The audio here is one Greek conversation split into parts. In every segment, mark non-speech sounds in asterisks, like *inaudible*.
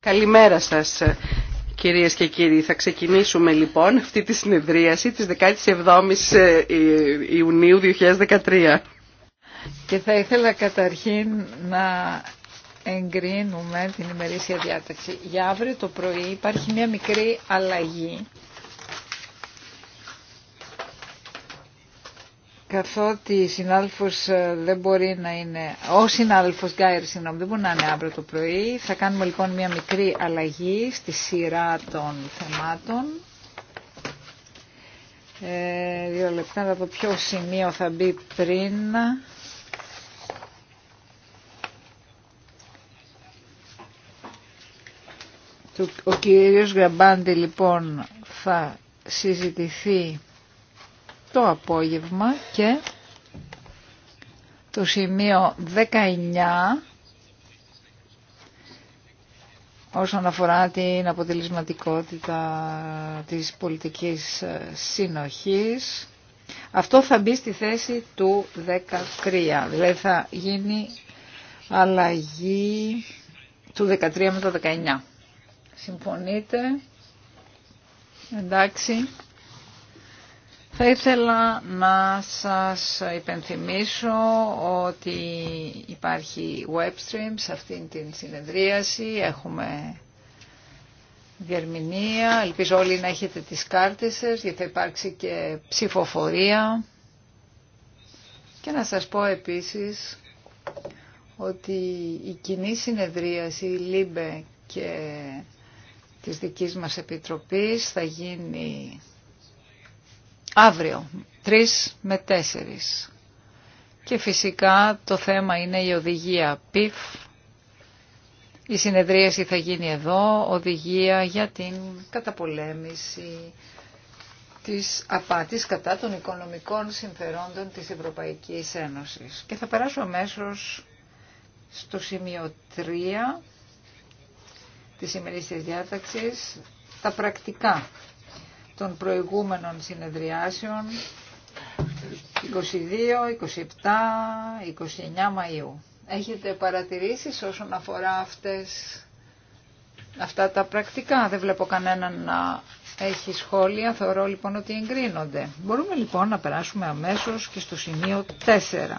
Καλημέρα σας, κυρίες και κύριοι. Θα ξεκινήσουμε λοιπόν αυτή τη συνεδρίαση της 17ης ε, Ιουνίου 2013. Και θα ήθελα καταρχήν να εγκρίνουμε την ημερήσια διάταξη. Για αύριο το πρωί υπάρχει μια μικρή αλλαγή καθότι η συνάλφος ε, δεν μπορεί να είναι, ο συνάδελφος Γκάιρ, συγγνώμη, δεν μπορεί να είναι αύριο το πρωί. Θα κάνουμε λοιπόν μια μικρή αλλαγή στη σειρά των θεμάτων. Ε, δύο λεπτά να δω ποιο σημείο θα μπει πριν. Ο κύριος Γραμπάντη λοιπόν θα συζητηθεί το απόγευμα και το σημείο 19 όσον αφορά την αποτελεσματικότητα της πολιτικής συνοχής. Αυτό θα μπει στη θέση του 13, δηλαδή θα γίνει αλλαγή του 13 με το 19. Συμφωνείτε. Εντάξει. Θα ήθελα να σας υπενθυμίσω ότι υπάρχει webstream σε αυτήν την συνεδρίαση. Έχουμε διερμηνία. Ελπίζω όλοι να έχετε τις κάρτες σας γιατί θα υπάρξει και ψηφοφορία. Και να σας πω επίσης ότι η κοινή συνεδρίαση ΛΥΜΠΕ και της δικής μας Επιτροπής θα γίνει Αύριο, 3 με 4. Και φυσικά το θέμα είναι η οδηγία ΠΙΦ. Η συνεδρίαση θα γίνει εδώ, οδηγία για την καταπολέμηση της απάτης κατά των οικονομικών συμφερόντων της Ευρωπαϊκής Ένωσης. Και θα περάσω αμέσως στο σημείο 3 της ημερήσιας διάταξης, τα πρακτικά των προηγούμενων συνεδριάσεων 22, 27, 29 Μαΐου. Έχετε παρατηρήσεις όσον αφορά αυτές, αυτά τα πρακτικά. Δεν βλέπω κανέναν να έχει σχόλια. Θεωρώ λοιπόν ότι εγκρίνονται. Μπορούμε λοιπόν να περάσουμε αμέσως και στο σημείο 4.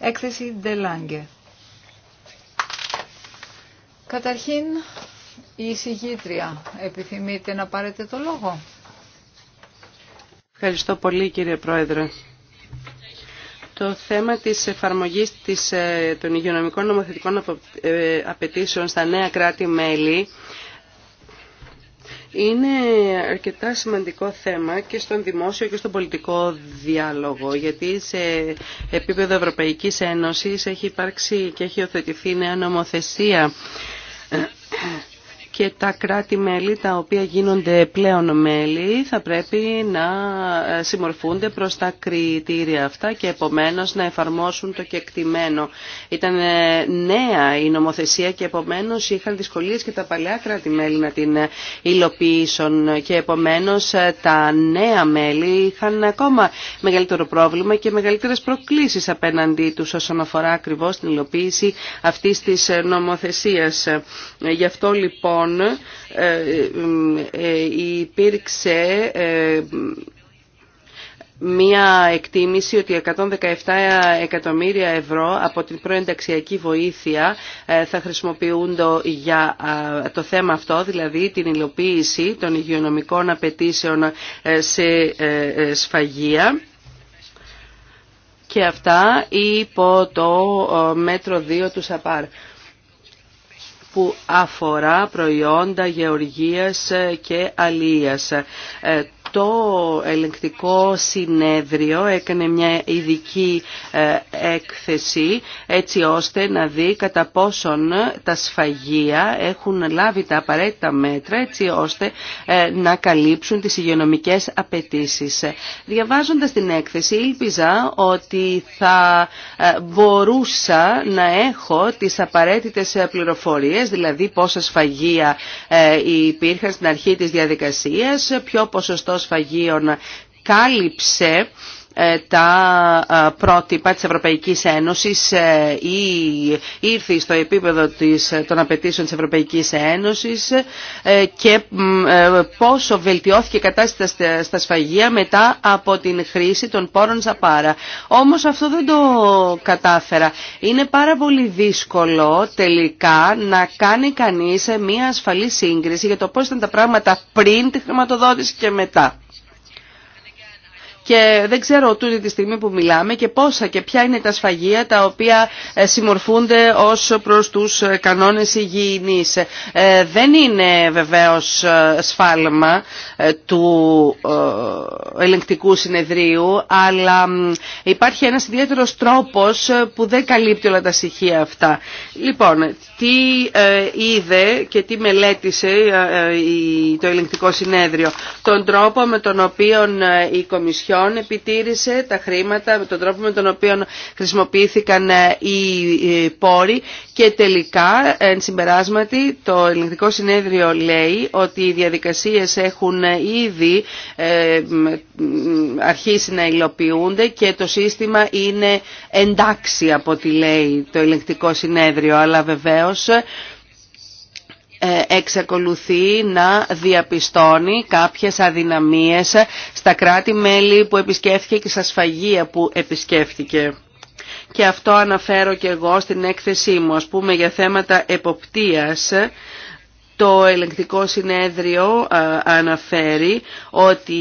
Έκθεση Ντελάγκε. Καταρχήν η εισηγήτρια, επιθυμείτε να πάρετε το λόγο. Ευχαριστώ πολύ κύριε Πρόεδρε. Το θέμα της εφαρμογής της, ε, των υγειονομικών νομοθετικών ε, απαιτήσεων στα νέα κράτη-μέλη είναι αρκετά σημαντικό θέμα και στον δημόσιο και στον πολιτικό διάλογο, γιατί σε επίπεδο Ευρωπαϊκής Ένωσης έχει υπάρξει και έχει οθετηθεί νέα νομοθεσία και τα κράτη-μέλη τα οποία γίνονται πλέον μέλη θα πρέπει να ε, συμμορφούνται προς τα κριτήρια αυτά και επομένως να εφαρμόσουν το κεκτημένο. Ήταν ε, νέα η νομοθεσία και επομένως είχαν δυσκολίες και τα παλιά κράτη-μέλη να την ε, υλοποιήσουν και επομένως τα νέα μέλη είχαν ακόμα μεγαλύτερο πρόβλημα και μεγαλύτερες προκλήσεις απέναντί τους όσον αφορά ακριβώς την υλοποίηση αυτής της νομοθεσίας. Γι' αυτό λοιπόν λοιπόν ε, ε, υπήρξε ε, μία εκτίμηση ότι 117 εκατομμύρια ευρώ από την προενταξιακή βοήθεια θα χρησιμοποιούνται για το θέμα αυτό, δηλαδή την υλοποίηση των υγειονομικών απαιτήσεων σε σφαγεία και αυτά υπό το μέτρο 2 του ΣΑΠΑΡ που αφορά προϊόντα γεωργίας και αλίας. Ε, το ελεγκτικό συνέδριο έκανε μια ειδική ε, έκθεση έτσι ώστε να δει κατά πόσον τα σφαγεία έχουν λάβει τα απαραίτητα μέτρα έτσι ώστε ε, να καλύψουν τις υγειονομικές απαιτήσεις. Διαβάζοντας την έκθεση ήλπιζα ότι θα ε, μπορούσα να έχω τις απαραίτητες πληροφορίες, δηλαδή πόσα σφαγεία υπήρχαν στην αρχή της διαδικασίας, ποιο ποσοστό σφαγείων κάλυψε ε, τα ε, πρότυπα της Ευρωπαϊκής Ένωσης ε, ή ήρθε στο επίπεδο της, των απαιτήσεων της Ευρωπαϊκής Ένωσης και πόσο βελτιώθηκε η κατάσταση στα σφαγεία μετά από την χρήση των πόρων Σαπάρα. Όμως αυτό δεν το κατάφερα. Είναι πάρα πολύ δύσκολο τελικά να κάνει κανείς μια ασφαλή σύγκριση για το πώς ήταν τα πράγματα πριν τη χρηματοδότηση και μετά και δεν ξέρω τούτη τη στιγμή που μιλάμε και πόσα και ποια είναι τα σφαγεία τα οποία ε, συμμορφούνται ως προς τους ε, κανόνες υγιεινής. Ε, δεν είναι βεβαίως σφάλμα του ελεγκτικού συνεδρίου αλλά υπάρχει ένας ιδιαίτερος τρόπος που δεν καλύπτει όλα τα στοιχεία αυτά. Λοιπόν, τι είδε και τι μελέτησε το ελεγκτικό συνέδριο. Τον τρόπο με τον οποίο η Κομισιόν ποιον επιτήρησε τα χρήματα με τον τρόπο με τον οποίο χρησιμοποιήθηκαν ε, οι ε, πόροι και τελικά εν συμπεράσματι το ελληνικό συνέδριο λέει ότι οι διαδικασίες έχουν ε, ήδη αρχίσει να υλοποιούνται και το σύστημα είναι εντάξει από ό,τι λέει το ελεγκτικό συνέδριο αλλά βεβαίως ε, εξακολουθεί να διαπιστώνει κάποιες αδυναμίες στα κράτη-μέλη που επισκέφθηκε και στα σφαγεία που επισκέφθηκε. Και αυτό αναφέρω και εγώ στην έκθεσή μου, ας πούμε, για θέματα εποπτείας το ελεγκτικό συνέδριο ε, αναφέρει ότι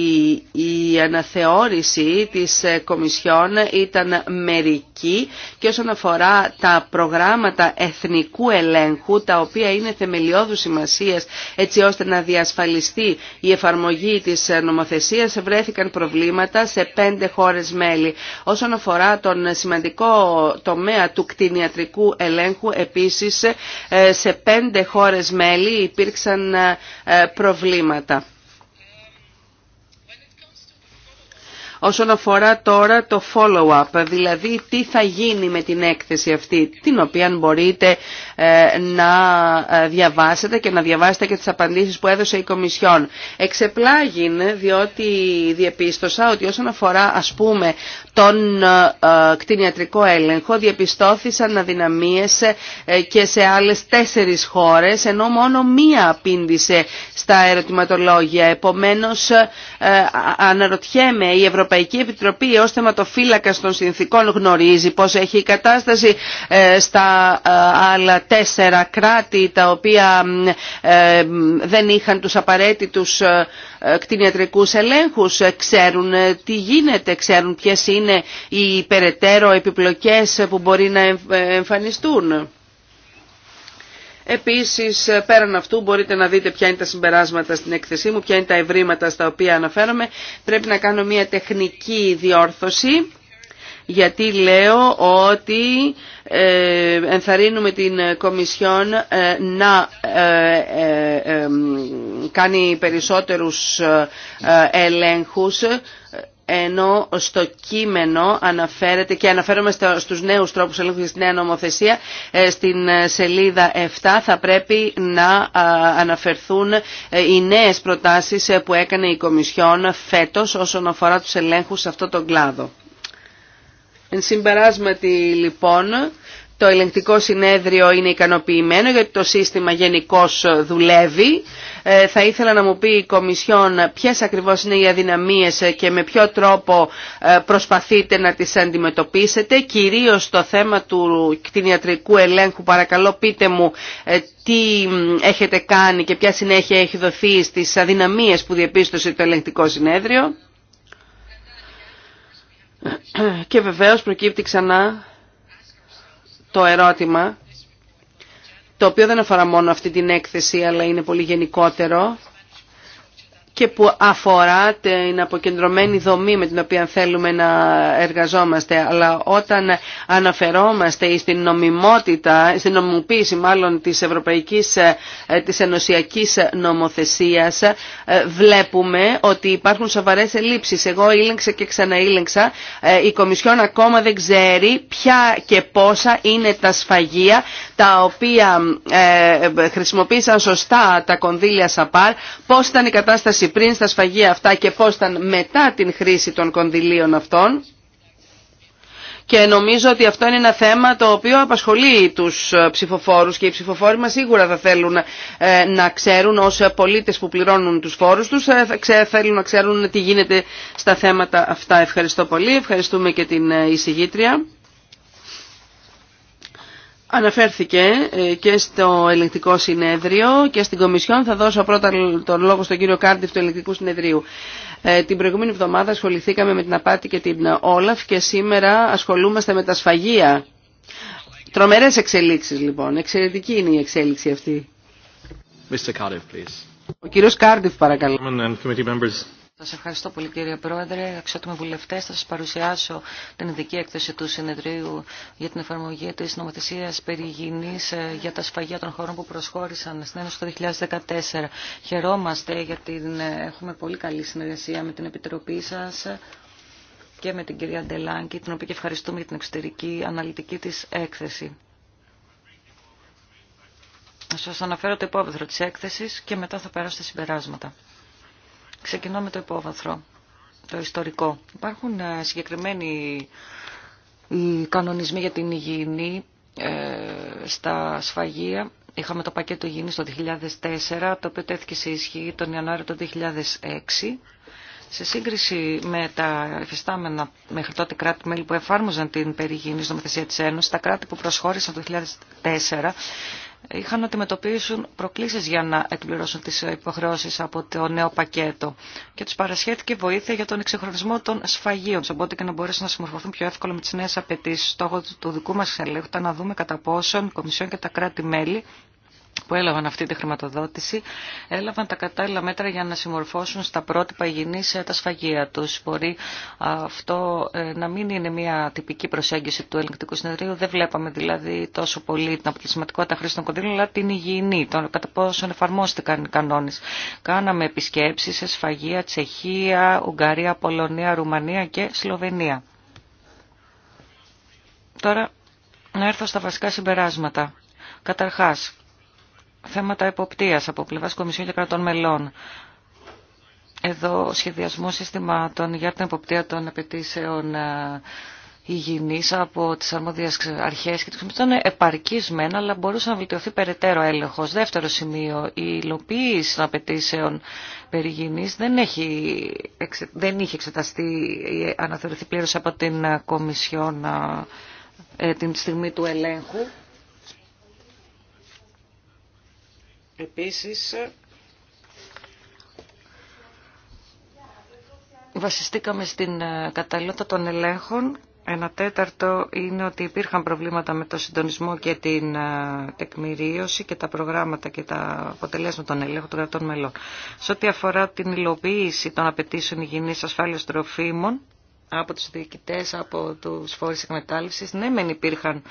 η αναθεώρηση της ε, Κομισιόν ήταν μερική και όσον αφορά τα προγράμματα εθνικού ελέγχου, τα οποία είναι θεμελιώδου σημασίας έτσι ώστε να διασφαλιστεί η εφαρμογή της ε, νομοθεσίας, βρέθηκαν προβλήματα σε πέντε χώρες μέλη. Όσον αφορά τον σημαντικό τομέα του κτηνιατρικού ελέγχου, επίσης σε πέντε χώρες μέλη υπήρξαν ε, ε, προβλήματα. όσον αφορά τώρα το follow-up, δηλαδή τι θα γίνει με την έκθεση αυτή, την οποία μπορείτε ε, να ε, διαβάσετε και να διαβάσετε και τις απαντήσεις που έδωσε η Κομισιόν. Εξεπλάγει, ε, διότι διεπίστωσα ότι όσον αφορά ας πούμε τον κτηνιατρικό έλεγχο, διαπιστώθησαν αδυναμίες και σε άλλες τέσσερις χώρες, ενώ μόνο μία απήντησε στα ερωτηματολόγια. Επομένως, αναρωτιέμαι η Ευρωπαϊκή Ευρωπαϊκή Επιτροπή ως θεματοφύλακας των συνθήκων γνωρίζει πώς έχει η κατάσταση ε, στα ε, άλλα τέσσερα κράτη τα οποία ε, δεν είχαν τους απαραίτητους κτηνιατρικούς ελέγχους, ξέρουν τι γίνεται, ξέρουν ποιες είναι οι περαιτέρω επιπλοκές που μπορεί να εμφανιστούν. Επίσης, πέραν αυτού μπορείτε να δείτε ποια είναι τα συμπεράσματα στην έκθεσή μου, ποια είναι τα ευρήματα στα οποία αναφέρομαι. Πρέπει να κάνω μια τεχνική διόρθωση γιατί λέω ότι ε, ενθαρρύνουμε την Κομισιόν ε, να ε, κάνει περισσότερους ελέγχους ενώ στο κείμενο αναφέρεται και αναφέρομαι στους νέους τρόπους ελέγχου και στη νέα νομοθεσία ε, στην ε, σελίδα 7 θα πρέπει να αναφερθούν ε, οι νέες προτάσεις που έκανε η Κομισιόν φέτος όσον αφορά τους ελέγχους σε αυτό τον κλάδο. Εν συμπεράσματι λοιπόν το ελεγκτικό συνέδριο είναι ικανοποιημένο γιατί το σύστημα γενικώ δουλεύει ε, θα ήθελα να μου πει η Κομισιόν ποιες ακριβώς είναι οι αδυναμίες και με ποιο τρόπο ε, προσπαθείτε να τις αντιμετωπίσετε, κυρίως το θέμα του κτηνιατρικού ελέγχου. Παρακαλώ πείτε μου ε, τι έχετε κάνει και ποια συνέχεια έχει δοθεί στις αδυναμίες που διαπίστωσε το ελεγκτικό συνέδριο. Και βεβαίως προκύπτει ξανά το ερώτημα το οποίο δεν αφορά μόνο αυτή την έκθεση αλλά είναι πολύ γενικότερο και που αφορά την αποκεντρωμένη δομή με την οποία θέλουμε να εργαζόμαστε. Αλλά όταν αναφερόμαστε στην νομιμότητα, στην νομιμοποίηση μάλλον της ευρωπαϊκής, ε, της ενωσιακής νομοθεσίας, ε, βλέπουμε ότι υπάρχουν σοβαρές ελλείψεις. Εγώ ήλεγξα και ξαναήλεγξα. Ε, η Κομισιόν ακόμα δεν ξέρει ποια και πόσα είναι τα σφαγεία τα οποία χρησιμοποίησαν σωστά τα κονδύλια ΣΑΠΑΡ, πώς ήταν η κατάσταση χρήση πριν στα σφαγεία αυτά και πώς ήταν μετά την χρήση των κονδυλίων αυτών. Και νομίζω ότι αυτό είναι ένα θέμα το οποίο απασχολεί τους ε, ψηφοφόρους και οι ψηφοφόροι μας σίγουρα θα θέλουν ε, να ξέρουν ως ε, πολίτες που πληρώνουν τους φόρους τους, θα θέλουν να ξέρουν τι γίνεται στα θέματα αυτά. Ευχαριστώ πολύ, ευχαριστούμε και την εισηγήτρια. Αναφέρθηκε ε, και στο ελεγκτικό συνέδριο και στην Κομισιόν. Θα δώσω πρώτα τον λόγο στον κύριο Κάρντιφ του ελεγκτικού συνεδρίου. Ε, την προηγούμενη εβδομάδα ασχοληθήκαμε με την απάτη και την Όλαφ και σήμερα ασχολούμαστε με τα σφαγεία. Τρομερές εξελίξεις λοιπόν. Εξαιρετική είναι η εξέλιξη αυτή. Mr. Cardiff, please. Ο κύριος Κάρντιφ παρακαλώ. Σας ευχαριστώ πολύ κύριε Πρόεδρε. Αξιότιμοι βουλευτές, θα σας παρουσιάσω την ειδική έκθεση του συνεδρίου για την εφαρμογή της νομοθεσίας περί ε, για τα σφαγεία των χωρών που προσχώρησαν στην Ένωση το 2014. Χαιρόμαστε γιατί ε, έχουμε πολύ καλή συνεργασία με την Επιτροπή σας και με την κυρία Ντελάνκη, την οποία και ευχαριστούμε για την εξωτερική αναλυτική της έκθεση. σας αναφέρω το υπόβεθρο της έκθεσης και μετά θα περάσω στα συμπεράσματα. Ξεκινώ με το υπόβαθρο, το ιστορικό. Υπάρχουν ε, συγκεκριμένοι οι κανονισμοί για την υγιεινή ε, στα σφαγεία. Είχαμε το πακέτο υγιεινή το 2004, το οποίο τέθηκε σε ισχύ τον Ιανουάριο του 2006. Σε σύγκριση με τα εφιστάμενα μέχρι τότε κράτη-μέλη που εφάρμοζαν την περιγυνή νομοθεσία της Ένωσης, τα κράτη που προσχώρησαν το 2004 είχαν να αντιμετωπίσουν προκλήσεις για να εκπληρώσουν τις υποχρεώσεις από το νέο πακέτο και τους παρασχέθηκε βοήθεια για τον εξυγχρονισμό των σφαγίων, οπότε και να μπορέσουν να συμμορφωθούν πιο εύκολα με τις νέες απαιτήσεις. Στόχο του δικού μας ελέγχου ήταν να δούμε κατά πόσον η Κομισιόν και τα κράτη-μέλη που έλαβαν αυτή τη χρηματοδότηση έλαβαν τα κατάλληλα μέτρα για να συμμορφώσουν στα πρότυπα υγιεινής ε, τα σφαγεία τους. Μπορεί αυτό ε, να μην είναι μια τυπική προσέγγιση του ελεγκτικού συνεδρίου. Δεν βλέπαμε δηλαδή τόσο πολύ την αποτελεσματικότητα χρήση των κονδύλων, αλλά την υγιεινή, τον κατά πόσον εφαρμόστηκαν οι κανόνες. Κάναμε επισκέψεις σε σφαγεία Τσεχία, Ουγγαρία, Πολωνία, Ρουμανία και Σλοβενία. Τώρα να έρθω στα βασικά συμπεράσματα. Καταρχάς, θέματα εποπτείας από πλευράς Κομισιών και Κρατών Μελών. Εδώ σχεδιασμό συστημάτων για την εποπτεία των απαιτήσεων ε, υγιεινής από τις αρμόδιες αρχές και τις ήταν μεν, αλλά μπορούσε να βελτιωθεί περαιτέρω έλεγχος. Δεύτερο σημείο, η υλοποίηση των απαιτήσεων περί δεν, έχει, δεν είχε εξεταστεί, αναθεωρηθεί πλήρως από την ε, Κομισιόν ε, την στιγμή του ελέγχου Επίσης, βασιστήκαμε στην ε, καταλληλότητα των ελέγχων. Ένα τέταρτο είναι ότι υπήρχαν προβλήματα με το συντονισμό και την τεκμηρίωση ε, και τα προγράμματα και τα αποτελέσματα των ελέγχων των κρατών μελών. Σε ό,τι αφορά την υλοποίηση των απαιτήσεων υγιεινής ασφάλειας τροφίμων, από τους διοικητές, από τους φόρους εκμετάλλευσης. Ναι, μεν υπήρχαν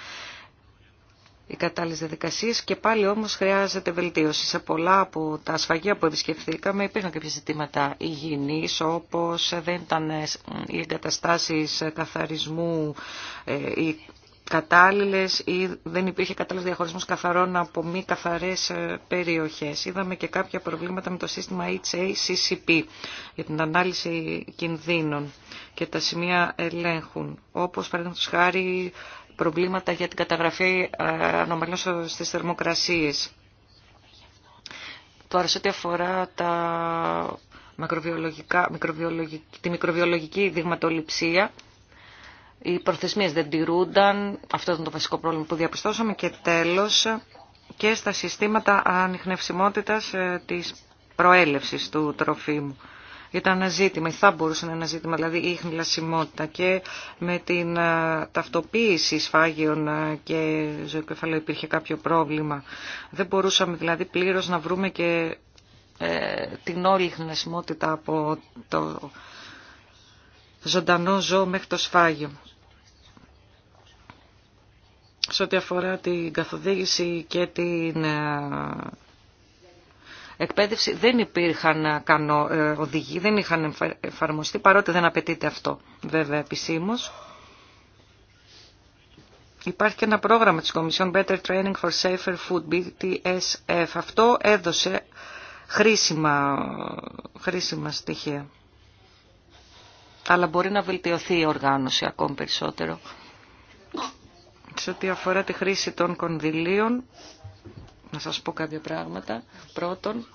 οι κατάλληλε διαδικασίε και πάλι όμω χρειάζεται βελτίωση. Σε πολλά από τα σφαγεία που επισκεφθήκαμε υπήρχαν κάποια ζητήματα υγιεινή, όπω δεν ήταν ε, οι εγκαταστάσει καθαρισμού ε, οι κατάλληλε ή δεν υπήρχε κατάλληλο διαχωρισμό καθαρών από μη καθαρέ ε, περιοχέ. Είδαμε και κάποια προβλήματα με το σύστημα HACCP για την ανάλυση κινδύνων και τα σημεία ελέγχουν. Όπω παραδείγματο χάρη προβλήματα για την καταγραφή ε, ανομαλίων στις θερμοκρασίες. Το σε ό,τι αφορά τα μικροβιολογικά, μικροβιολογική, τη μικροβιολογική δειγματοληψία, οι προθεσμίες δεν τηρούνταν, αυτό ήταν το βασικό πρόβλημα που διαπιστώσαμε και τέλος και στα συστήματα ανιχνευσιμότητας ε, της προέλευσης του τροφίμου ήταν ένα ζήτημα, ή θα μπορούσε να είναι ένα ζήτημα, δηλαδή η χνηλασιμότητα και με την ε, ταυτοποίηση σφάγιων ε, και ζωοκεφαλαίου υπήρχε κάποιο πρόβλημα. Δεν μπορούσαμε δηλαδή πλήρως να βρούμε και ε, την όλη χνηλασιμότητα από το ζωντανό ζώο μέχρι το σφάγιο. Σε ό,τι αφορά την καθοδήγηση και την εκπαίδευση δεν υπήρχαν ε, κανό, ε, οδηγοί, δεν είχαν εφαρμοστεί, παρότι δεν απαιτείται αυτό βέβαια επισήμω. Υπάρχει και ένα πρόγραμμα της Κομισιόν Better Training for Safer Food, BTSF. Αυτό έδωσε χρήσιμα, χρήσιμα στοιχεία. Αλλά μπορεί να βελτιωθεί η οργάνωση ακόμη περισσότερο. Σε ό,τι αφορά τη χρήση των κονδυλίων, να σας πω κάποια πράγματα. Πρώτον,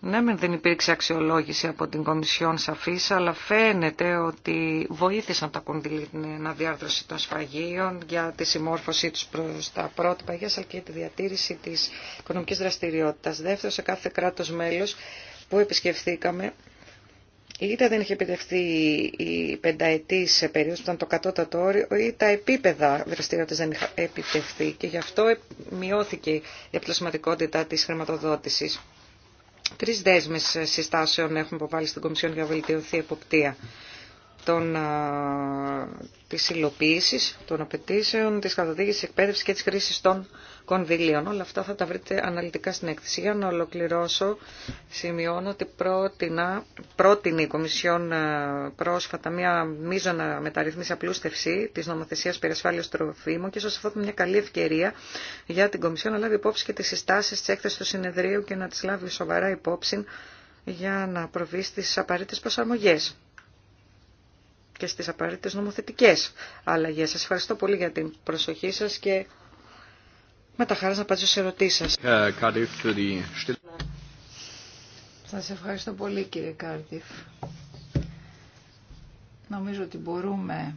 ναι, μεν δεν υπήρξε αξιολόγηση από την Κομισιόν σαφής, αλλά φαίνεται ότι βοήθησαν τα κονδύλια την αναδιάρθρωση των σφαγείων για τη συμμόρφωσή τους προς τα πρότυπα υγείας, αλλά και τη διατήρηση της οικονομικής δραστηριότητας. Δεύτερο, σε κάθε κράτος μέλος που επισκεφθήκαμε, είτε δεν είχε επιτευχθεί η πενταετή σε περίοδο ήταν το κατώτατο όριο, ή τα επίπεδα δραστηριότητα δεν είχαν επιτευχθεί. Και γι' αυτό μειώθηκε η αποτελεσματικότητα τη χρηματοδότηση. Τρει δέσμε συστάσεων έχουμε υποβάλει στην Κομισιόν για να βελτιωθεί η εποπτεία τη της των απαιτήσεων, της τη εκπαίδευση και τη χρήση των κονδυλίων. Όλα αυτά θα τα βρείτε αναλυτικά στην έκθεση. Για να ολοκληρώσω, σημειώνω ότι πρότεινα, πρότεινε η Κομισιόν ε, πρόσφατα μια μείζωνα μεταρρυθμίση απλούστευση τη νομοθεσία περί ασφάλεια τροφίμων και ίσω αυτό είναι μια καλή ευκαιρία για την Κομισιόν να λάβει υπόψη και τι συστάσει τη έκθεση του συνεδρίου και να τι λάβει σοβαρά υπόψη για να προβεί στι απαραίτητε προσαρμογέ και στις απαραίτητες νομοθετικές αλλαγές. Σας ευχαριστώ πολύ για την προσοχή σας και με τα χαρά να απαντήσω σε ερωτήσεις σας. Ε, σας ευχαριστώ πολύ κύριε Κάρτιφ. Νομίζω ότι μπορούμε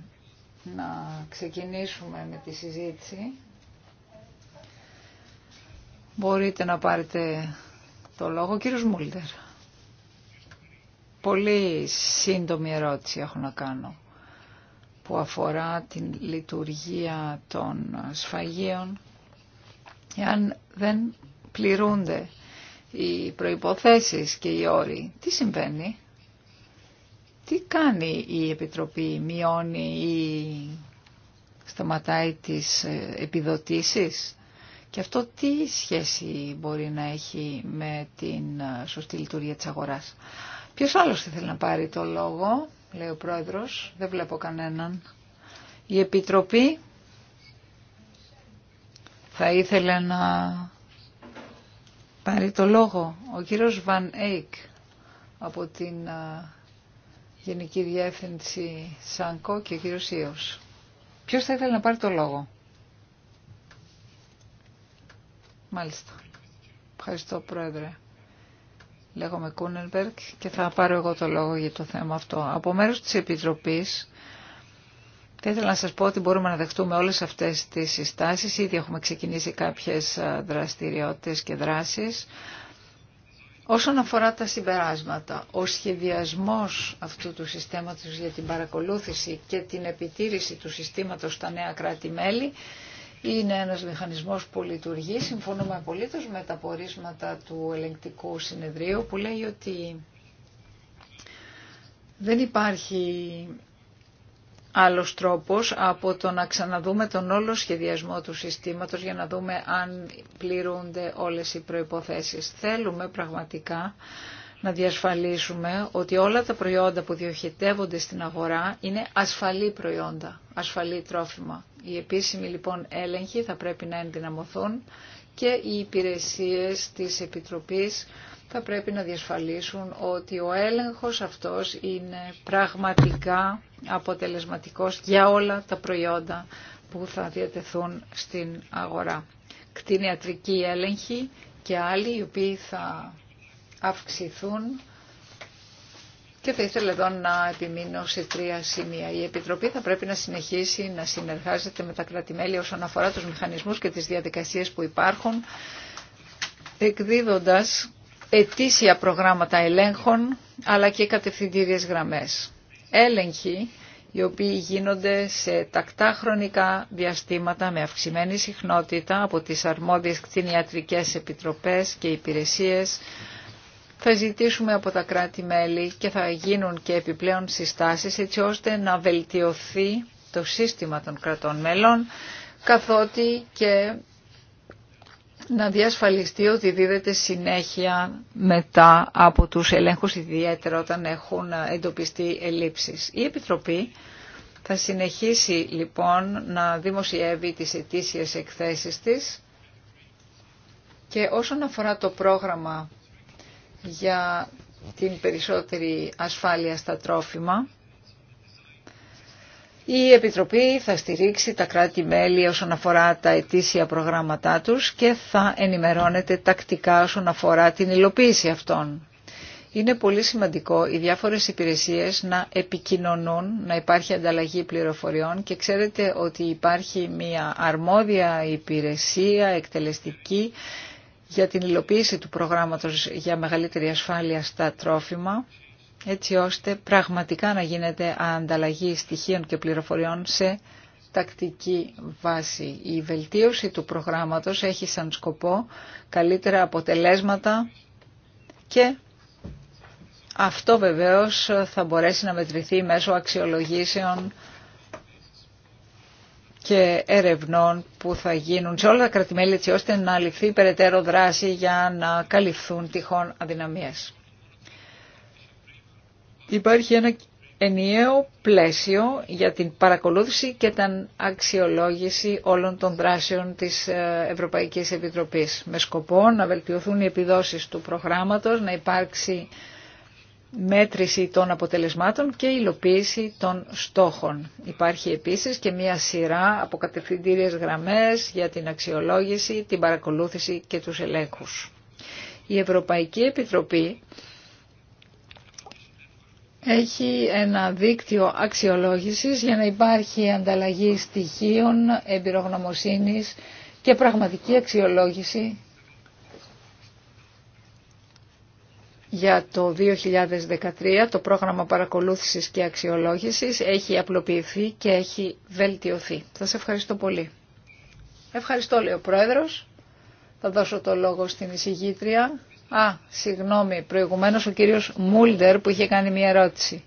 να ξεκινήσουμε με τη συζήτηση. Μπορείτε να πάρετε το λόγο. Κύριος Μούλτερ. Πολύ σύντομη ερώτηση έχω να κάνω που αφορά την λειτουργία των σφαγείων εάν δεν πληρούνται οι προϋποθέσεις και οι όροι, τι συμβαίνει, τι κάνει η Επιτροπή, μειώνει ή σταματάει τις ε, επιδοτήσεις και αυτό τι σχέση μπορεί να έχει με την ε, σωστή λειτουργία της αγοράς. Ποιος άλλος θέλει να πάρει το λόγο, λέει ο Πρόεδρος, δεν βλέπω κανέναν. Η Επιτροπή θα ήθελε να πάρει το λόγο ο κύριος Βαν Έικ από την Γενική Διεύθυνση ΣΑΝΚΟ και ο κύριος Ίος. Ποιος θα ήθελε να πάρει το λόγο. Μάλιστα. Ευχαριστώ Πρόεδρε. Λέγομαι Κούνενμπερκ και θα πάρω εγώ το λόγο για το θέμα αυτό. Από μέρους της Επιτροπής θα ήθελα να σας πω ότι μπορούμε να δεχτούμε όλες αυτές τις συστάσεις. Ήδη έχουμε ξεκινήσει κάποιες δραστηριότητες και δράσεις. Όσον αφορά τα συμπεράσματα, ο σχεδιασμός αυτού του συστήματος για την παρακολούθηση και την επιτήρηση του συστήματος στα νέα κράτη-μέλη είναι ένας μηχανισμός που λειτουργεί. Συμφωνούμε απολύτως με τα πορίσματα του ελεγκτικού συνεδρίου που λέει ότι δεν υπάρχει άλλος τρόπος από το να ξαναδούμε τον όλο σχεδιασμό του συστήματος για να δούμε αν πληρούνται όλες οι προϋποθέσεις. Θέλουμε πραγματικά να διασφαλίσουμε ότι όλα τα προϊόντα που διοχετεύονται στην αγορά είναι ασφαλή προϊόντα, ασφαλή τρόφιμα. Οι επίσημοι λοιπόν έλεγχοι θα πρέπει να ενδυναμωθούν και οι υπηρεσίες της Επιτροπής θα πρέπει να διασφαλίσουν ότι ο έλεγχος αυτός είναι πραγματικά αποτελεσματικός για όλα τα προϊόντα που θα διατεθούν στην αγορά. Κτηνιατρική έλεγχη και άλλοι οι οποίοι θα αυξηθούν και θα ήθελα εδώ να επιμείνω σε τρία σημεία. Η Επιτροπή θα πρέπει να συνεχίσει να συνεργάζεται με τα κρατημέλη όσον αφορά τους μηχανισμούς και τις διαδικασίες που υπάρχουν, εκδίδοντας ετήσια προγράμματα ελέγχων αλλά και κατευθυντήριες γραμμές. Έλεγχοι οι οποίοι γίνονται σε τακτά χρονικά διαστήματα με αυξημένη συχνότητα από τις αρμόδιες κτηνιατρικές επιτροπές και υπηρεσίες. Θα ζητήσουμε από τα κράτη-μέλη και θα γίνουν και επιπλέον συστάσεις έτσι ώστε να βελτιωθεί το σύστημα των κρατών μέλων καθότι και να διασφαλιστεί ότι δίδεται συνέχεια μετά από τους ελέγχους, ιδιαίτερα όταν έχουν εντοπιστεί ελλείψεις. Η Επιτροπή θα συνεχίσει λοιπόν να δημοσιεύει τις ετήσιες εκθέσεις της και όσον αφορά το πρόγραμμα για την περισσότερη ασφάλεια στα τρόφιμα, η Επιτροπή θα στηρίξει τα κράτη-μέλη όσον αφορά τα ετήσια προγράμματά τους και θα ενημερώνεται τακτικά όσον αφορά την υλοποίηση αυτών. Είναι πολύ σημαντικό οι διάφορες υπηρεσίες να επικοινωνούν, να υπάρχει ανταλλαγή πληροφοριών και ξέρετε ότι υπάρχει μια αρμόδια υπηρεσία εκτελεστική για την υλοποίηση του προγράμματος για μεγαλύτερη ασφάλεια στα τρόφιμα έτσι ώστε πραγματικά να γίνεται ανταλλαγή στοιχείων και πληροφοριών σε τακτική βάση. Η βελτίωση του προγράμματος έχει σαν σκοπό καλύτερα αποτελέσματα και αυτό βεβαίως θα μπορέσει να μετρηθεί μέσω αξιολογήσεων και ερευνών που θα γίνουν σε όλα τα κρατημέλη έτσι ώστε να ληφθεί περαιτέρω δράση για να καλυφθούν τυχόν αδυναμίες υπάρχει ένα ενιαίο πλαίσιο για την παρακολούθηση και την αξιολόγηση όλων των δράσεων της ε, Ευρωπαϊκής Επιτροπής με σκοπό να βελτιωθούν οι επιδόσεις του προγράμματος, να υπάρξει μέτρηση των αποτελεσμάτων και υλοποίηση των στόχων. Υπάρχει επίσης και μία σειρά από κατευθυντήριες γραμμές για την αξιολόγηση, την παρακολούθηση και τους ελέγχους. Η Ευρωπαϊκή Επιτροπή έχει ένα δίκτυο αξιολόγησης για να υπάρχει ανταλλαγή στοιχείων, εμπειρογνωμοσύνης και πραγματική αξιολόγηση για το 2013. Το πρόγραμμα παρακολούθησης και αξιολόγησης έχει απλοποιηθεί και έχει βελτιωθεί. Θα σε ευχαριστώ πολύ. Ευχαριστώ λέει ο Πρόεδρος. Θα δώσω το λόγο στην εισηγήτρια Α, συγγνώμη, προηγουμένως ο κύριος Μούλτερ που είχε κάνει μια ερώτηση.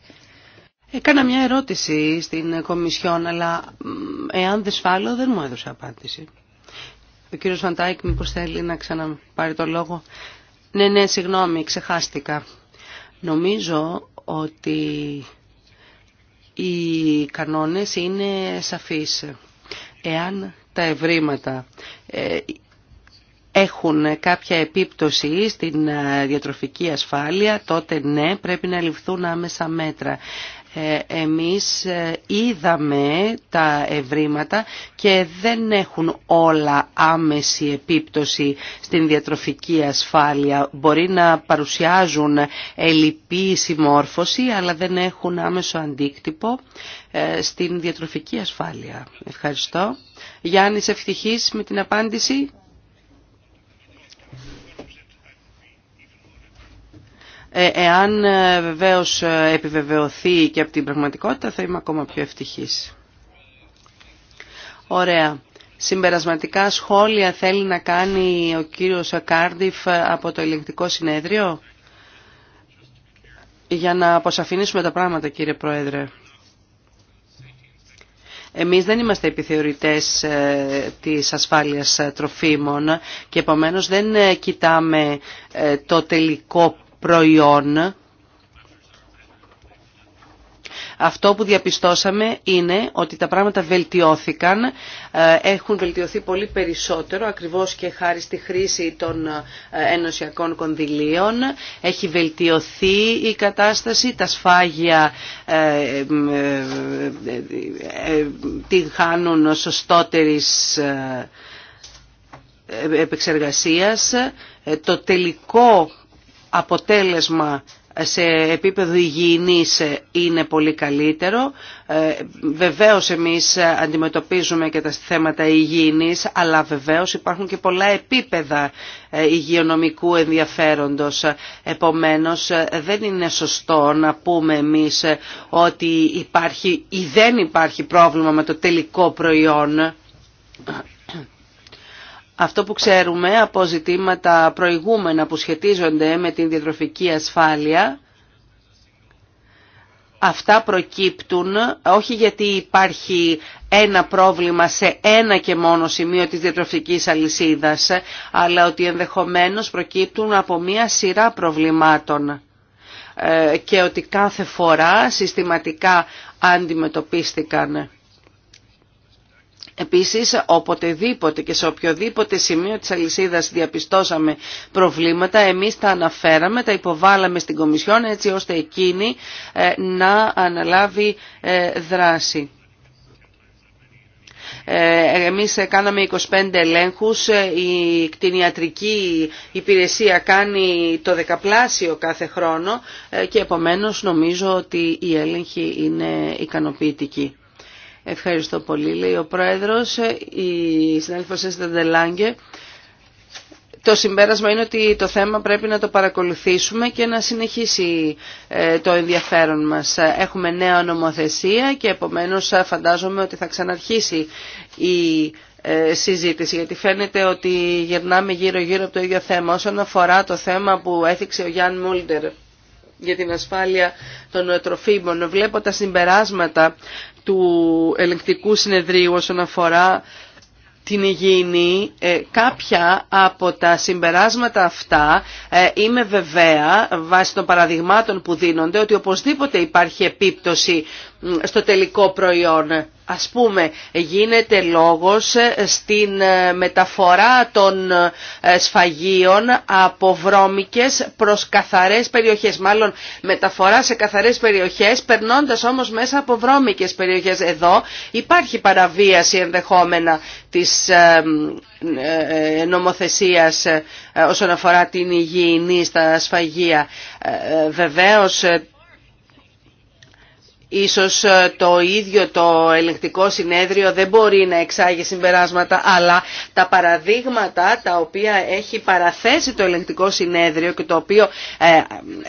Έκανα μια ερώτηση στην Κομισιόν, αλλά εάν δεν σφάλω δεν μου έδωσε απάντηση. Ο κύριος Βαντάικ μήπως θέλει να ξαναπάρει το λόγο. Ναι, ναι, συγγνώμη, ξεχάστηκα. Νομίζω ότι οι κανόνες είναι σαφείς. Εάν τα ευρήματα ε, έχουν κάποια επίπτωση στην ε, διατροφική ασφάλεια, τότε ναι, πρέπει να ληφθούν άμεσα μέτρα. Ε, εμείς ε, είδαμε τα ευρήματα και δεν έχουν όλα άμεση επίπτωση στην διατροφική ασφάλεια. Μπορεί να παρουσιάζουν ελλειπή συμμόρφωση, αλλά δεν έχουν άμεσο αντίκτυπο στην διατροφική ασφάλεια. Ευχαριστώ. Γιάννης Ευτυχής με την απάντηση. Ε, εάν ε, βεβαίως ε, επιβεβαιωθεί και από την πραγματικότητα θα είμαι ακόμα πιο ευτυχής. Ωραία. Συμπερασματικά σχόλια θέλει να κάνει ο κύριος Κάρντιφ από το ελεγκτικό συνέδριο για να αποσαφηνίσουμε τα πράγματα κύριε Πρόεδρε. Εμείς δεν είμαστε επιθεωρητές της ασφάλειας τροφίμων και επομένως δεν κοιτάμε το τελικό προϊόν αυτό που διαπιστώσαμε είναι ότι τα πράγματα βελτιώθηκαν, ε, έχουν βελτιωθεί πολύ περισσότερο ακριβώς και χάρη στη χρήση των ε, ενωσιακών κονδυλίων. Έχει βελτιωθεί η κατάσταση, τα σφάγια ε, την χάνουν σωστότερης επεξεργασίας. Το τελικό αποτέλεσμα σε επίπεδο υγιεινής είναι πολύ καλύτερο. Ε, βεβαίως εμείς αντιμετωπίζουμε και τα θέματα υγιεινής, αλλά βεβαίως υπάρχουν και πολλά επίπεδα ε, υγειονομικού ενδιαφέροντος. Επομένως δεν είναι σωστό να πούμε εμείς ότι υπάρχει ή δεν υπάρχει πρόβλημα με το τελικό προϊόν αυτό που ξέρουμε από ζητήματα προηγούμενα που σχετίζονται με την διατροφική ασφάλεια, αυτά προκύπτουν όχι γιατί υπάρχει ένα πρόβλημα σε ένα και μόνο σημείο της διατροφικής αλυσίδας, αλλά ότι ενδεχομένως προκύπτουν από μία σειρά προβλημάτων ε, και ότι κάθε φορά συστηματικά αντιμετωπίστηκαν. Επίσης, οποτεδήποτε και σε οποιοδήποτε σημείο της αλυσίδας διαπιστώσαμε προβλήματα, εμείς τα αναφέραμε, τα υποβάλαμε στην Κομισιόν έτσι ώστε εκείνη ε, να αναλάβει ε, δράση. Ε, εμείς κάναμε 25 ελέγχους, η κτηνιατρική υπηρεσία κάνει το δεκαπλάσιο κάθε χρόνο και επομένως νομίζω ότι η έλεγχη είναι ικανοποιητική. Ευχαριστώ πολύ, λέει ο Πρόεδρος, η συνάδελφος Έστεντε Λάγκε. Το συμπέρασμα είναι ότι το θέμα πρέπει να το παρακολουθήσουμε και να συνεχίσει ε, το ενδιαφέρον μας. Έχουμε νέα νομοθεσία και επομένως φαντάζομαι ότι θα ξαναρχίσει η ε, συζήτηση, γιατί φαίνεται ότι γυρνάμε γύρω-γύρω από το ίδιο θέμα. Όσον αφορά το θέμα που έθιξε ο Γιάνν Μούλτερ για την ασφάλεια των νοοτροφίμων. Βλέπω τα συμπεράσματα του ελεγκτικού συνεδρίου όσον αφορά την υγιεινή, ε, κάποια από τα συμπεράσματα αυτά ε, είμαι βεβαία βάσει των παραδειγμάτων που δίνονται ότι οπωσδήποτε υπάρχει επίπτωση στο τελικό προϊόν. Ας πούμε, γίνεται λόγος ε, στην ε, μεταφορά των ε, σφαγίων από βρώμικες προς καθαρές περιοχές. Μάλλον μεταφορά σε καθαρές περιοχές, περνώντας όμως μέσα από βρώμικες περιοχές. Εδώ υπάρχει παραβίαση ενδεχόμενα της νομοθεσίας όσον αφορά την υγιεινή στα σφαγεία. Βεβαίως Ίσως ε, το ίδιο το ελεγκτικό συνέδριο δεν μπορεί να εξάγει συμπεράσματα, αλλά τα παραδείγματα τα οποία έχει παραθέσει το ελεγκτικό συνέδριο και το οποίο ε,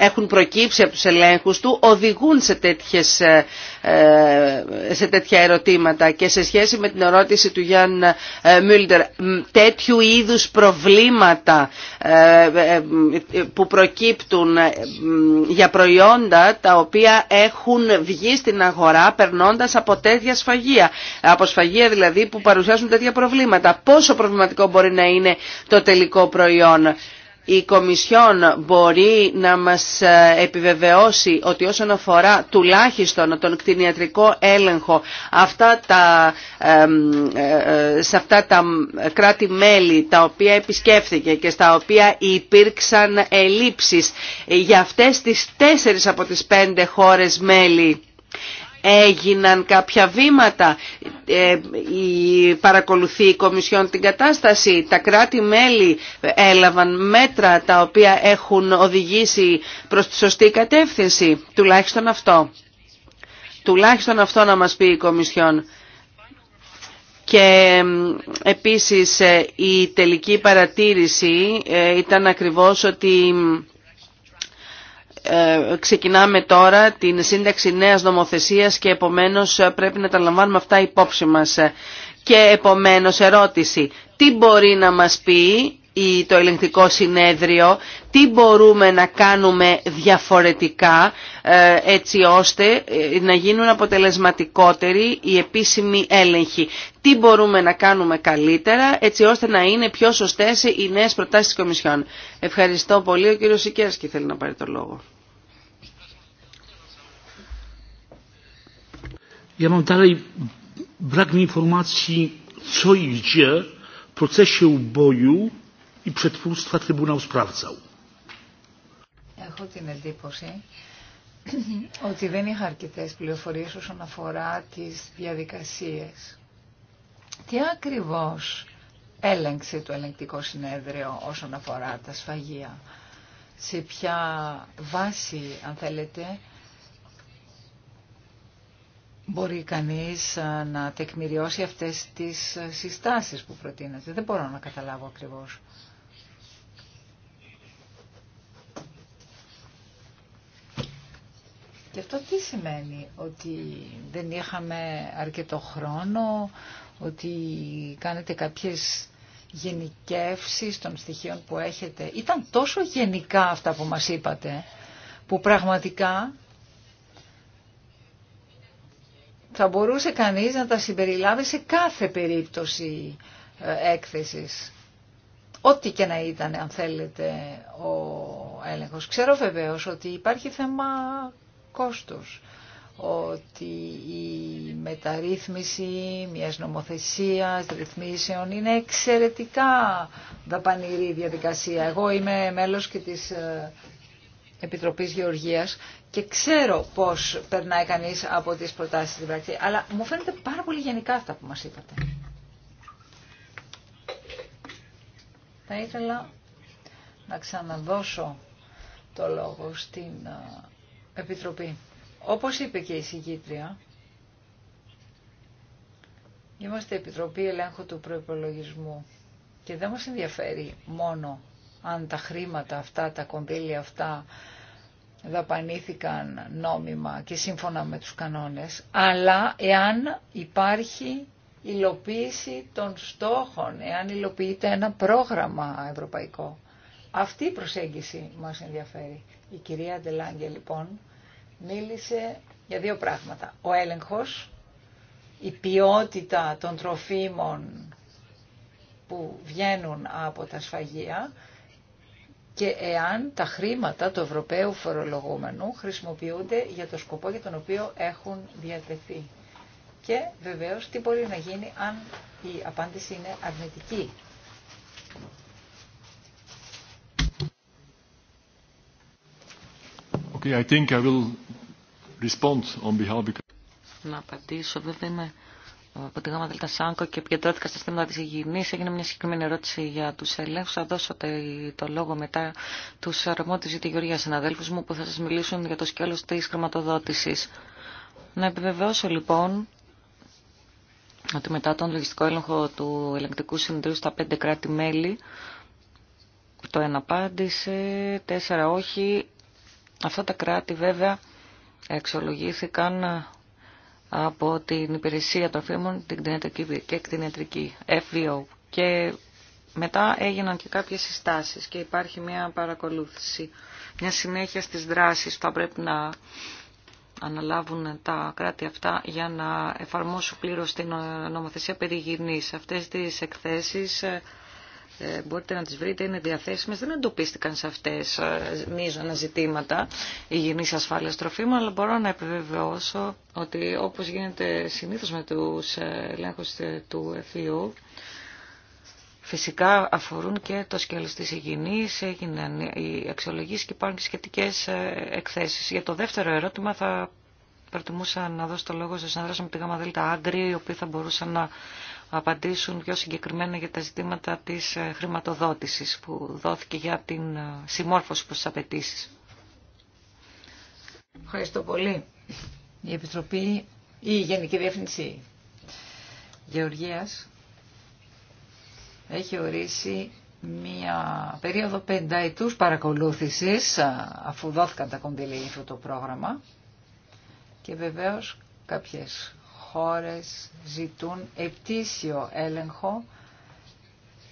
έχουν προκύψει από τους ελέγχους του οδηγούν σε τέτοιες ε, ε, σε τέτοια ερωτήματα και σε σχέση με την ερώτηση του Γιάν ε, Μιλντερ. τέτοιου είδους προβλήματα ε, που προκύπτουν για προϊόντα τα οποία έχουν βγει στην αγορά περνώντας από τέτοια σφαγεία από σφαγεία δηλαδή που παρουσιάζουν τέτοια προβλήματα πόσο προβληματικό μπορεί να είναι το τελικό προϊόν η Κομισιόν μπορεί να μας ε, επιβεβαιώσει ότι όσον αφορά τουλάχιστον τον κτηνιατρικό έλεγχο αυτά τα, ε, ε, σε αυτά τα κράτη-μέλη τα οποία επισκέφθηκε και στα οποία υπήρξαν ελλείψεις για αυτές τις τέσσερις από τις πέντε χώρες μέλη έγιναν κάποια βήματα, ε, η, παρακολουθεί η Κομισιόν την κατάσταση, τα κράτη-μέλη έλαβαν μέτρα τα οποία έχουν οδηγήσει προς τη σωστή κατεύθυνση, τουλάχιστον αυτό. Τουλάχιστον αυτό να μας πει η Κομισιόν. Και επίσης ε, η τελική παρατήρηση ε, ήταν ακριβώς ότι ε, ξεκινάμε τώρα την σύνταξη νέας νομοθεσίας και επομένως ε, πρέπει να τα λαμβάνουμε αυτά υπόψη μας. Ε, και επομένως ερώτηση, τι μπορεί να μας πει το ελεγκτικό συνέδριο, τι μπορούμε να κάνουμε διαφορετικά έτσι ώστε να γίνουν αποτελεσματικότεροι οι επίσημοι έλεγχοι. Τι μπορούμε να κάνουμε καλύτερα έτσι ώστε να είναι πιο σωστές οι νέες προτάσεις της Κομισιόν. Ευχαριστώ πολύ. Ο κύριος και θέλει να πάρει το λόγο. Ja mam dalej brak Έχω την εντύπωση *clears throat* ότι δεν είχα αρκετέ πληροφορίε όσον αφορά τι διαδικασίε. Τι ακριβώ έλεγξε το ελεγκτικό συνέδριο όσον αφορά τα σφαγεία. Σε ποια βάση, αν θέλετε, μπορεί κανείς να τεκμηριώσει αυτές τις συστάσεις που προτείνετε; Δεν μπορώ να καταλάβω ακριβώς. Και αυτό τι σημαίνει, ότι δεν είχαμε αρκετό χρόνο, ότι κάνετε κάποιες γενικεύσεις των στοιχείων που έχετε. Ήταν τόσο γενικά αυτά που μας είπατε, που πραγματικά θα μπορούσε κανείς να τα συμπεριλάβει σε κάθε περίπτωση ε, έκθεσης. Ό,τι και να ήταν, αν θέλετε, ο έλεγχος. Ξέρω βεβαίως ότι υπάρχει θέμα κόστους, ότι η μεταρρύθμιση μιας νομοθεσίας, ρυθμίσεων είναι εξαιρετικά δαπανηρή διαδικασία. Εγώ είμαι μέλος και της ε, Επιτροπής Γεωργίας και ξέρω πώς περνάει κανείς από τις προτάσεις στην πρακτική. Αλλά μου φαίνεται πάρα πολύ γενικά αυτά που μας είπατε. Θα ήθελα να ξαναδώσω το λόγο στην ε, Επιτροπή. Όπως είπε και η συγκήτρια, είμαστε Επιτροπή Ελέγχου του Προϋπολογισμού και δεν μας ενδιαφέρει μόνο αν τα χρήματα αυτά, τα κονδύλια αυτά δαπανήθηκαν νόμιμα και σύμφωνα με τους κανόνες, αλλά εάν υπάρχει υλοποίηση των στόχων, εάν υλοποιείται ένα πρόγραμμα ευρωπαϊκό. Αυτή η προσέγγιση μας ενδιαφέρει. Η κυρία Ντελάγκε λοιπόν μίλησε για δύο πράγματα. Ο έλεγχος, η ποιότητα των τροφίμων που βγαίνουν από τα σφαγεία και εάν τα χρήματα του Ευρωπαίου φορολογούμενου χρησιμοποιούνται για το σκοπό για τον οποίο έχουν διατεθεί. Και βεβαίως τι μπορεί να γίνει αν η απάντηση είναι αρνητική. Okay, I think I will respond on behalf of... Να απαντήσω, βέβαια από τη ΓΑΜΑ ΔΕΛΤΑ ΣΑΝΚΟ και επικεντρώθηκα στα στήματα της υγιεινής. Έγινε μια συγκεκριμένη ερώτηση για τους ελέγχους. Θα δώσω το λόγο μετά τους αρμόδιους για τη Γεωργία συναδέλφους μου που θα σας μιλήσουν για το σκέλος της χρηματοδότησης. Να επιβεβαιώσω λοιπόν ότι μετά τον λογιστικό έλεγχο του ελεγκτικού συνεδρίου στα πέντε κράτη-μέλη το ένα απάντησε, τέσσερα όχι. Αυτά τα κράτη βέβαια εξολογήθηκαν από την υπηρεσία τροφίμων, την κτηνιατρική και κτηνιατρική FVO. Και μετά έγιναν και κάποιες συστάσεις και υπάρχει μια παρακολούθηση, μια συνέχεια στις δράσεις που θα πρέπει να αναλάβουν τα κράτη αυτά για να εφαρμόσουν πλήρως την νομοθεσία περιγυρνής. Αυτές τις εκθέσεις ε, μπορείτε να τις βρείτε, είναι διαθέσιμες. Δεν εντοπίστηκαν σε αυτές ε, μείζωνα ζητήματα υγιεινής ασφάλειας τροφίμων, αλλά μπορώ να επιβεβαιώσω ότι όπως γίνεται συνήθως με τους ε, ελέγχους του ΕΦΙΟΥ, e Φυσικά αφορούν και το σκέλος της υγιεινής, έγιναν οι αξιολογήσεις και υπάρχουν και σχετικές εκθέσεις. Για το δεύτερο ερώτημα θα προτιμούσα να δώσω το λόγο σε συνάδελφους με τη ΓΑΜΑ Άγκρη, οι οποίοι θα μπορούσαν να απαντήσουν πιο συγκεκριμένα για τα ζητήματα της ε, χρηματοδότησης που δόθηκε για την ε, συμμόρφωση προς τις απαιτήσει. Ευχαριστώ πολύ. Η Επιτροπή ή η Γενική Διεύθυνση Γεωργίας έχει ορίσει μία περίοδο πενταετούς παρακολούθησης αφού δόθηκαν τα κονδύλια για αυτό το πρόγραμμα και βεβαίως κάποιες χώρες ζητούν επτήσιο έλεγχο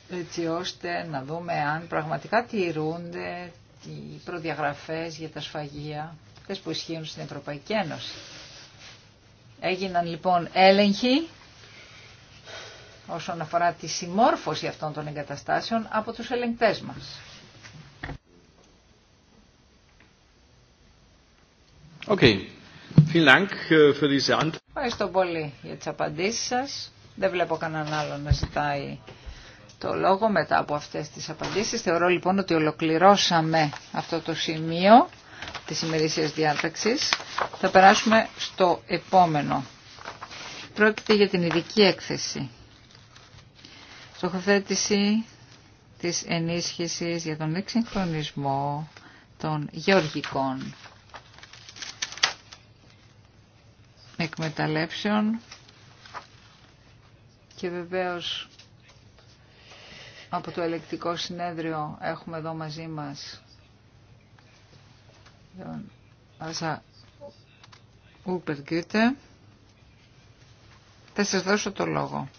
έτσι ώστε να δούμε αν πραγματικά τηρούνται οι προδιαγραφές για τα σφαγεία τες που ισχύουν στην Ευρωπαϊκή Ένωση. Έγιναν λοιπόν έλεγχοι όσον αφορά τη συμμόρφωση αυτών των εγκαταστάσεων από τους ελεγκτές μας. Okay. Äh, Ευχαριστώ πολύ για τις απαντήσεις σας. Δεν βλέπω κανέναν άλλον να ζητάει το λόγο μετά από αυτές τις απαντήσεις. Θεωρώ λοιπόν ότι ολοκληρώσαμε αυτό το σημείο της ημερήσιας διάταξης. Θα περάσουμε στο επόμενο. Πρόκειται για την ειδική έκθεση. Στοχοθέτηση της ενίσχυσης για τον εξυγχρονισμό των γεωργικών εκμεταλλεύσεων και βεβαίως από το ελεκτικό συνέδριο έχουμε εδώ μαζί μας τον Άσα Ούπεργκίτε. Θα σας δώσω το λόγο.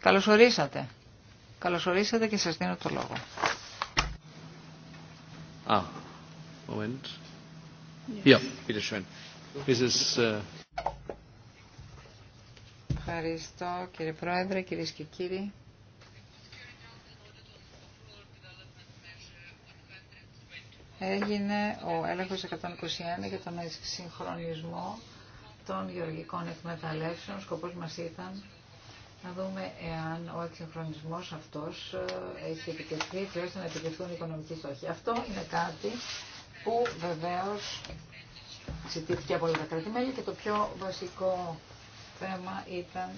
Καλωσορίσατε. Καλωσορίσατε και σας δίνω το λόγο. Ah, Moment. Yes. Ευχαριστώ κύριε Πρόεδρε, κυρίε και κύριοι. Έγινε ο έλεγχος 121 για τον συγχρονισμό των γεωργικών εκμεταλλεύσεων. Σκοπό σκοπός μας ήταν να δούμε εάν ο εξυγχρονισμός αυτός ε, έχει επιτευχθεί και ώστε να επιτευχθούν οι οικονομικοί στόχοι. Αυτό είναι κάτι που βεβαίως ζητήθηκε από όλα τα κράτη-μέλη και το πιο βασικό θέμα ήταν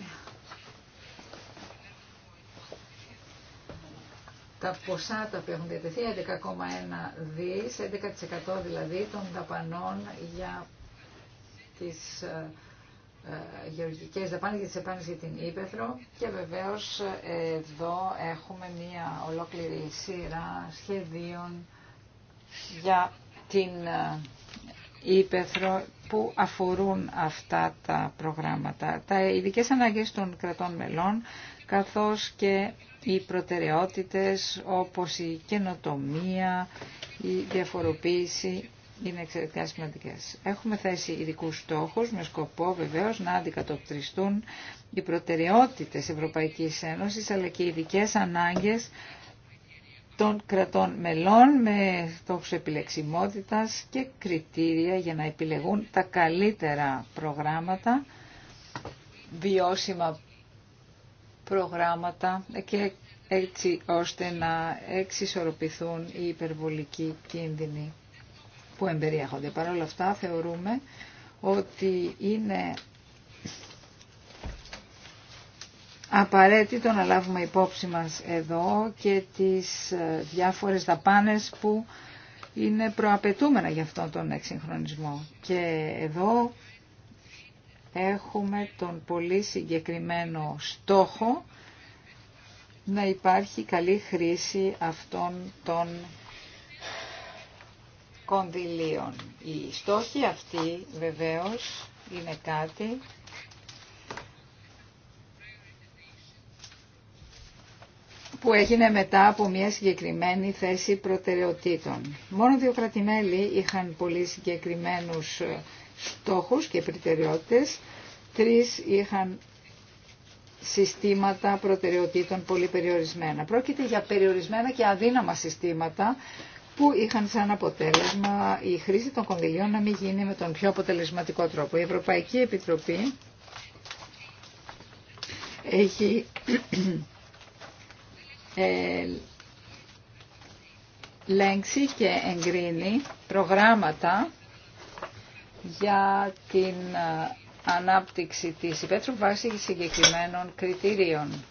τα ποσά τα οποία έχουν διατεθεί, 11,1 δις, 11% δηλαδή των δαπανών για τις ε, ε, γεωργικές δαπάνες για τις επάνες για την Ήπεθρο και βεβαίως ε, εδώ έχουμε μια ολόκληρη σειρά σχεδίων για την Ήπεθρο που αφορούν αυτά τα προγράμματα. Τα ειδικέ ανάγκες των κρατών μελών, καθώς και οι προτεραιότητες όπως η καινοτομία, η διαφοροποίηση είναι εξαιρετικά σημαντικέ. Έχουμε θέσει ειδικού στόχου με σκοπό βεβαίω να αντικατοπτριστούν οι προτεραιότητε Ευρωπαϊκή Ένωση αλλά και οι ειδικέ ανάγκε των κρατών μελών με στόχους επιλεξιμότητας και κριτήρια για να επιλεγούν τα καλύτερα προγράμματα, βιώσιμα προγράμματα και έτσι ώστε να εξισορροπηθούν οι υπερβολικοί κίνδυνοι που εμπεριέχονται. Παρ' όλα αυτά θεωρούμε ότι είναι απαραίτητο να λάβουμε υπόψη μας εδώ και τις ε, διάφορες δαπάνες που είναι προαπαιτούμενα για αυτόν τον εξυγχρονισμό. Και εδώ έχουμε τον πολύ συγκεκριμένο στόχο να υπάρχει καλή χρήση αυτών των κονδυλίων. Οι στόχοι αυτοί βεβαίως είναι κάτι που έγινε μετά από μια συγκεκριμένη θέση προτεραιοτήτων. Μόνο δύο κρατημέλη είχαν πολύ συγκεκριμένους ε, στόχους και προτεραιότητες, τρεις είχαν συστήματα προτεραιοτήτων πολύ περιορισμένα. Πρόκειται για περιορισμένα και αδύναμα συστήματα που είχαν σαν αποτέλεσμα η χρήση των κονδυλίων να μην γίνει με τον πιο αποτελεσματικό τρόπο. Η Ευρωπαϊκή Επιτροπή έχει ε, λέγξει και εγκρίνει προγράμματα για την ε, ανάπτυξη της υπέτρου βάση συγκεκριμένων κριτήριων.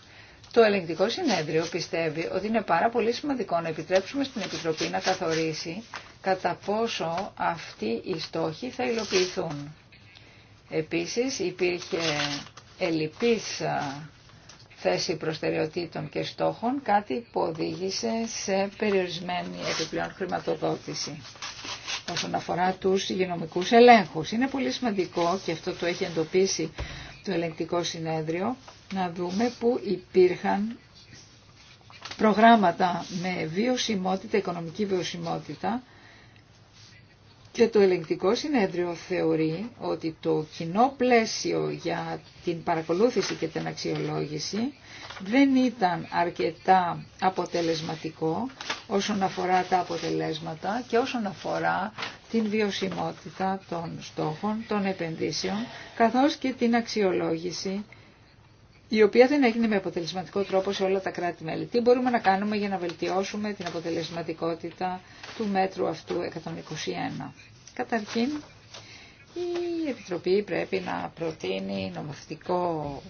Το ελεγκτικό συνέδριο πιστεύει ότι είναι πάρα πολύ σημαντικό να επιτρέψουμε στην Επιτροπή να καθορίσει κατά πόσο αυτοί οι στόχοι θα υλοποιηθούν. Επίσης υπήρχε ελλειπής ε, θέση προστεραιοτήτων και στόχων, κάτι που οδήγησε σε περιορισμένη επιπλέον χρηματοδότηση όσον αφορά τους υγειονομικούς ελέγχους. Είναι πολύ σημαντικό, και αυτό το έχει εντοπίσει το ελεγκτικό συνέδριο, να δούμε που υπήρχαν προγράμματα με βιωσιμότητα, οικονομική βιωσιμότητα, και το ελεγκτικό συνέδριο θεωρεί ότι το κοινό πλαίσιο για την παρακολούθηση και την αξιολόγηση δεν ήταν αρκετά αποτελεσματικό όσον αφορά τα αποτελέσματα και όσον αφορά την βιωσιμότητα των στόχων, των επενδύσεων, καθώς και την αξιολόγηση η οποία δεν έγινε με αποτελεσματικό τρόπο σε όλα τα κράτη-μέλη. Τι μπορούμε να κάνουμε για να βελτιώσουμε την αποτελεσματικότητα του μέτρου αυτού 121. Καταρχήν, η Επιτροπή πρέπει να προτείνει νομοθετικό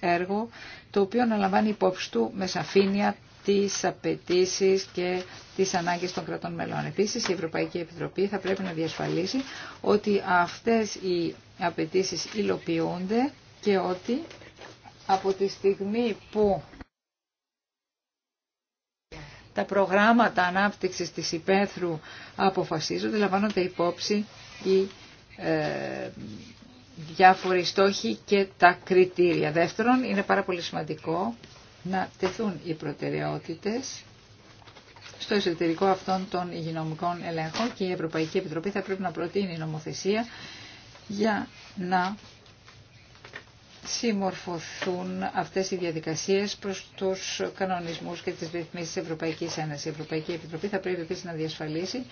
έργο, το οποίο να λαμβάνει υπόψη του με σαφήνεια τις απαιτήσει και τις ανάγκες των κρατών μελών. Επίσης, η Ευρωπαϊκή Επιτροπή θα πρέπει να διασφαλίσει ότι αυτές οι απαιτήσει υλοποιούνται και ότι από τη στιγμή που τα προγράμματα ανάπτυξης της υπαίθρου αποφασίζονται, λαμβάνονται υπόψη οι ε, διάφοροι στόχοι και τα κριτήρια. Δεύτερον, είναι πάρα πολύ σημαντικό να τεθούν οι προτεραιότητες στο εσωτερικό αυτών των υγειονομικών ελέγχων και η Ευρωπαϊκή Επιτροπή θα πρέπει να προτείνει νομοθεσία για να συμμορφωθούν αυτές οι διαδικασίες προς τους κανονισμούς και τις ρυθμίσεις της Ευρωπαϊκής Ένωσης. Η Ευρωπαϊκή Επιτροπή θα πρέπει επίσης να διασφαλίσει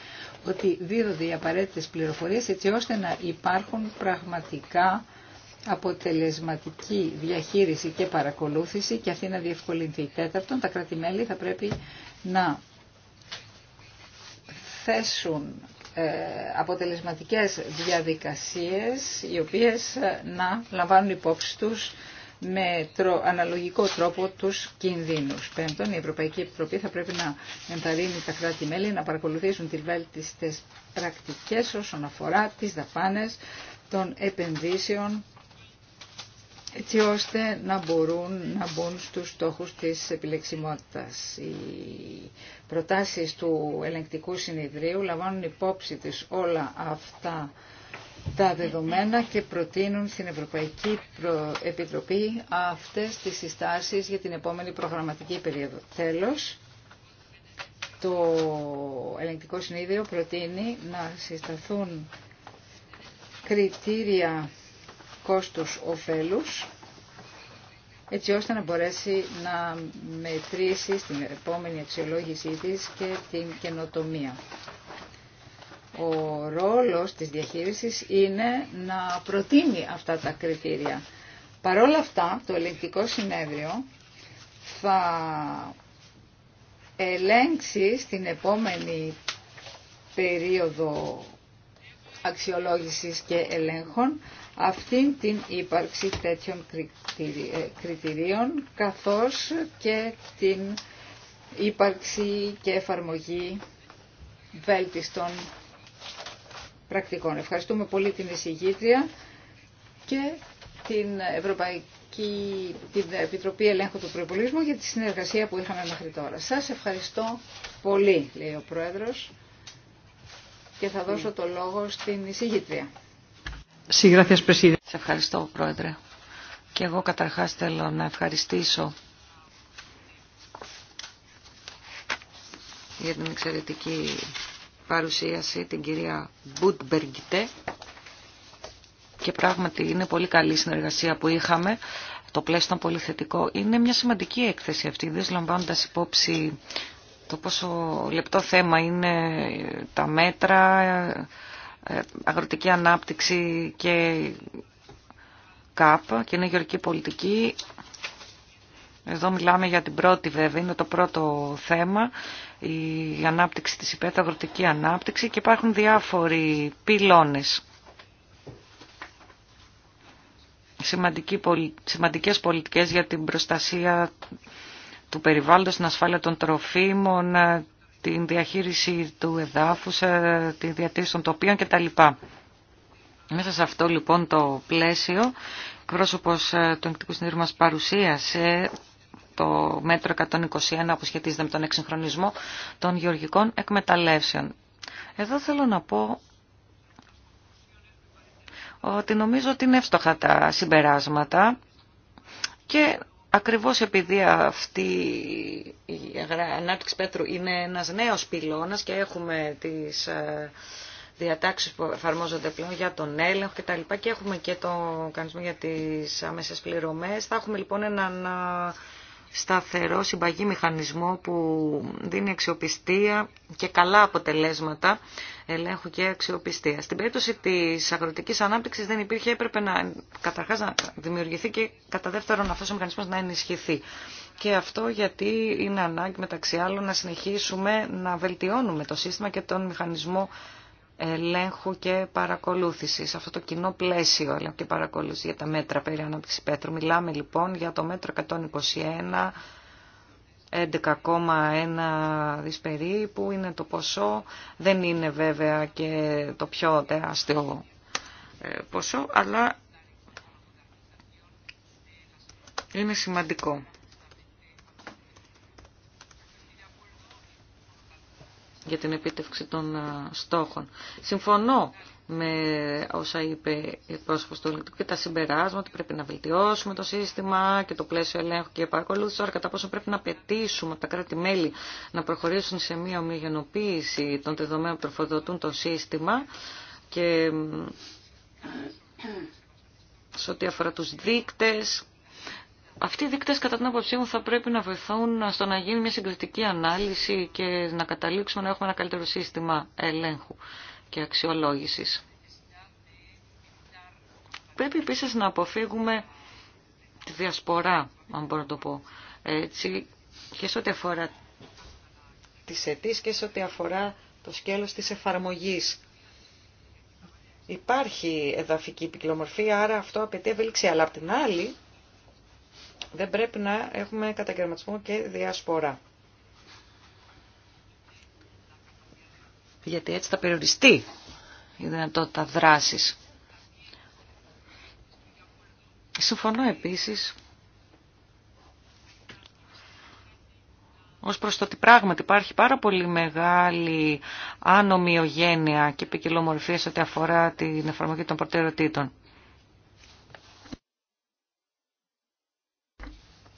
ότι δίδονται οι απαραίτητες πληροφορίες έτσι ώστε να υπάρχουν πραγματικά αποτελεσματική διαχείριση και παρακολούθηση και αυτή να διευκολυνθεί. Τέταρτον, τα κράτη-μέλη θα πρέπει να θέσουν ε, αποτελεσματικές διαδικασίες οι οποίες ε, να λαμβάνουν υπόψη τους με αναλογικό τρόπο τους κινδύνους. Πέμπτον, η Ευρωπαϊκή Επιτροπή θα πρέπει να ενθαρρύνει τα κράτη-μέλη να παρακολουθήσουν τις βέλτιστες πρακτικές όσον αφορά τις δαπάνες των επενδύσεων έτσι ώστε να μπορούν να μπουν στους στόχους της επιλεξιμότητας. Οι προτάσεις του ελεγκτικού συνεδρίου λαμβάνουν υπόψη της όλα αυτά τα δεδομένα και προτείνουν στην Ευρωπαϊκή Επιτροπή αυτές τις συστάσεις για την επόμενη προγραμματική περίοδο. Τέλος, το ελεγκτικό συνέδριο προτείνει να συσταθούν κριτήρια κόστος οφέλους έτσι ώστε να μπορέσει να μετρήσει στην επόμενη αξιολόγησή της και την καινοτομία. Ο ρόλος της διαχείρισης είναι να προτείνει αυτά τα κριτήρια. Παρόλα αυτά, το ελεγκτικό συνέδριο θα ελέγξει στην επόμενη περίοδο αξιολόγησης και ελέγχων αυτήν την ύπαρξη τέτοιων ε, κριτηρίων καθώς και την ύπαρξη και εφαρμογή βέλτιστων πρακτικών. Ευχαριστούμε πολύ την εισηγήτρια και την Ευρωπαϊκή Επιτροπή Ελέγχου του Προϋπολισμού για τη συνεργασία που είχαμε μέχρι τώρα. Σας ευχαριστώ πολύ, λέει ο Πρόεδρος, και θα δώσω το λόγο στην εισηγήτρια. Σε ευχαριστώ, Πρόεδρε. Και εγώ καταρχάς θέλω να ευχαριστήσω για την εξαιρετική παρουσίαση την κυρία Μπουτμπεργκητέ και πράγματι είναι πολύ καλή συνεργασία που είχαμε. Το πλαίσιο ήταν πολύ θετικό. Είναι μια σημαντική έκθεση αυτή, δεν λαμβάνοντας υπόψη το πόσο λεπτό θέμα είναι τα μέτρα, ε, αγροτική ανάπτυξη και ΚΑΠ, και γεωργική πολιτική. Εδώ μιλάμε για την πρώτη βέβαια, είναι το πρώτο θέμα, η ανάπτυξη της υπέτα, αγροτική ανάπτυξη και υπάρχουν διάφοροι πυλώνες. Σημαντικές πολιτικές για την προστασία του περιβάλλοντος, την ασφάλεια των τροφίμων, την διαχείριση του εδάφους, ε, τη διατήρηση των τοπίων κτλ. Μέσα σε αυτό λοιπόν το πλαίσιο, πρόσωπος ε, του Εκτικού Συνήθου μας παρουσίασε το μέτρο 121 που σχετίζεται με τον εξυγχρονισμό των γεωργικών εκμεταλλεύσεων. Εδώ θέλω να πω ότι νομίζω ότι είναι εύστοχα τα συμπεράσματα και Ακριβώς επειδή αυτή η ανάπτυξη πέτρου είναι ένας νέος πυλώνας και έχουμε τις ε, διατάξεις που εφαρμόζονται πλέον για τον έλεγχο και τα λοιπά και έχουμε και το κανονισμό για τις άμεσες πληρωμές. Θα έχουμε λοιπόν έναν ε, σταθερό συμπαγή μηχανισμό που δίνει αξιοπιστία και καλά αποτελέσματα ελέγχου και αξιοπιστία. Στην περίπτωση της αγροτικής ανάπτυξης δεν υπήρχε, έπρεπε να, καταρχάς να δημιουργηθεί και κατά δεύτερον αυτός ο μηχανισμός να ενισχυθεί. Και αυτό γιατί είναι ανάγκη μεταξύ άλλων να συνεχίσουμε να βελτιώνουμε το σύστημα και τον μηχανισμό ελέγχου και παρακολούθησης, αυτό το κοινό πλαίσιο ελέγχου και παρακολούθηση για τα μέτρα περί ανάπτυξη πέτρου. Μιλάμε λοιπόν για το μέτρο 121, 11,1 δις περίπου είναι το ποσό, δεν είναι βέβαια και το πιο τεράστιο ε, ποσό, αλλά είναι σημαντικό. για την επίτευξη των ε, στόχων. Συμφωνώ με όσα είπε η πρόσωπος του Ελληνικού και τα συμπεράσματα, πρέπει να βελτιώσουμε το σύστημα και το πλαίσιο ελέγχου και επακολούθηση αλλά κατά πόσο πρέπει να πετήσουμε τα κράτη-μέλη να προχωρήσουν σε μια ομοιογενοποίηση των δεδομένων που τροφοδοτούν το σύστημα και σε ό,τι αφορά τους δείκτες αυτοί οι δείκτες κατά την άποψή μου θα πρέπει να βοηθούν στο να γίνει μια συγκριτική ανάλυση και να καταλήξουμε να έχουμε ένα καλύτερο σύστημα ελέγχου και αξιολόγηση. Πρέπει επίσης να αποφύγουμε τη διασπορά, αν μπορώ να το πω έτσι, και σε ό,τι αφορά τις αιτήσεις και σε ό,τι αφορά το σκέλος της εφαρμογής. Υπάρχει εδαφική πυκλομορφία, άρα αυτό απαιτεί ευελιξία. Αλλά απ' την άλλη, δεν πρέπει να έχουμε καταγερματισμό και διασπορά. Γιατί έτσι θα περιοριστεί η δυνατότητα δράσης. Συμφωνώ επίσης ως προς το ότι πράγματι υπάρχει πάρα πολύ μεγάλη ανομοιογένεια και ποικιλομορφία σε ό,τι αφορά την εφαρμογή των προτεραιοτήτων.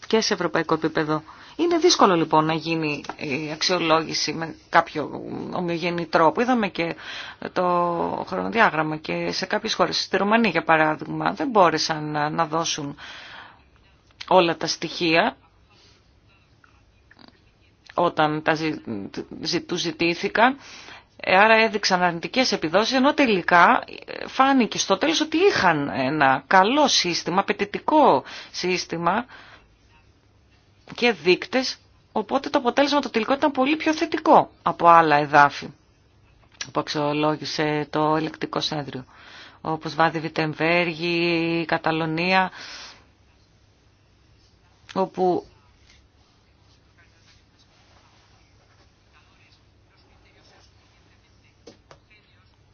και σε ευρωπαϊκό επίπεδο. Είναι δύσκολο λοιπόν να γίνει η αξιολόγηση με κάποιο ομοιογενή τρόπο. Είδαμε και το χρονοδιάγραμμα και σε κάποιες χώρες, στη Ρουμανία για παράδειγμα, δεν μπόρεσαν να δώσουν όλα τα στοιχεία όταν τα του ζητήθηκαν. Ε, άρα έδειξαν αρνητικές επιδόσεις, ενώ τελικά ε, φάνηκε στο τέλος ότι είχαν ένα καλό σύστημα, απαιτητικό σύστημα, και δείκτες, οπότε το αποτέλεσμα το τελικό ήταν πολύ πιο θετικό από άλλα εδάφη που αξιολόγησε το ελεκτικό σεντρίο, Όπως Βάδη Βιτεμβέργη, Καταλωνία, όπου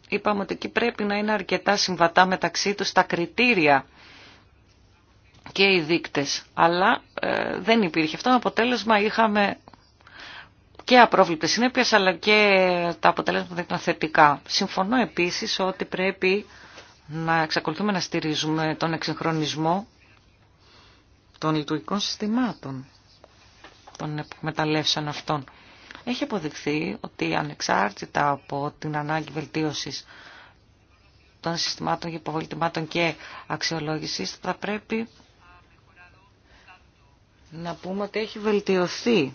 είπαμε ότι εκεί πρέπει να είναι αρκετά συμβατά μεταξύ τους τα κριτήρια και οι δείκτες, αλλά ε, δεν υπήρχε αυτό. Αποτέλεσμα είχαμε και απρόβλεπτες συνέπειες αλλά και τα αποτελέσματα δεν ήταν θετικά. Συμφωνώ επίσης ότι πρέπει να εξακολουθούμε να στηρίζουμε τον εξυγχρονισμό των λειτουργικών συστημάτων των εκμεταλλεύσεων αυτών. Έχει αποδειχθεί ότι ανεξάρτητα από την ανάγκη βελτίωσης των συστημάτων και υποβολητημάτων και αξιολόγησης θα πρέπει να πούμε ότι έχει βελτιωθεί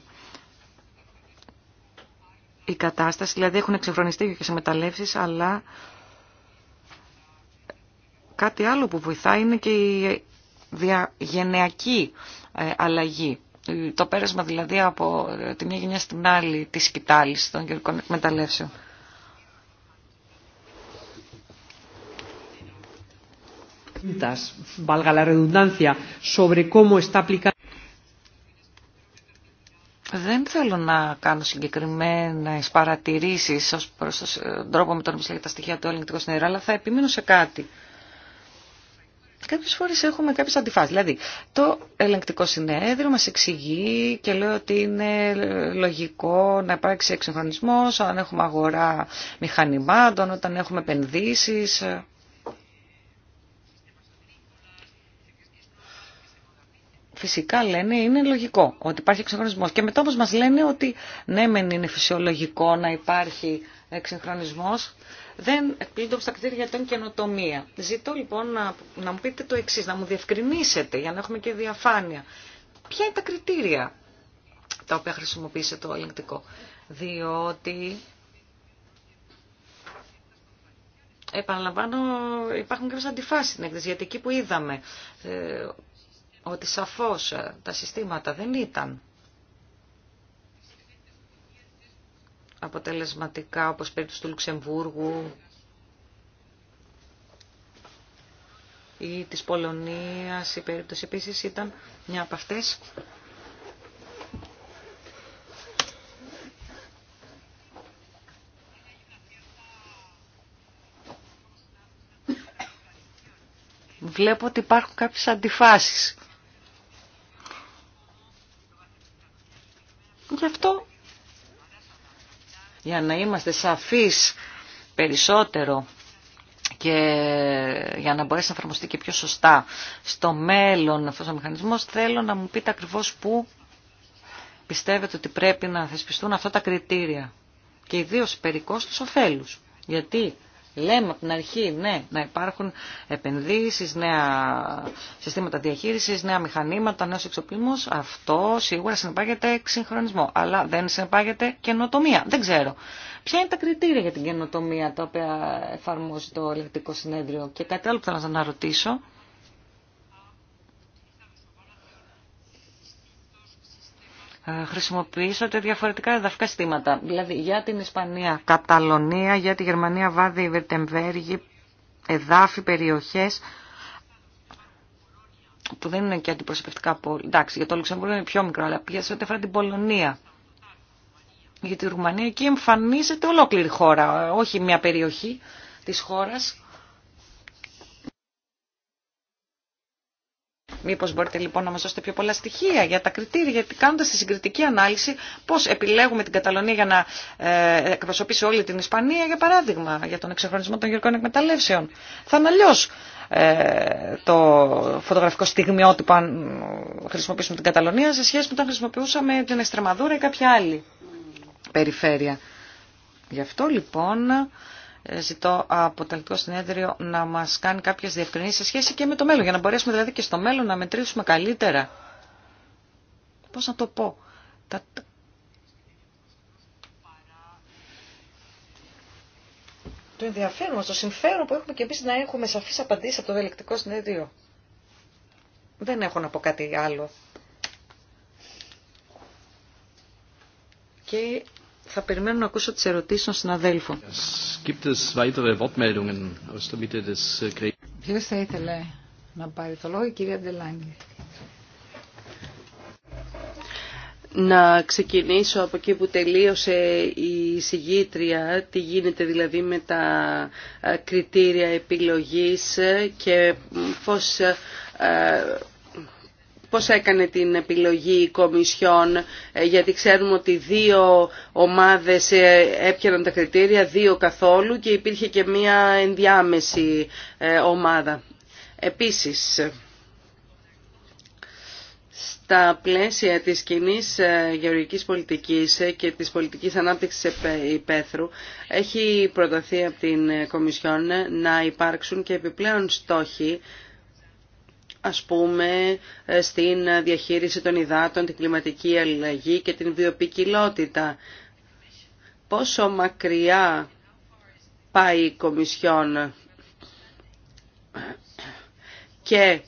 η κατάσταση, δηλαδή έχουν εξεχρονιστεί και σε μεταλλεύσεις, αλλά κάτι άλλο που βοηθά είναι και η διαγενειακή ε, αλλαγή. Το πέρασμα δηλαδή από ε, τη μια γενιά στην άλλη της σκητάλης των γεωργικών εκμεταλλεύσεων. la redundancia sobre cómo está aplicando. Δεν θέλω να κάνω συγκεκριμένε παρατηρήσει ω προ τον τρόπο με τον οποίο τα στοιχεία του ελληνικού συνεδρίου, αλλά θα επιμείνω σε κάτι. Κάποιε φορέ έχουμε κάποιε αντιφάσει. Δηλαδή, το ελεγκτικό συνέδριο μα εξηγεί και λέει ότι είναι λογικό να υπάρξει εξυγχρονισμό όταν έχουμε αγορά μηχανημάτων, όταν έχουμε επενδύσει. φυσικά λένε είναι λογικό ότι υπάρχει εξυγχρονισμό. Και μετά όμως μας λένε ότι ναι μεν είναι φυσιολογικό να υπάρχει εξυγχρονισμό. δεν εκπλήττω στα τα κριτήρια για καινοτομία. Ζητώ λοιπόν να, να μου πείτε το εξή, να μου διευκρινίσετε για να έχουμε και διαφάνεια. Ποια είναι τα κριτήρια τα οποία χρησιμοποίησε το ελεγκτικό. Διότι επαναλαμβάνω, υπάρχουν κάποιε αντιφάσει στην έκθεση. Γιατί εκεί που είδαμε ε, ότι σαφώς ε, τα συστήματα δεν ήταν αποτελεσματικά όπως περίπτωση του Λουξεμβούργου ή της Πολωνίας η περίπτωση επίσης ήταν μια από αυτές βλέπω ότι υπάρχουν κάποιες αντιφάσεις Γι' αυτό, για να είμαστε σαφείς περισσότερο και για να μπορέσει να εφαρμοστεί και πιο σωστά στο μέλλον αυτός ο μηχανισμός, θέλω να μου πείτε ακριβώς πού πιστεύετε ότι πρέπει να θεσπιστούν αυτά τα κριτήρια και ιδίως περί κόστος ωφέλους. Γιατί Λέμε από την αρχή, ναι, να υπάρχουν επενδύσεις, νέα συστήματα διαχείρισης, νέα μηχανήματα, νέος εξοπλισμός. Αυτό σίγουρα συνεπάγεται συγχρονισμό, αλλά δεν συνεπάγεται καινοτομία. Δεν ξέρω. Ποια είναι τα κριτήρια για την καινοτομία τα οποία εφαρμόζει το ελεκτικό συνέδριο και κάτι άλλο που θέλω να αναρωτήσω. Ε, χρησιμοποιήσατε διαφορετικά εδαφικά στήματα. Δηλαδή για την Ισπανία, Καταλωνία, για τη Γερμανία, Βάδη, Βερτεμβέργη, εδάφη, περιοχές που δεν είναι και αντιπροσωπευτικά πόλη. Εντάξει, για το Λουξεμβούργο είναι πιο μικρό, αλλά πια σε ό,τι αφορά την Πολωνία. Για τη Ρουμανία εκεί εμφανίζεται ολόκληρη χώρα, όχι μια περιοχή της χώρας. Μήπω μπορείτε λοιπόν να μα δώσετε πιο πολλά στοιχεία για τα κριτήρια, γιατί κάνοντα τη συγκριτική ανάλυση πώ επιλέγουμε την Καταλωνία για να ε, εκπροσωπήσει όλη την Ισπανία, για παράδειγμα, για τον εξεχρονισμό των γεωργικών εκμεταλλεύσεων. Θα είναι αλλιώς ε, το φωτογραφικό στιγμιότυπο αν χρησιμοποιήσουμε την Καταλωνία σε σχέση με το αν χρησιμοποιούσαμε την Εστρεμαδούρα ή κάποια άλλη περιφέρεια. Γι' αυτό λοιπόν ζητώ από το τελικό Συνέδριο να μας κάνει κάποιες διευκρινήσεις σε σχέση και με το μέλλον, για να μπορέσουμε δηλαδή και στο μέλλον να μετρήσουμε καλύτερα. Πώς να το πω. Το ενδιαφέρον μας, το συμφέρον που έχουμε και εμείς να έχουμε σαφείς απαντήσεις από το Ελεκτικό Συνέδριο. Δεν έχω να πω κάτι άλλο. Και θα περιμένω να ακούσω τις ερωτήσεις των συναδέλφων. Ποιος θα ήθελε να πάρει το λόγο, η κυρία Ντελάνγκη. Να ξεκινήσω από εκεί που τελείωσε η συγγήτρια, τι γίνεται δηλαδή με τα ε, κριτήρια επιλογής και πώς ε, ε, πώς έκανε την επιλογή η Κομισιόν, ε, γιατί ξέρουμε ότι δύο ομάδες ε, έπιαναν τα κριτήρια, δύο καθόλου και υπήρχε και μία ενδιάμεση ε, ομάδα. Επίσης, στα πλαίσια της κοινή γεωργικής πολιτικής και της πολιτικής ανάπτυξης υπαίθρου έχει προταθεί από την Κομισιόν να υπάρξουν και επιπλέον στόχοι ας πούμε, ε, στην διαχείριση των υδάτων, την κλιματική αλλαγή και την βιοπικιλότητα. Πόσο μακριά πάει η Κομισιόν και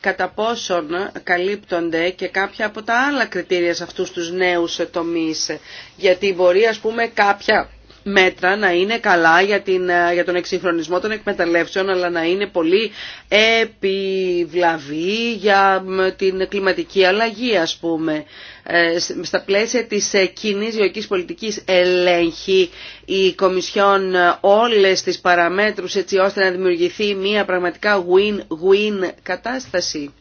κατά πόσον καλύπτονται και κάποια από τα άλλα κριτήρια σε αυτούς τους νέους τομείς. Γιατί μπορεί, ας πούμε, κάποια μέτρα να είναι καλά για, την, ε, για τον εξυγχρονισμό των εκμεταλλεύσεων αλλά να είναι πολύ επιβλαβή για την κλιματική αλλαγή ας πούμε. Ε, στα πλαίσια της ε, κοινή γεωικής πολιτικής ελέγχει η Κομισιόν όλες τις παραμέτρους έτσι ώστε να δημιουργηθεί μια πραγματικά win-win κατάσταση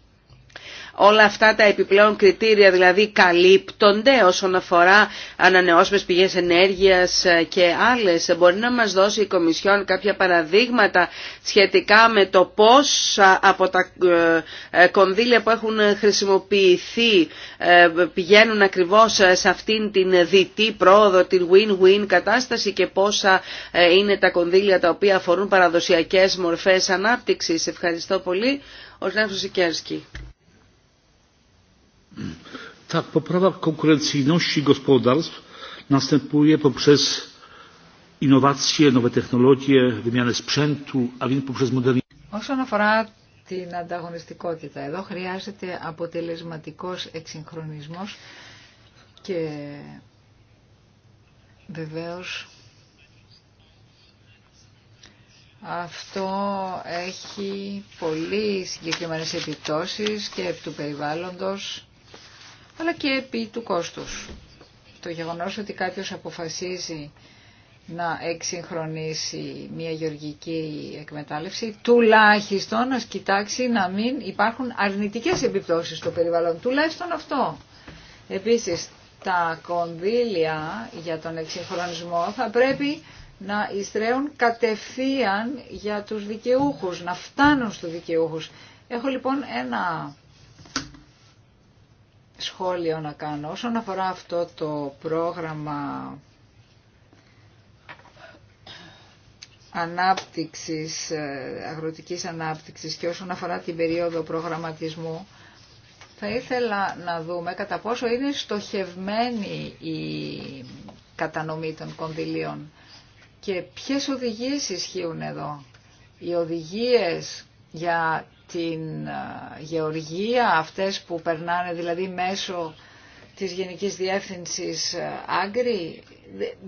όλα αυτά τα επιπλέον κριτήρια δηλαδή καλύπτονται όσον αφορά ανανεώσιμες πηγές ενέργειας ε, και άλλες. Μπορεί να μας δώσει η Κομισιόν κάποια παραδείγματα σχετικά με το πώς από τα ε, ε, κονδύλια που έχουν χρησιμοποιηθεί πηγαίνουν ακριβώς σε αυτήν την διτή πρόοδο, την win-win κατάσταση και πόσα είναι τα κονδύλια τα οποία αφορούν παραδοσιακές μορφές ανάπτυξης. Ευχαριστώ πολύ. Ο Tak, poprawa konkurencyjności gospodarstw następuje poprzez innowacje, nowe technologie, wymianę sprzętu, a więc poprzez modernizację την ανταγωνιστικότητα. Εδώ χρειάζεται αποτελεσματικός εξυγχρονισμός και βεβαίως αυτό έχει πολύ συγκεκριμένες επιπτώσεις και του περιβάλλοντος αλλά και επί του κόστους. Το γεγονός ότι κάποιος αποφασίζει να εξυγχρονίσει μια γεωργική εκμετάλλευση, τουλάχιστον να κοιτάξει να μην υπάρχουν αρνητικές επιπτώσεις στο περιβάλλον. Τουλάχιστον αυτό. Επίσης, τα κονδύλια για τον εξυγχρονισμό θα πρέπει να ειστρέουν κατευθείαν για τους δικαιούχους, να φτάνουν στους δικαιούχους. Έχω λοιπόν ένα σχόλιο να κάνω. Όσον αφορά αυτό το πρόγραμμα ανάπτυξης, ε, αγροτικής ανάπτυξης και όσον αφορά την περίοδο προγραμματισμού, θα ήθελα να δούμε κατά πόσο είναι στοχευμένη η κατανομή των κονδυλίων και ποιες οδηγίες ισχύουν εδώ. Οι οδηγίες για την γεωργία, αυτές που περνάνε δηλαδή μέσω της Γενικής Διεύθυνσης Άγκρη.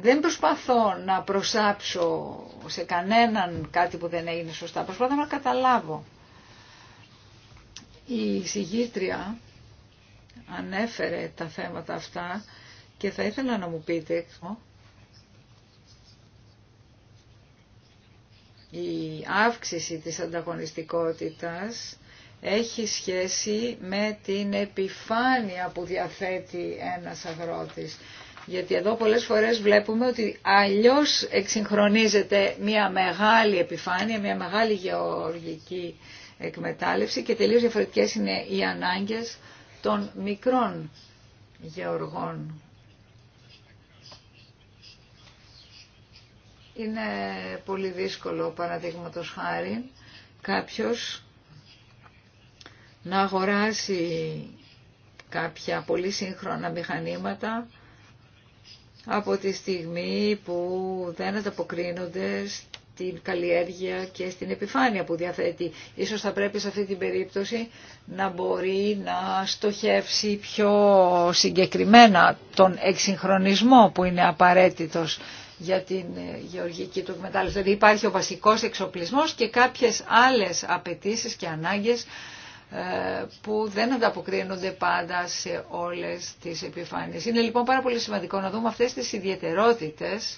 Δεν προσπαθώ να προσάψω σε κανέναν κάτι που δεν έγινε σωστά. Προσπαθώ να καταλάβω. Η συγγήτρια ανέφερε τα θέματα αυτά και θα ήθελα να μου πείτε η αύξηση της ανταγωνιστικότητας έχει σχέση με την επιφάνεια που διαθέτει ένας αγρότης. Γιατί εδώ πολλές φορές βλέπουμε ότι αλλιώς εξυγχρονίζεται μια μεγάλη επιφάνεια, μια μεγάλη γεωργική εκμετάλλευση και τελείως διαφορετικές είναι οι ανάγκες των μικρών γεωργών. Είναι πολύ δύσκολο, παραδείγματο χάρη, κάποιος να αγοράσει κάποια πολύ σύγχρονα μηχανήματα από τη στιγμή που δεν ανταποκρίνονται στην καλλιέργεια και στην επιφάνεια που διαθέτει. Ίσως θα πρέπει σε αυτή την περίπτωση να μπορεί να στοχεύσει πιο συγκεκριμένα τον εξυγχρονισμό που είναι απαραίτητος για την ε, γεωργική του εκμετάλλευση. Δηλαδή υπάρχει ο βασικός εξοπλισμός και κάποιες άλλες απαιτήσεις και ανάγκες ε, που δεν ανταποκρίνονται πάντα σε όλες τις επιφάνειες. Είναι λοιπόν πάρα πολύ σημαντικό να δούμε αυτές τις ιδιαιτερότητες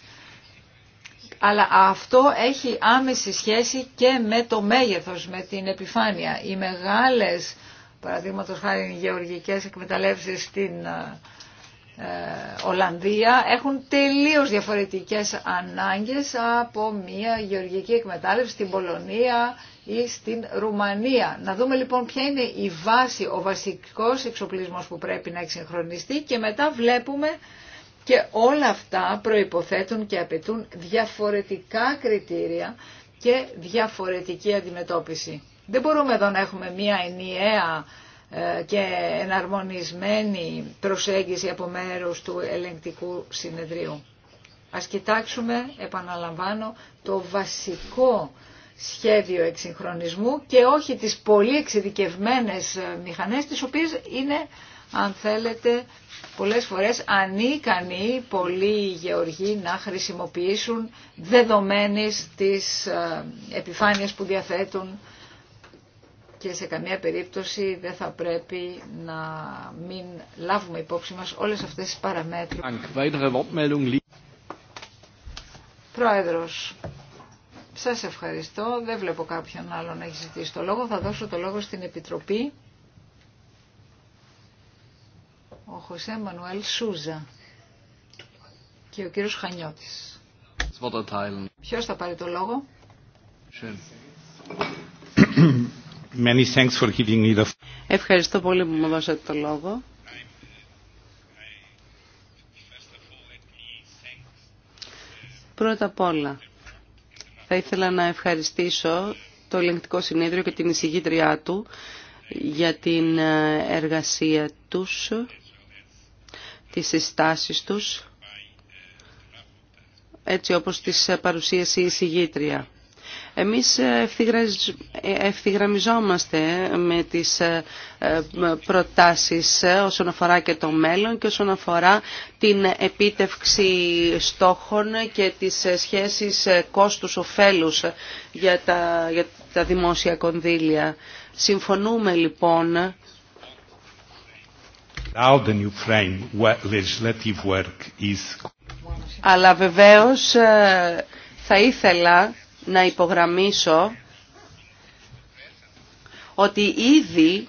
αλλά αυτό έχει άμεση σχέση και με το μέγεθος, με την επιφάνεια. Οι μεγάλες, παραδείγματο χάρη γεωργικές εκμεταλλεύσεις στην ε, ε, Ολλανδία έχουν τελείως διαφορετικές ανάγκες από μια γεωργική εκμετάλλευση στην Πολωνία ή στην Ρουμανία. Να δούμε λοιπόν ποια είναι η βάση, ο βασικός εξοπλισμός που πρέπει να εξυγχρονιστεί και μετά βλέπουμε και όλα αυτά προϋποθέτουν και απαιτούν διαφορετικά κριτήρια και διαφορετική αντιμετώπιση. Δεν μπορούμε εδώ να έχουμε μια ενιαία ε, και εναρμονισμένη προσέγγιση από μέρους του ελεγκτικού συνεδρίου. Ας κοιτάξουμε, επαναλαμβάνω, το βασικό σχέδιο εξυγχρονισμού και όχι τις πολύ εξειδικευμένες ε, μηχανές, τις οποίες είναι, αν θέλετε, πολλές φορές ανίκανοι πολλοί γεωργοί να χρησιμοποιήσουν δεδομένες της ε, επιφάνειας που διαθέτουν και σε καμία περίπτωση δεν θα πρέπει να μην λάβουμε υπόψη μας όλες αυτές τις παραμέτρους. Πρόεδρος, σας ευχαριστώ. Δεν βλέπω κάποιον άλλο να έχει ζητήσει το λόγο. Θα δώσω το λόγο στην Επιτροπή. Ο Χωσέ Μανουέλ Σούζα και ο κύριος Χανιώτης. Ποιος θα πάρει το λόγο. *clears throat* *clears throat* Ευχαριστώ πολύ που μου δώσατε το λόγο. Πρώτα απ' όλα, θα ήθελα να ευχαριστήσω το ελεγκτικό συνέδριο και την εισηγήτριά του για την ε, εργασία τους, τις συστάσεις τους, έτσι όπως τις παρουσίασε η εισηγήτρια. Εμείς ευθυγραμμιζόμαστε με τις ε, προτάσεις όσον αφορά και το μέλλον και όσον αφορά την επίτευξη στόχων και τις σχέσεις κόστους-οφέλους για τα, για τα δημόσια κονδύλια. Συμφωνούμε λοιπόν Αλλά βεβαίως ε, θα ήθελα να υπογραμμίσω ότι ήδη,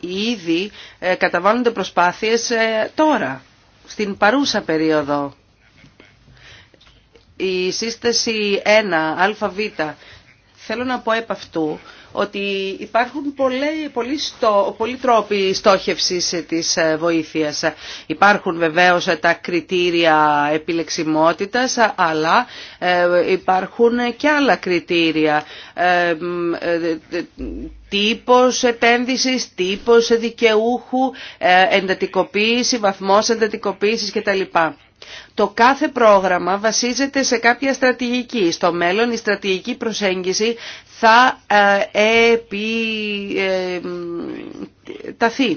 ήδη ε, καταβάλλονται προσπάθειες ε, τώρα, στην παρούσα περίοδο. Η σύσταση 1, αβ, θέλω να πω επ' αυτού ότι υπάρχουν πολλοί, πολλοί, τρόποι στόχευσης της ε, βοήθειας. Υπάρχουν βεβαίως τα κριτήρια επιλεξιμότητας, αλλά ε, υπάρχουν και άλλα κριτήρια ε, τύπος επένδυσης, τύπος δικαιούχου, εντατικοποίηση, βαθμός εντατικοποίησης κτλ. Το κάθε πρόγραμμα βασίζεται σε κάποια στρατηγική. Στο μέλλον η στρατηγική προσέγγιση θα ε, επιταθεί ε,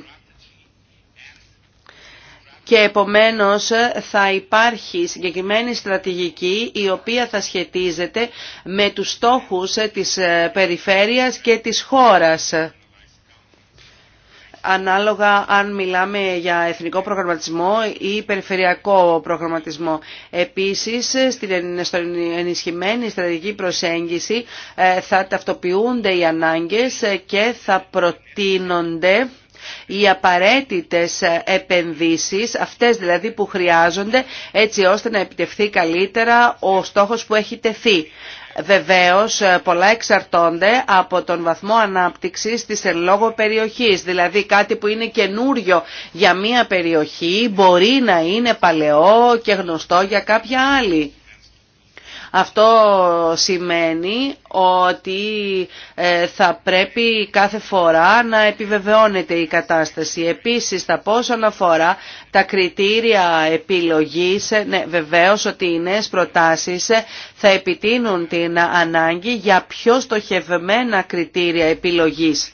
και επομένως θα υπάρχει συγκεκριμένη στρατηγική η οποία θα σχετίζεται με τους στόχους της ε, περιφέρειας και της χώρας ανάλογα αν μιλάμε για εθνικό προγραμματισμό ή περιφερειακό προγραμματισμό. Επίσης, στην ενισχυμένη στρατηγική προσέγγιση ε, θα ταυτοποιούνται οι ανάγκες και θα προτείνονται οι απαραίτητες επενδύσεις, αυτές δηλαδή που χρειάζονται έτσι ώστε να επιτευχθεί καλύτερα ο στόχος που έχει τεθεί. Βεβαίως ε, πολλά εξαρτώνται από τον βαθμό ανάπτυξης της εν λόγω περιοχής. Δηλαδή κάτι που είναι καινούριο για μία περιοχή μπορεί να είναι παλαιό και γνωστό για κάποια άλλη. Αυτό σημαίνει ότι ε, θα πρέπει κάθε φορά να επιβεβαιώνεται η κατάσταση. Επίσης, τα πόσο αναφορά τα κριτήρια επιλογής, ε, ναι, βεβαίως ότι οι νέες προτάσεις ε, θα επιτείνουν την ανάγκη για πιο στοχευμένα κριτήρια επιλογής.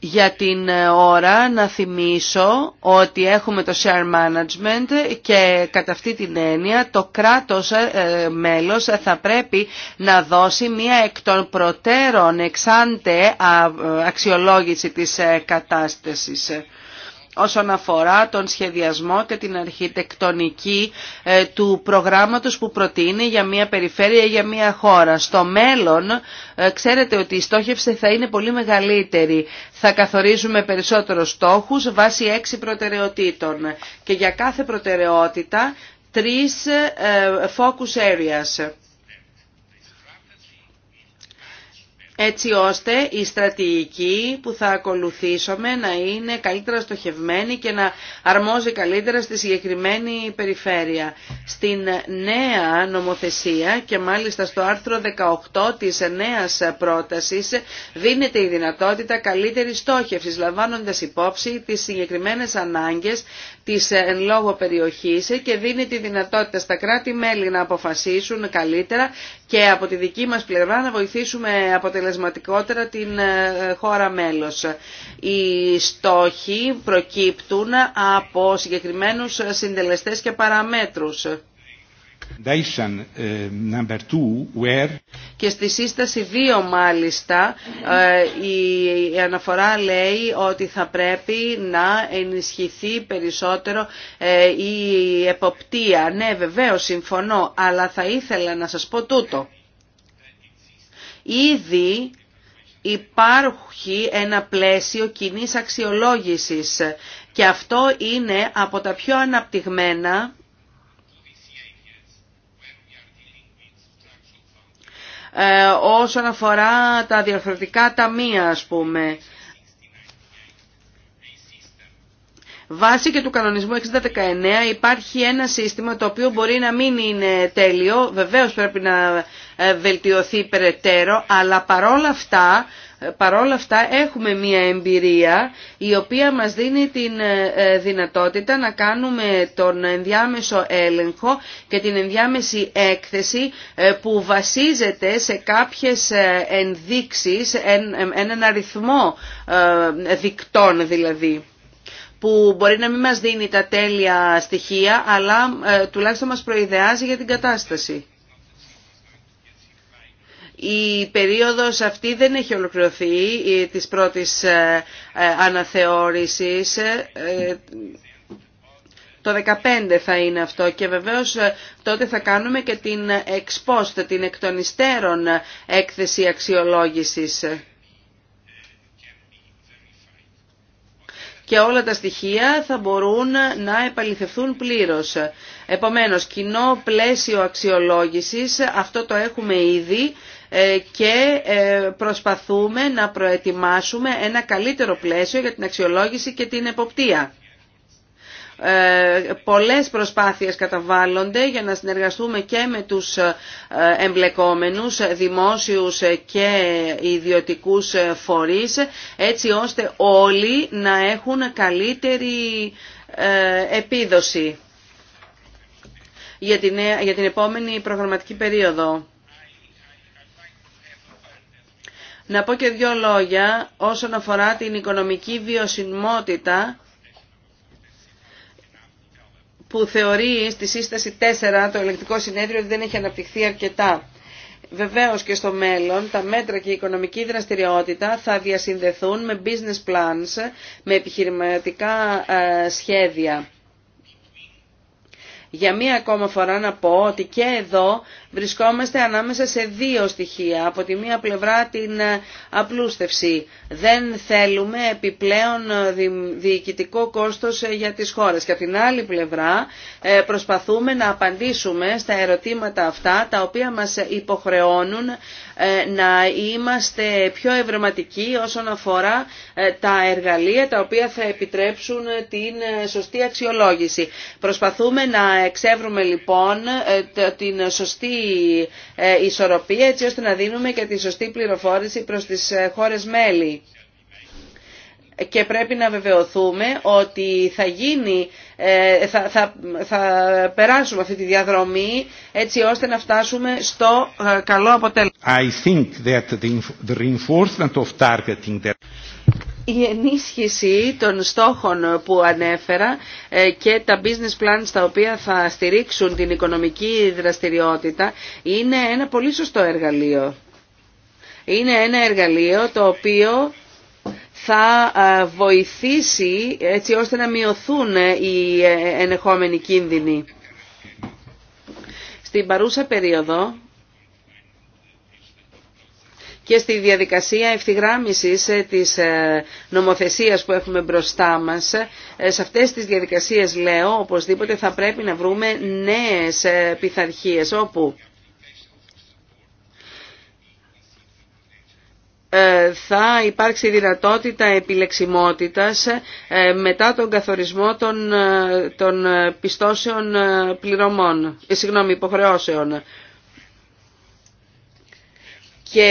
Για την ε, ώρα να θυμίσω ότι έχουμε το share management και κατά αυτή την έννοια το κράτος ε, ε, μέλος θα πρέπει να δώσει μία εκ των προτέρων εξάντε αξιολόγηση της κατάστασης όσον αφορά τον σχεδιασμό και την αρχιτεκτονική ε, του προγράμματος που προτείνει για μια περιφέρεια ή για μια χώρα. Στο μέλλον ε, ξέρετε ότι η στόχευση θα είναι πολύ μεγαλύτερη. Θα καθορίζουμε περισσότερο στόχους βάσει έξι προτεραιοτήτων και για κάθε προτεραιότητα τρεις ε, focus areas. έτσι ώστε η στρατηγική που θα ακολουθήσουμε να είναι καλύτερα στοχευμένη και να αρμόζει καλύτερα στη συγκεκριμένη περιφέρεια. Στην νέα νομοθεσία και μάλιστα στο άρθρο 18 της νέας πρότασης δίνεται η δυνατότητα καλύτερης στόχευσης λαμβάνοντας υπόψη τις συγκεκριμένες ανάγκες της εν λόγω περιοχής και δίνεται τη δυνατότητα στα κράτη-μέλη να αποφασίσουν καλύτερα και από τη δική μας πλευρά να βοηθήσουμε αποτελεσματικότερα την ε, χώρα μέλος. Οι στόχοι προκύπτουν από συγκεκριμένους συντελεστές και παραμέτρους. Eh, και στη σύσταση 2 μάλιστα ε, η αναφορά λέει ότι θα πρέπει να ενισχυθεί περισσότερο ε, η εποπτεία. Ναι βεβαίως συμφωνώ αλλά θα ήθελα να σας πω τούτο. Ήδη υπάρχει ένα πλαίσιο κοινής αξιολόγησης και αυτό είναι από τα πιο αναπτυγμένα Ε, όσον αφορά τα διαφορετικά ταμεία ας πούμε. Βάσει και του κανονισμού 6019 υπάρχει ένα σύστημα το οποίο μπορεί να μην είναι τέλειο, βεβαίως πρέπει να ε, βελτιωθεί περαιτέρω, αλλά παρόλα αυτά παρόλα αυτά έχουμε μια εμπειρία η οποία μας δίνει την ε, ε, δυνατότητα να κάνουμε τον ενδιάμεσο έλεγχο και την ενδιάμεση έκθεση ε, που βασίζεται σε κάποιες ενδείξεις, έναν αριθμό δικτών δηλαδή που μπορεί να μην μας δίνει τα τέλεια στοιχεία, αλλά τουλάχιστον μας προειδεάζει για την κατάσταση. Η περίοδος αυτή δεν έχει ολοκληρωθεί της πρώτης ε, ε, αναθεώρησης. Ε, το 15 θα είναι αυτό και βεβαίως τότε θα κάνουμε και την εξπόστα, την εκ έκθεση αξιολόγησης. και όλα τα στοιχεία θα μπορούν να επαληθευθούν πλήρως. Επομένως, κοινό πλαίσιο αξιολόγησης, αυτό το έχουμε ήδη ε, και ε, προσπαθούμε να προετοιμάσουμε ένα καλύτερο πλαίσιο για την αξιολόγηση και την εποπτεία. Ε, πολλές προσπάθειες καταβάλλονται για να συνεργαστούμε και με τους εμπλεκόμενους δημόσιους και ιδιωτικούς φορείς έτσι ώστε όλοι να έχουν καλύτερη επίδοση για την επόμενη προγραμματική περίοδο. Να πω και δύο λόγια όσον αφορά την οικονομική βιωσιμότητα που θεωρεί στη σύσταση 4 το ελεκτικό συνέδριο ότι δεν έχει αναπτυχθεί αρκετά. Βεβαίως και στο μέλλον τα μέτρα και η οικονομική δραστηριότητα θα διασυνδεθούν με business plans, με επιχειρηματικά ε, σχέδια. Για μία ακόμα φορά να πω ότι και εδώ βρισκόμαστε ανάμεσα σε δύο στοιχεία. Από τη μία πλευρά την ε, απλούστευση. Δεν θέλουμε επιπλέον ε, διοικητικό κόστος ε, για τις χώρες. Και από την άλλη πλευρά προσπαθούμε να απαντήσουμε στα ερωτήματα αυτά τα οποία μας υποχρεώνουν να είμαστε πιο ευρωματικοί όσον αφορά τα εργαλεία τα οποία θα επιτρέψουν την σωστή αξιολόγηση. Προσπαθούμε να εξεύρουμε λοιπόν την σωστή ε, ισορροπία έτσι ώστε να δίνουμε και τη σωστή πληροφόρηση προς τις ε, χώρες μέλη. Και πρέπει να βεβαιωθούμε ότι θα γίνει, ε, θα, θα, θα περάσουμε αυτή τη διαδρομή έτσι ώστε να φτάσουμε στο καλό αποτέλεσμα η ενίσχυση των στόχων που ανέφερα ε, και τα business plans τα οποία θα στηρίξουν την οικονομική δραστηριότητα είναι ένα πολύ σωστό εργαλείο. Είναι ένα εργαλείο το οποίο θα ε, βοηθήσει έτσι ώστε να μειωθούν ε, οι ενεχόμενοι κίνδυνοι. Στην παρούσα περίοδο και στη διαδικασία ευθυγράμμισης ε, της ε, νομοθεσίας που έχουμε μπροστά μας. Ε, σε αυτές τις διαδικασίες, λέω, οπωσδήποτε θα πρέπει να βρούμε νέες πειθαρχίες όπου θα υπάρξει δυνατότητα επιλεξιμότητας μετά τον καθορισμό των, των πιστώσεων πληρωμών, συγγνώμη, υποχρεώσεων και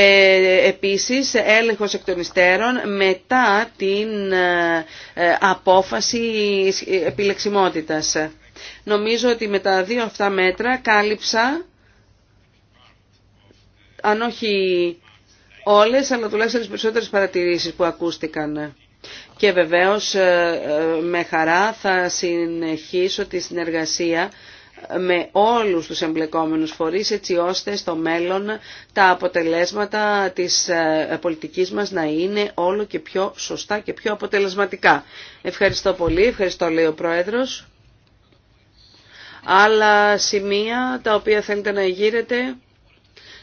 επίσης έλεγχος εκ των υστέρων μετά την ε, ε, απόφαση επιλεξιμότητας. Νομίζω ότι με τα δύο αυτά μέτρα κάλυψα, αν όχι όλες, αλλά τουλάχιστον τις περισσότερες παρατηρήσεις που ακούστηκαν. Και βεβαίως ε, με χαρά θα συνεχίσω τη συνεργασία με όλους τους εμπλεκόμενους φορείς έτσι ώστε στο μέλλον τα αποτελέσματα της ε, πολιτικής μας να είναι όλο και πιο σωστά και πιο αποτελεσματικά. Ευχαριστώ πολύ, ευχαριστώ λέει ο Πρόεδρος. Άλλα σημεία τα οποία θέλετε να εγείρετε.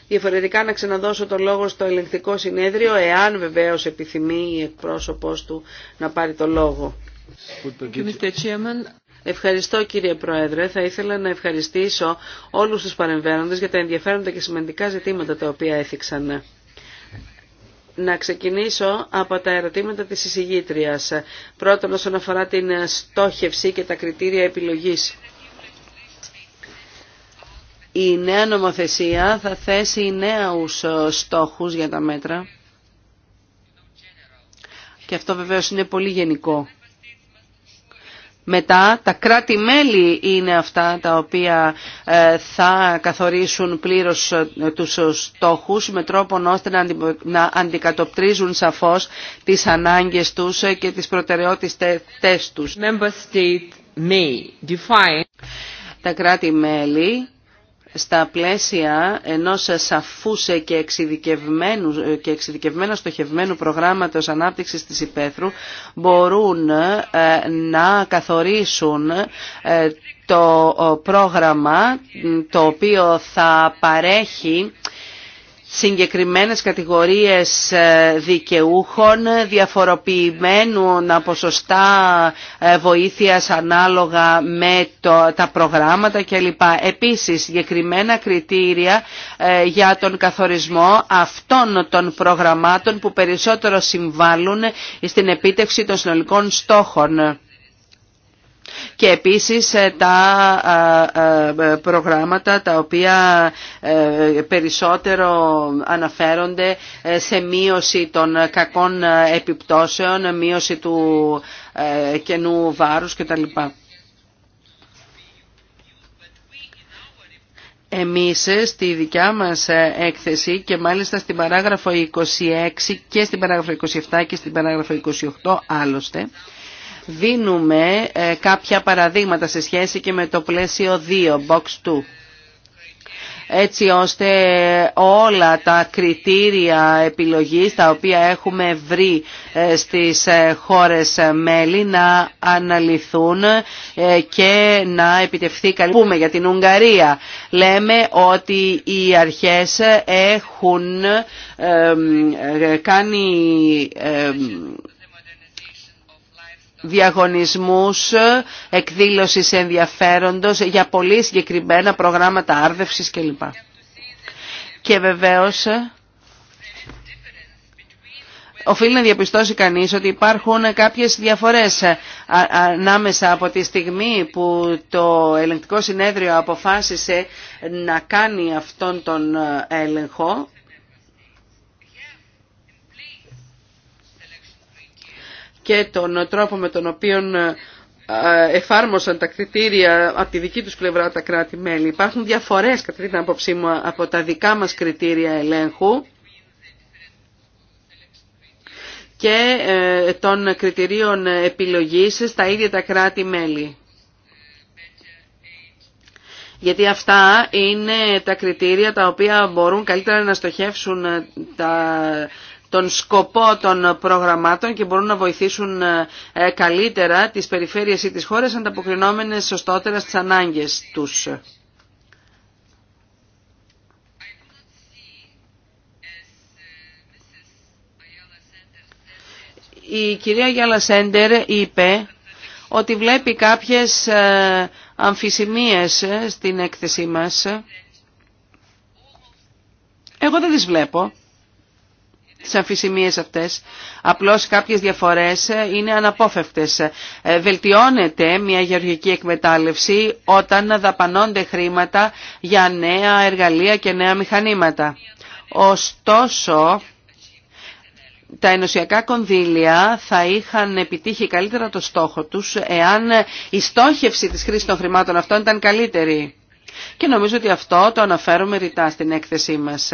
Διαφορετικά να ξαναδώσω το λόγο στο ελεγκτικό συνέδριο, εάν βεβαίως επιθυμεί η εκπρόσωπός του να πάρει το λόγο. Ευχαριστώ κύριε Πρόεδρε. Θα ήθελα να ευχαριστήσω όλους τους παρεμβαίνοντες για τα ενδιαφέροντα και σημαντικά ζητήματα τα οποία έθιξαν. Να ξεκινήσω από τα ερωτήματα της εισηγήτριας. Πρώτον όσον αφορά την στόχευση και τα κριτήρια επιλογής. Η νέα νομοθεσία θα θέσει νέους στόχους για τα μέτρα. Και αυτό βεβαίως είναι πολύ γενικό. Μετά τα κράτη-μέλη είναι αυτά τα οποία ε, θα καθορίσουν πλήρως ε, τους ε, στόχους με τρόπο ώστε να αντικατοπτρίζουν σαφώς τις ανάγκες τους και τις προτεραιότητες τους. Τα κράτη-μέλη στα πλαίσια ενός σαφούς και, εξειδικευμένου, και εξειδικευμένα στοχευμένου προγράμματος ανάπτυξης της υπαίθρου μπορούν ε, να καθορίσουν ε, το πρόγραμμα το οποίο θα παρέχει συγκεκριμένες κατηγορίες ε, δικαιούχων διαφοροποιημένου ποσοστά ε, βοήθειας ανάλογα με το, τα προγράμματα κλπ. Επίσης συγκεκριμένα κριτήρια ε, για τον καθορισμό αυτών των προγραμμάτων που περισσότερο συμβάλλουν στην επίτευξη των συνολικών στόχων και επίσης ε, τα ε, ε, προγράμματα τα οποία περισσότερο αναφέρονται σε μείωση των κακών επιπτώσεων, μείωση του κενού βάρους κτλ. Εμείς στη δικιά μας έκθεση και μάλιστα στην παράγραφο 26 και στην παράγραφο 27 και στην παράγραφο 28 άλλωστε δίνουμε ε, κάποια παραδείγματα σε σχέση και με το πλαίσιο 2, box 2 έτσι ώστε όλα τα κριτήρια επιλογής τα οποία έχουμε βρει ε, στις ε, χώρες μέλη να αναλυθούν και να επιτευχθεί καλύτερα. Πούμε για την Ουγγαρία. Λέμε ότι οι αρχές έχουν κάνει διαγωνισμούς εκδήλωσης ενδιαφέροντος για πολύ συγκεκριμένα προγράμματα άρδευσης κλπ. Και βεβαίως οφείλει να διαπιστώσει κανείς ότι υπάρχουν κάποιες διαφορές ανάμεσα από τη στιγμή που το ελεγκτικό συνέδριο αποφάσισε να κάνει αυτόν τον έλεγχο και τον τρόπο με τον οποίο ε, ε, εφάρμοσαν τα κριτήρια από τη δική τους πλευρά τα κράτη-μέλη. Υπάρχουν διαφορές κατά την άποψή μου από τα δικά μας κριτήρια ελέγχου και ε, των κριτηρίων επιλογής στα ίδια τα κράτη-μέλη. Γιατί αυτά είναι τα κριτήρια τα οποία μπορούν καλύτερα να στοχεύσουν τα τον σκοπό των προγραμμάτων και μπορούν να βοηθήσουν ε, ε, καλύτερα τις περιφέρειες ή τις χώρες ανταποκρινόμενες σωστότερα στις ανάγκες τους. Η κυρία Γιάλα Σέντερ είπε ότι βλέπει κάποιες ε, αμφισημίες στην έκθεσή μας. Εγώ δεν τις βλέπω τις αμφισημίες αυτές. Απλώς κάποιες διαφορές ε, είναι αναπόφευκτες. Ε, βελτιώνεται μια γεωργική εκμετάλλευση όταν δαπανώνται χρήματα για νέα εργαλεία και νέα μηχανήματα. Ωστόσο, τα ενωσιακά κονδύλια θα είχαν επιτύχει καλύτερα το στόχο τους εάν η στόχευση της χρήσης των χρημάτων αυτών ήταν καλύτερη. Και νομίζω ότι αυτό το αναφέρουμε ρητά στην έκθεσή μας.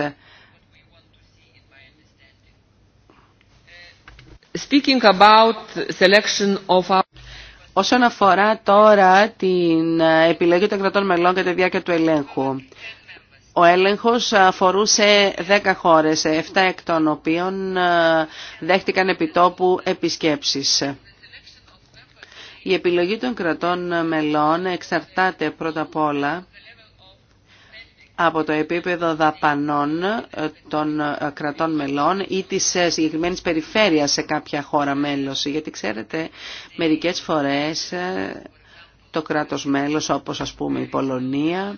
Όσον αφορά τώρα την ε, επιλογή των κρατών μελών και τη διάρκεια του ελέγχου. Ο έλεγχος αφορούσε 10 χώρες, 7 εκ των οποίων ε, δέχτηκαν επιτόπου επισκέψεις. Η επιλογή των κρατών μελών εξαρτάται πρώτα απ' όλα από το επίπεδο δαπανών ε, των ε, κρατών μελών ή της ε, συγκεκριμένη περιφέρειας σε κάποια χώρα μέλος. Γιατί ξέρετε, μερικές φορές το κράτος μέλος, όπως ας πούμε η Πολωνία,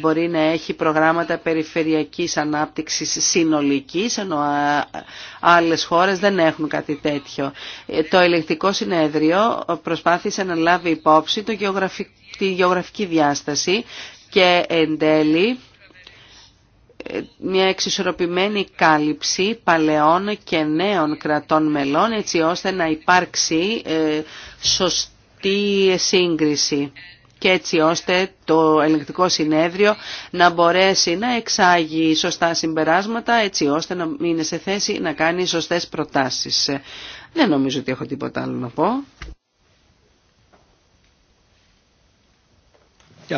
μπορεί να έχει προγράμματα περιφερειακής ανάπτυξης συνολικής, ενώ άλλες χώρες δεν έχουν κάτι τέτοιο. Το ελεγκτικό συνέδριο προσπάθησε να λάβει υπόψη το ελεκτικο συνεδριο προσπαθησε να λαβει υποψη το τη γεωγραφική διάσταση και εν τέλει μια εξισορροπημένη κάλυψη παλαιών και νέων κρατών μελών έτσι ώστε να υπάρξει ε, σωστή σύγκριση και έτσι ώστε το ελεγκτικό συνέδριο να μπορέσει να εξάγει σωστά συμπεράσματα έτσι ώστε να είναι σε θέση να κάνει σωστές προτάσεις. Δεν νομίζω ότι έχω τίποτα άλλο να πω. *clears throat*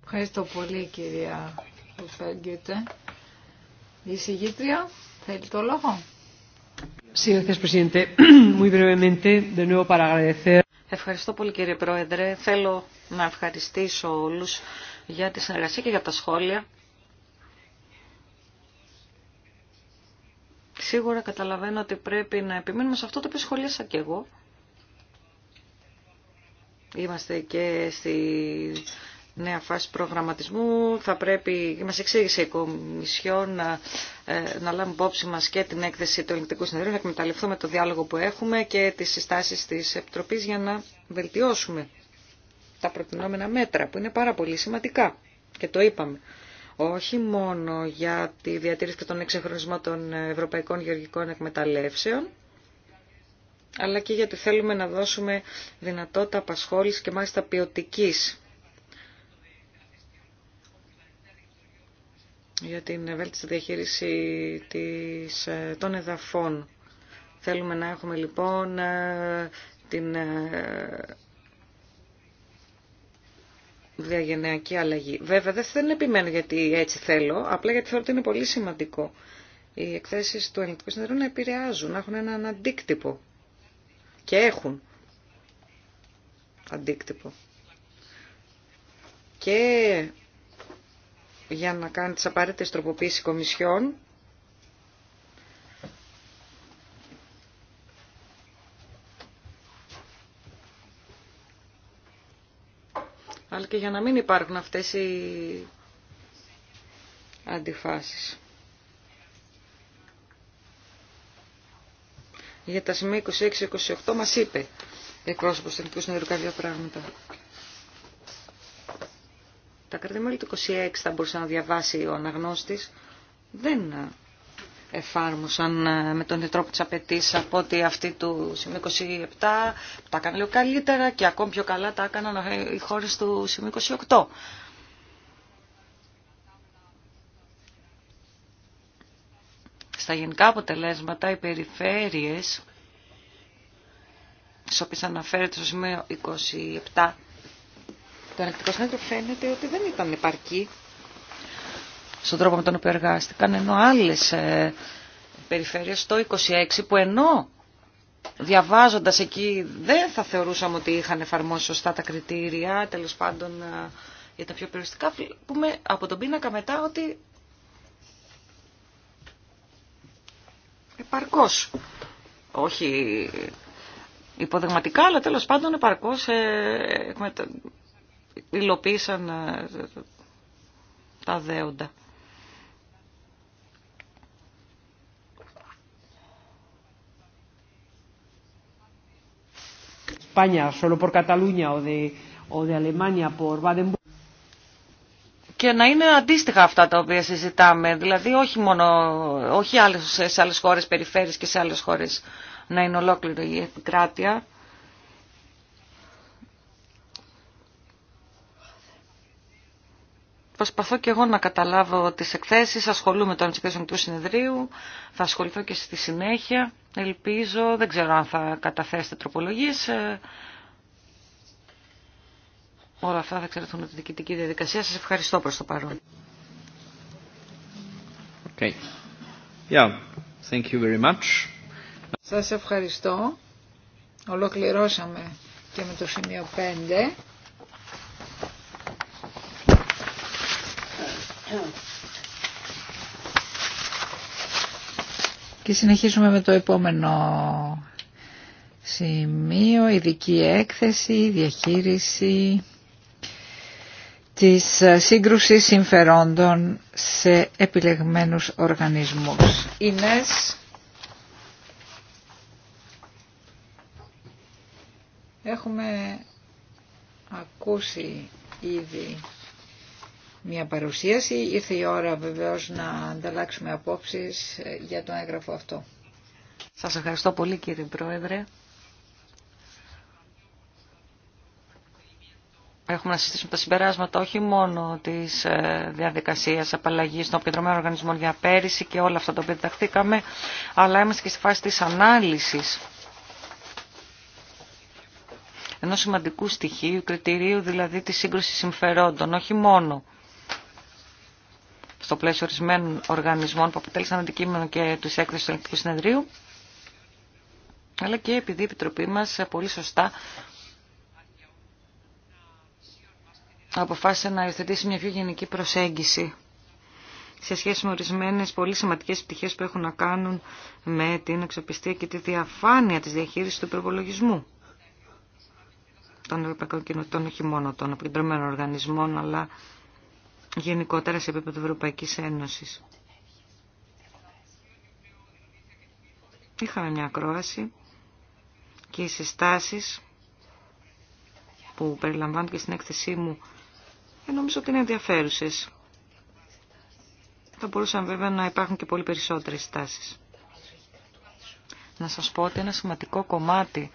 Ευχαριστώ πολύ κυρία Γκούτε. Η συγγήτρια θέλει το λόγο. *clears throat* Ευχαριστώ πολύ κύριε Πρόεδρε. Θέλω να ευχαριστήσω όλους για τη συνεργασία και για τα σχόλια. Σίγουρα καταλαβαίνω ότι πρέπει να επιμείνουμε σε αυτό το οποίο σχολίασα και εγώ Είμαστε και στη νέα φάση προγραμματισμού. Θα πρέπει, μας εξήγησε η Κομισιόν να, ε, να λάβουμε υπόψη μας και την έκθεση του Ελληνικού Συνεδρίου, να εκμεταλλευτούμε το διάλογο που έχουμε και τις συστάσεις της Επιτροπής για να βελτιώσουμε τα προτινόμενα μέτρα που είναι πάρα πολύ σημαντικά και το είπαμε. Όχι μόνο για τη διατήρηση και τον εξεχρονισμό των ευρωπαϊκών γεωργικών εκμεταλλεύσεων, αλλά και γιατί θέλουμε να δώσουμε δυνατότητα απασχόληση και μάλιστα ποιοτική. για την ευέλτιστη διαχείριση της, ε, των εδαφών. Θέλουμε να έχουμε λοιπόν ε, την ε, διαγενειακή αλλαγή. Βέβαια δεν επιμένω γιατί έτσι θέλω, απλά γιατί θεωρώ ότι είναι πολύ σημαντικό οι εκθέσεις του ελληνικού συνεδρίου να επηρεάζουν, να έχουν έναν αντίκτυπο και έχουν αντίκτυπο. Και για να κάνει τις απαραίτητες τροποποίησεις κομισιών, αλλά και για να μην υπάρχουν αυτές οι αντιφάσεις. για τα σημεία 26-28 μας είπε εκπρόσωπος του Εθνικού Συνεδρού κάποια πράγματα. Τα κρατημέλη του 26 θα μπορούσε να διαβάσει ο αναγνώστης. Δεν εφάρμοσαν ε, με τον τρόπο της απαιτήσει από ότι αυτή του σημείου 27 τα έκαναν λίγο καλύτερα και ακόμη πιο καλά τα έκαναν ε, οι χώρες του σημείου 28. Στα γενικά αποτελέσματα οι περιφέρειες, στις οποίες αναφέρεται στο σημείο 27, το ανεκτικό συνέδριο φαίνεται ότι δεν ήταν επαρκή στον τρόπο με τον οποίο εργάστηκαν, ενώ άλλες ε, περιφέρειες, το 26, που ενώ διαβάζοντας εκεί δεν θα θεωρούσαμε ότι είχαν εφαρμόσει σωστά τα κριτήρια, τέλος πάντων για ε, τα πιο περιοριστικά, πούμε από τον πίνακα μετά ότι επαρκώς. Όχι υποδειγματικά, αλλά τέλος πάντων επαρκώς ε, υλοποίησαν ε, τα δέοντα. España solo por Cataluña o de, o de Alemania por Baden και να είναι αντίστοιχα αυτά τα οποία συζητάμε. Δηλαδή όχι μόνο όχι σε άλλες χώρες περιφέρειες και σε άλλες χώρες να είναι ολόκληρη η επικράτεια. Προσπαθώ και εγώ να καταλάβω τις εκθέσεις, ασχολούμαι τώρα με τις του συνεδρίου, θα ασχοληθώ και στη συνέχεια. Ελπίζω, δεν ξέρω αν θα καταθέσετε τροπολογίες, ε, όλα αυτά θα εξαρτηθούν από τη διοικητική διαδικασία. Σας ευχαριστώ προς το παρόν. Okay. Yeah. Thank you very much. Σας ευχαριστώ. Ολοκληρώσαμε και με το σημείο 5. Και συνεχίζουμε με το επόμενο σημείο, ειδική έκθεση, διαχείριση της σύγκρουσης συμφερόντων σε επιλεγμένους οργανισμούς. Ινές. Έχουμε ακούσει ήδη μια παρουσίαση. Ήρθε η ώρα βεβαίως να ανταλλάξουμε απόψεις για το έγγραφο αυτό. Σας ευχαριστώ πολύ κύριε Πρόεδρε. έχουμε να συζητήσουμε τα συμπεράσματα όχι μόνο της ε, διαδικασίας απαλλαγής των αποκεντρωμένων οργανισμών για πέρυσι και όλα αυτά τα οποία διδαχθήκαμε, αλλά είμαστε και στη φάση της ανάλυσης ενό σημαντικού στοιχείου, κριτηρίου δηλαδή της σύγκρουσης συμφερόντων, όχι μόνο στο πλαίσιο ορισμένων οργανισμών που αποτέλεσαν αντικείμενο και της έκθεσης του Ελληνικού Συνεδρίου, αλλά και επειδή η Επιτροπή μας ε, πολύ σωστά αποφάσισε να υιοθετήσει μια πιο γενική προσέγγιση σε σχέση με ορισμένε πολύ σημαντικέ πτυχέ που έχουν να κάνουν με την αξιοπιστία και τη διαφάνεια τη διαχείριση του προπολογισμού των Ευρωπαϊκών Κοινοτήτων, όχι μόνο των αποκεντρωμένων οργανισμών, αλλά γενικότερα σε επίπεδο Ευρωπαϊκή Ένωση. Είχαμε μια ακρόαση και οι συστάσεις που περιλαμβάνουν και στην έκθεσή μου ε, νομίζω ότι είναι ενδιαφέρουσε. Θα μπορούσαν βέβαια να υπάρχουν και πολύ περισσότερες στάσεις. Να σας πω ότι ένα σημαντικό κομμάτι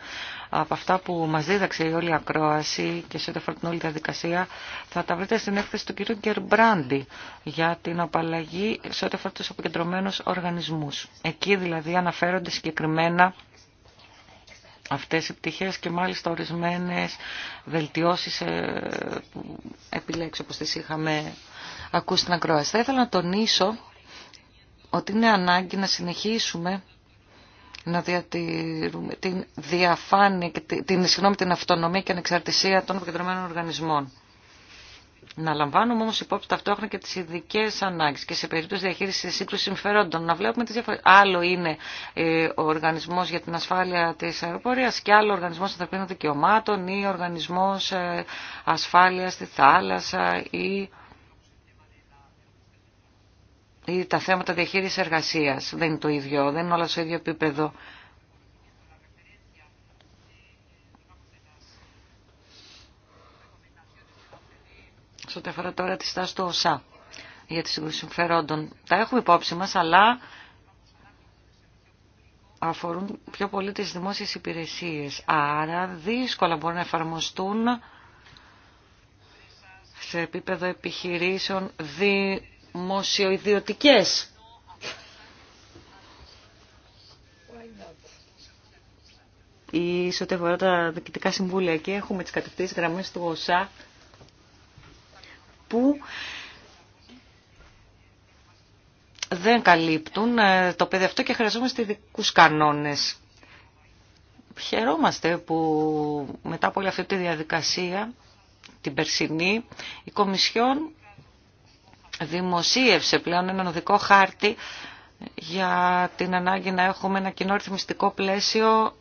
από αυτά που μας δίδαξε η όλη ακρόαση και σε ό,τι αφορά την όλη διαδικασία θα τα βρείτε στην έκθεση του κ. Γκερμπράντι για την απαλλαγή σε ό,τι αφορά τους αποκεντρωμένους οργανισμούς. Εκεί δηλαδή αναφέρονται συγκεκριμένα αυτές οι πτυχές και μάλιστα ορισμένες βελτιώσεις ε, που επιλέξω όπως τις είχαμε ακούσει στην ακρόαση. Θα ήθελα να τονίσω ότι είναι ανάγκη να συνεχίσουμε να διατηρούμε την διαφάνεια και την, την αυτονομία και ανεξαρτησία των επικεντρωμένων οργανισμών. Να λαμβάνουμε όμως υπόψη ταυτόχρονα και τις ειδικέ ανάγκες και σε περίπτωση διαχείρισης σύγκρουση συμφερόντων. Να βλέπουμε τις Άλλο είναι ε, ο οργανισμό για την Ασφάλεια της Αεροπορίας και άλλο ο οργανισμό Ανθρωπίνων Δικαιωμάτων ή ο Οργανισμός ε, ασφάλεια στη Θάλασσα ή ή τα θέματα διαχείριση εργασία. Δεν είναι το ίδιο, δεν είναι όλα στο ίδιο επίπεδο. ό,τι αφορά τώρα τη στάση του ΩΣΑ για τις συμφερόντων. Τα έχουμε υπόψη μας, αλλά αφορούν πιο πολύ τις δημόσιες υπηρεσίες. Άρα δύσκολα μπορούν να εφαρμοστούν σε επίπεδο επιχειρήσεων δημοσιοειδιωτικές. Ή αφορά τα διοικητικά συμβούλια. Εκεί έχουμε τις κατευθύνσεις γραμμές του ωσά που δεν καλύπτουν ε, το παιδί αυτό και χρειαζόμαστε ειδικού κανόνες. Χαιρόμαστε που μετά από όλη αυτή τη διαδικασία, την περσινή, η Κομισιόν δημοσίευσε πλέον έναν οδικό χάρτη για την ανάγκη να έχουμε ένα κοινό ρυθμιστικό πλαίσιο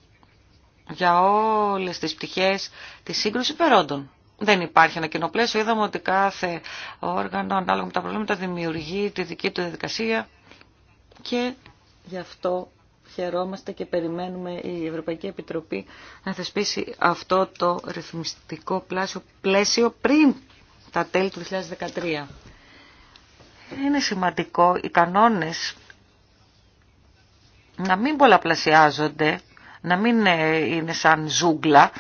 για όλες τις πτυχές της σύγκρουσης περόντων δεν υπάρχει ένα κοινό πλαίσιο. Είδαμε ότι κάθε όργανο ανάλογα με τα προβλήματα δημιουργεί τη δική του διαδικασία και γι' αυτό χαιρόμαστε και περιμένουμε η Ευρωπαϊκή Επιτροπή να θεσπίσει αυτό το ρυθμιστικό πλάσιο, πλαίσιο πριν τα τέλη του 2013. Είναι σημαντικό οι κανόνες να μην πολλαπλασιάζονται, να μην ε, είναι σαν ζούγκλα,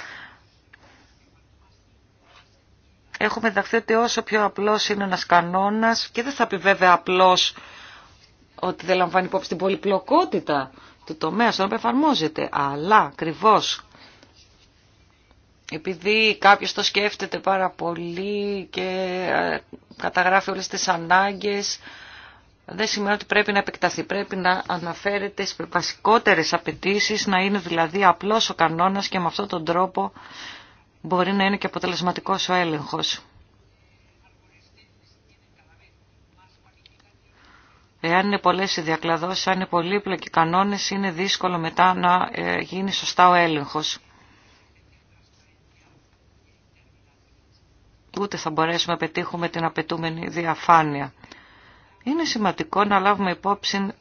έχουμε δαχθεί ότι όσο πιο απλός είναι ένας κανόνας και δεν θα πει βέβαια απλός ότι δεν λαμβάνει υπόψη την πολυπλοκότητα του τομέα στον οποίο εφαρμόζεται, αλλά ακριβώ. Επειδή κάποιος το σκέφτεται πάρα πολύ και ε, καταγράφει όλες τις ανάγκες, δεν σημαίνει ότι πρέπει να επεκταθεί. Πρέπει να αναφέρεται στις βασικότερες απαιτήσει, να είναι δηλαδή απλός ο κανόνας και με αυτόν τον τρόπο μπορεί να είναι και αποτελεσματικό ο έλεγχος. Εάν είναι πολλές οι διακλαδώσεις, αν είναι πολύπλοκοι κανόνες, είναι δύσκολο μετά να ε, γίνει σωστά ο έλεγχος. Ούτε θα μπορέσουμε να πετύχουμε την απαιτούμενη διαφάνεια. Είναι σημαντικό να λάβουμε υπόψη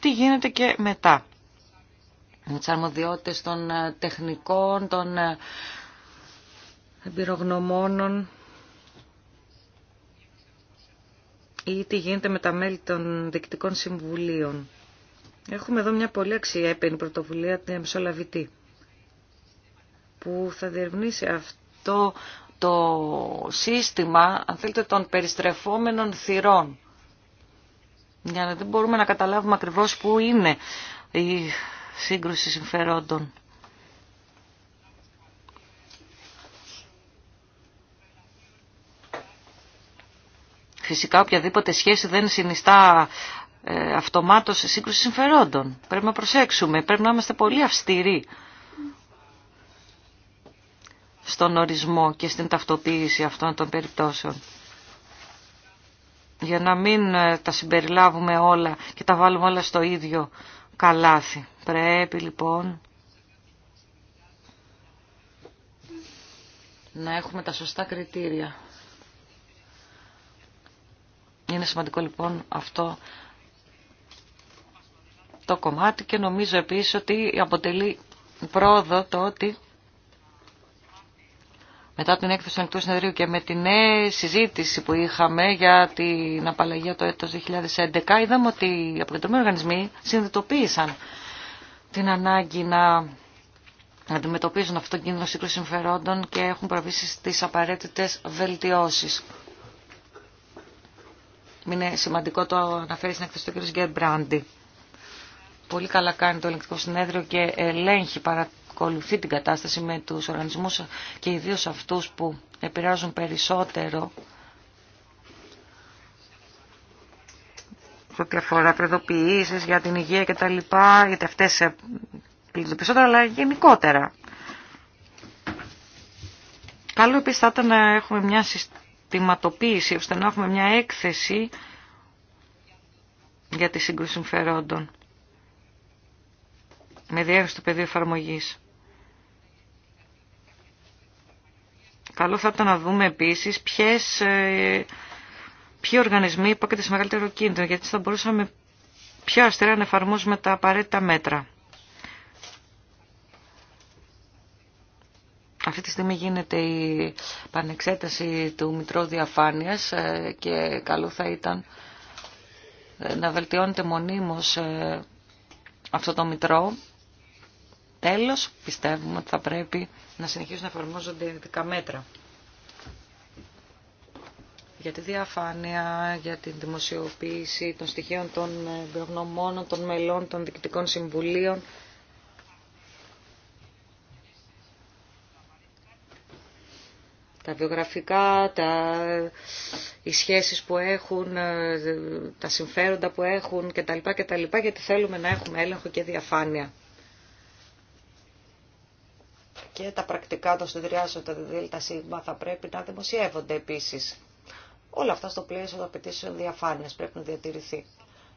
τι γίνεται και μετά τις αρμοδιότητες των ε, τεχνικών, των ε, εμπειρογνωμόνων ή τι γίνεται με τα μέλη των διοικητικών συμβουλίων. Έχουμε εδώ μια πολύ αξιέπαινη πρωτοβουλία, την Μεσολαβητή, που θα διερευνήσει αυτό το σύστημα, αν θέλετε, των περιστρεφόμενων θυρών. Για να δεν μπορούμε να καταλάβουμε ακριβώς πού είναι η σύγκρουση συμφερόντων. Φυσικά οποιαδήποτε σχέση δεν συνιστά ε, αυτομάτως σύγκρουση συμφερόντων. Πρέπει να προσέξουμε, πρέπει να είμαστε πολύ αυστηροί στον ορισμό και στην ταυτοποίηση αυτών των περιπτώσεων. Για να μην ε, τα συμπεριλάβουμε όλα και τα βάλουμε όλα στο ίδιο καλάθι. Πρέπει λοιπόν να έχουμε τα σωστά κριτήρια. Είναι σημαντικό λοιπόν αυτό το κομμάτι και νομίζω επίσης ότι αποτελεί πρόοδο το ότι μετά την έκθεση του Ανοιχτού Συνεδρίου και με τη νέα συζήτηση που είχαμε για την απαλλαγή το έτος 2011, είδαμε ότι οι αποκεντρωμένοι οργανισμοί συνειδητοποίησαν την ανάγκη να αντιμετωπίζουν αυτόν τον κίνδυνο σύγκρουση συμφερόντων και έχουν προβήσει στις απαραίτητες βελτιώσεις. Είναι σημαντικό το αναφέρει στην έκθεση του κ. Γκέρ Μπράντι. Πολύ καλά κάνει το ελεγκτικό συνέδριο και ελέγχει παρά Ακολουθεί την κατάσταση με τους οργανισμούς και ιδίως αυτούς που επηρεάζουν περισσότερο ό,τι αφορά προειδοποιήσεις για την υγεία και τα λοιπά, γιατί αυτές περισσότερο, αλλά γενικότερα. Καλό επίσης θα ήταν να έχουμε μια συστηματοποίηση, ώστε να έχουμε μια έκθεση για τη σύγκρουση συμφερόντων με διεύθυνση του πεδίου εφαρμογής. Καλό θα ήταν να δούμε επίσης ποιες, ε, ποιοι οργανισμοί υπόκειται σε μεγαλύτερο κίνδυνο, γιατί θα μπορούσαμε πιο αστερά να εφαρμόσουμε τα απαραίτητα μέτρα. Αυτή τη στιγμή γίνεται η πανεξέταση του Μητρώου Διαφάνειας ε, και καλό θα ήταν ε, να βελτιώνεται μονίμως αυτό το Μητρώο. Τέλος, πιστεύουμε ότι θα πρέπει να συνεχίσουν να εφαρμόζονται ειδικά μέτρα. Για τη διαφάνεια, για την δημοσιοποίηση των στοιχείων των ε, εμπειρογνωμών, των μελών, των διοικητικών συμβουλίων, τα βιογραφικά, τα, οι σχέσεις που έχουν, ε, τα συμφέροντα που έχουν κτλ. κτλ γιατί θέλουμε να έχουμε έλεγχο και διαφάνεια και τα πρακτικά των συνεδριάσεων ΔΔΣ θα πρέπει να δημοσιεύονται επίση. Όλα αυτά στο πλαίσιο των απαιτήσεων διαφάνεια, πρέπει να διατηρηθεί.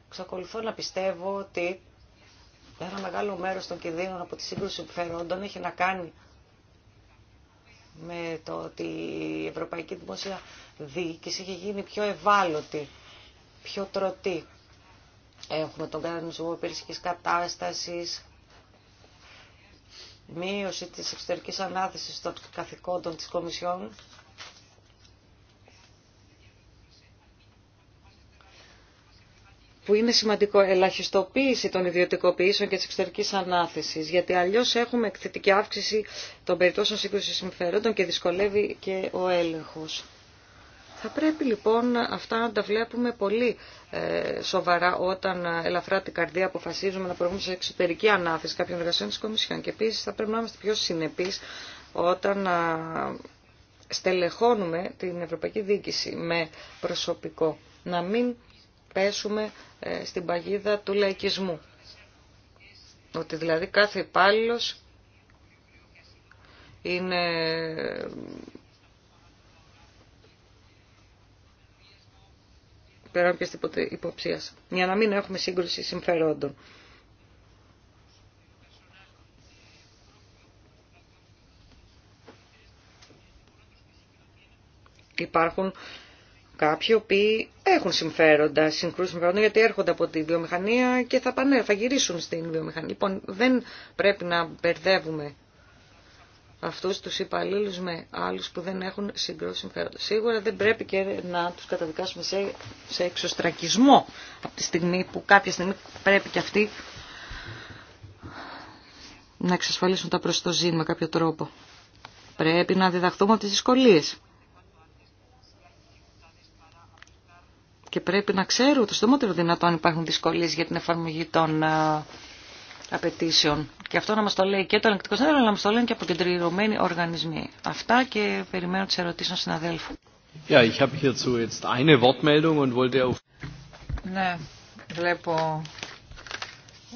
Ξακολουθώ να πιστεύω ότι ένα μεγάλο μέρο των κινδύνων από τη σύγκρουση συμφερόντων έχει να κάνει με το ότι η Ευρωπαϊκή Δημόσια Διοίκηση έχει γίνει πιο ευάλωτη, πιο τρωτή. Έχουμε τον κανονισμό υπηρεσικής κατάστασης, μείωση της εξωτερικής ανάθεσης των καθηκόντων της Κομισιόν που είναι σημαντικό ελαχιστοποίηση των ιδιωτικοποιήσεων και της εξωτερικής ανάθεσης, γιατί αλλιώς έχουμε εκθετική αύξηση των περιπτώσεων σύγκρουσης συμφερόντων και δυσκολεύει και ο έλεγχος. Θα πρέπει λοιπόν αυτά να τα βλέπουμε πολύ ε, σοβαρά όταν ε, ελαφρά την καρδία αποφασίζουμε να προβούμε σε εξωτερική ανάθεση κάποιων εργασιών της Κομισιόν. Και επίσης θα πρέπει να είμαστε πιο συνεπείς όταν στελεχώνουμε την Ευρωπαϊκή Διοίκηση με προσωπικό. Να μην πέσουμε ε, στην παγίδα του λαϊκισμού. Ότι δηλαδή κάθε υπάλληλο είναι πέραν οποιασδήποτε υποψία. Για να μην έχουμε σύγκρουση συμφερόντων. Υπάρχουν κάποιοι οποίοι έχουν συμφέροντα, συγκρούσει συμφέροντα, γιατί έρχονται από τη βιομηχανία και θα, πάνε, θα γυρίσουν στην βιομηχανία. Λοιπόν, δεν πρέπει να μπερδεύουμε αυτούς τους υπαλλήλους με άλλους που δεν έχουν συγκρότηση συμφέροντα. Σίγουρα δεν πρέπει και να τους καταδικάσουμε σε, σε εξωστρακισμό από τη στιγμή που κάποια στιγμή πρέπει και αυτοί να εξασφαλίσουν τα προστοζή με κάποιο τρόπο. Πρέπει να διδαχθούμε από τις δυσκολίες. Και πρέπει να ξέρουν το στομότερο δυνατόν υπάρχουν δυσκολίες για την εφαρμογή των ε, απαιτήσεων. Και αυτό να μας το λέει και το ελεγκτικό συνέδριο, αλλά να μας το λένε και αποκεντρωμένοι οργανισμοί. Αυτά και περιμένω τις ερωτήσεις των συναδέλφων. Ja, wollte Ναι, βλέπω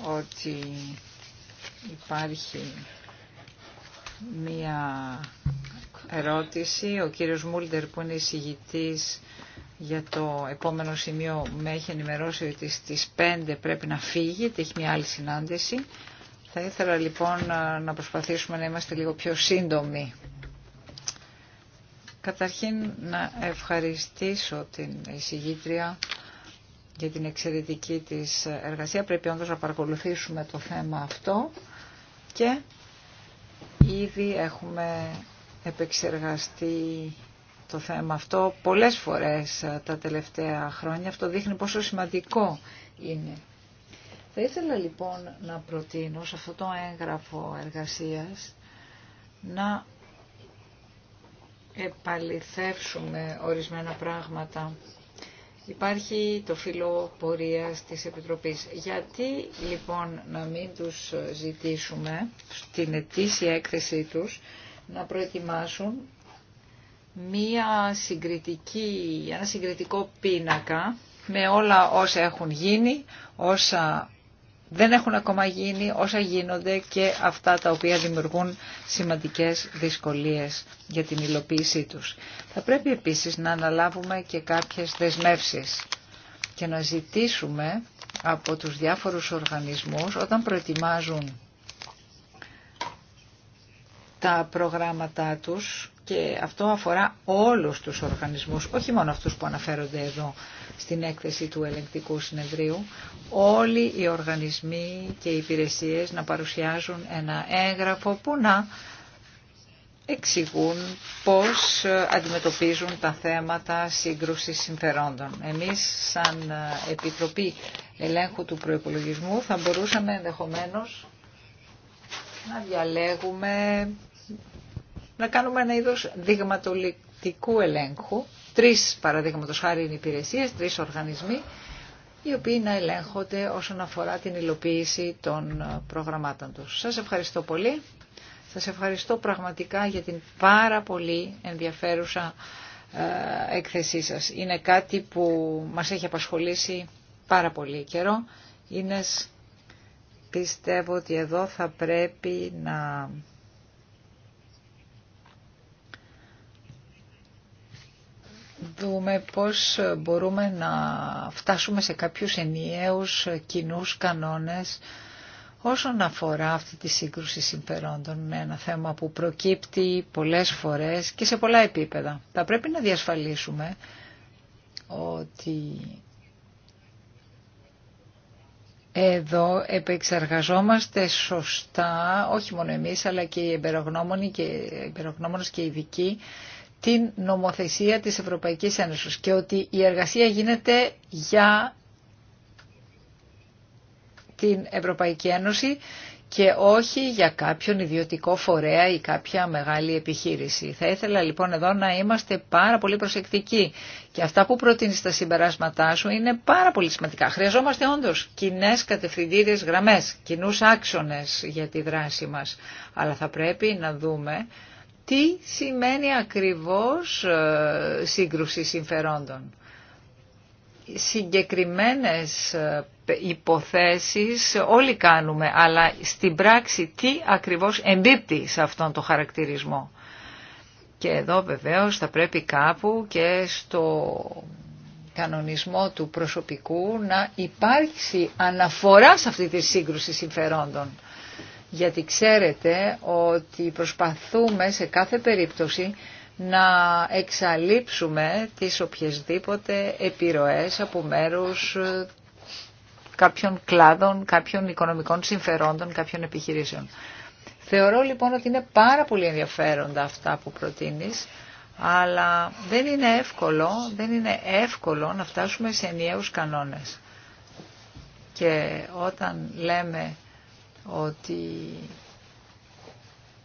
ότι υπάρχει μία ερώτηση. Ο κύριος Μούλτερ που είναι εισηγητής για το επόμενο σημείο με έχει ενημερώσει ότι στις 5 πρέπει να φύγει και έχει μια άλλη συνάντηση. Θα ήθελα λοιπόν να προσπαθήσουμε να είμαστε λίγο πιο σύντομοι. Καταρχήν να ευχαριστήσω την εισηγήτρια για την εξαιρετική της εργασία. Πρέπει όντως να παρακολουθήσουμε το θέμα αυτό και ήδη έχουμε επεξεργαστεί το θέμα αυτό πολλές φορές ε, τα τελευταία χρόνια. Αυτό δείχνει πόσο σημαντικό είναι. Θα ήθελα λοιπόν να προτείνω σε αυτό το έγγραφο εργασίας να επαληθεύσουμε ορισμένα πράγματα. Υπάρχει το φύλλο πορείας της Επιτροπής. Γιατί λοιπόν να μην τους ζητήσουμε στην ετήσια έκθεσή τους να προετοιμάσουν μία συγκριτική, ένα συγκριτικό πίνακα με όλα όσα έχουν γίνει, όσα δεν έχουν ακόμα γίνει, όσα γίνονται και αυτά τα οποία δημιουργούν σημαντικές δυσκολίες για την υλοποίησή τους. Θα πρέπει επίσης να αναλάβουμε και κάποιες δεσμεύσεις και να ζητήσουμε από τους διάφορους οργανισμούς όταν προετοιμάζουν τα προγράμματά τους και αυτό αφορά όλους τους οργανισμούς, όχι μόνο αυτούς που αναφέρονται εδώ στην έκθεση του ελεγκτικού συνεδρίου, όλοι οι οργανισμοί και οι υπηρεσίες να παρουσιάζουν ένα έγγραφο που να εξηγούν πώς αντιμετωπίζουν τα θέματα σύγκρουσης συμφερόντων. Εμείς σαν Επιτροπή Ελέγχου του Προϋπολογισμού θα μπορούσαμε ενδεχομένως να διαλέγουμε να κάνουμε ένα είδος δειγματοληπτικού ελέγχου. Τρεις παραδείγματος χάρη είναι υπηρεσίες, τρεις οργανισμοί, οι οποίοι να ελέγχονται όσον αφορά την υλοποίηση των ε, προγραμμάτων τους. Σας ευχαριστώ πολύ. Σας ευχαριστώ πραγματικά για την πάρα πολύ ενδιαφέρουσα ε, έκθεσή σας. Είναι κάτι που μας έχει απασχολήσει πάρα πολύ καιρό. Είναι πιστεύω ότι εδώ θα πρέπει να δούμε πώς μπορούμε να φτάσουμε σε κάποιους ενιαίους κοινούς κανόνες όσον αφορά αυτή τη σύγκρουση συμφερόντων με ένα θέμα που προκύπτει πολλές φορές και σε πολλά επίπεδα. Θα πρέπει να διασφαλίσουμε ότι εδώ επεξεργαζόμαστε σωστά, όχι μόνο εμείς, αλλά και οι εμπερογνώμονες και οι ειδικοί, την νομοθεσία της Ευρωπαϊκής Ένωσης και ότι η εργασία γίνεται για την Ευρωπαϊκή Ένωση και όχι για κάποιον ιδιωτικό φορέα ή κάποια μεγάλη επιχείρηση. Θα ήθελα λοιπόν εδώ να είμαστε πάρα πολύ προσεκτικοί και αυτά που προτείνει στα συμπεράσματά σου είναι πάρα πολύ σημαντικά. Χρειαζόμαστε όντως κοινέ κατευθυντήριες γραμμές, κοινού άξονες για τη δράση μας, αλλά θα πρέπει να δούμε τι σημαίνει ακριβώς ε, σύγκρουση συμφερόντων. Συγκεκριμένες ε, υποθέσεις όλοι κάνουμε, αλλά στην πράξη τι ακριβώς εμπίπτει σε αυτόν τον χαρακτηρισμό. Και εδώ βεβαίως θα πρέπει κάπου και στο κανονισμό του προσωπικού να υπάρξει αναφορά σε αυτή τη σύγκρουση συμφερόντων γιατί ξέρετε ότι προσπαθούμε σε κάθε περίπτωση να εξαλείψουμε τις οποιασδήποτε επιρροές από μέρους ε, κάποιων κλάδων, κάποιων οικονομικών συμφερόντων, κάποιων επιχειρήσεων. Θεωρώ λοιπόν ότι είναι πάρα πολύ ενδιαφέροντα αυτά που προτείνεις, αλλά δεν είναι εύκολο, δεν είναι εύκολο να φτάσουμε σε ενιαίους κανόνες. Και όταν λέμε ότι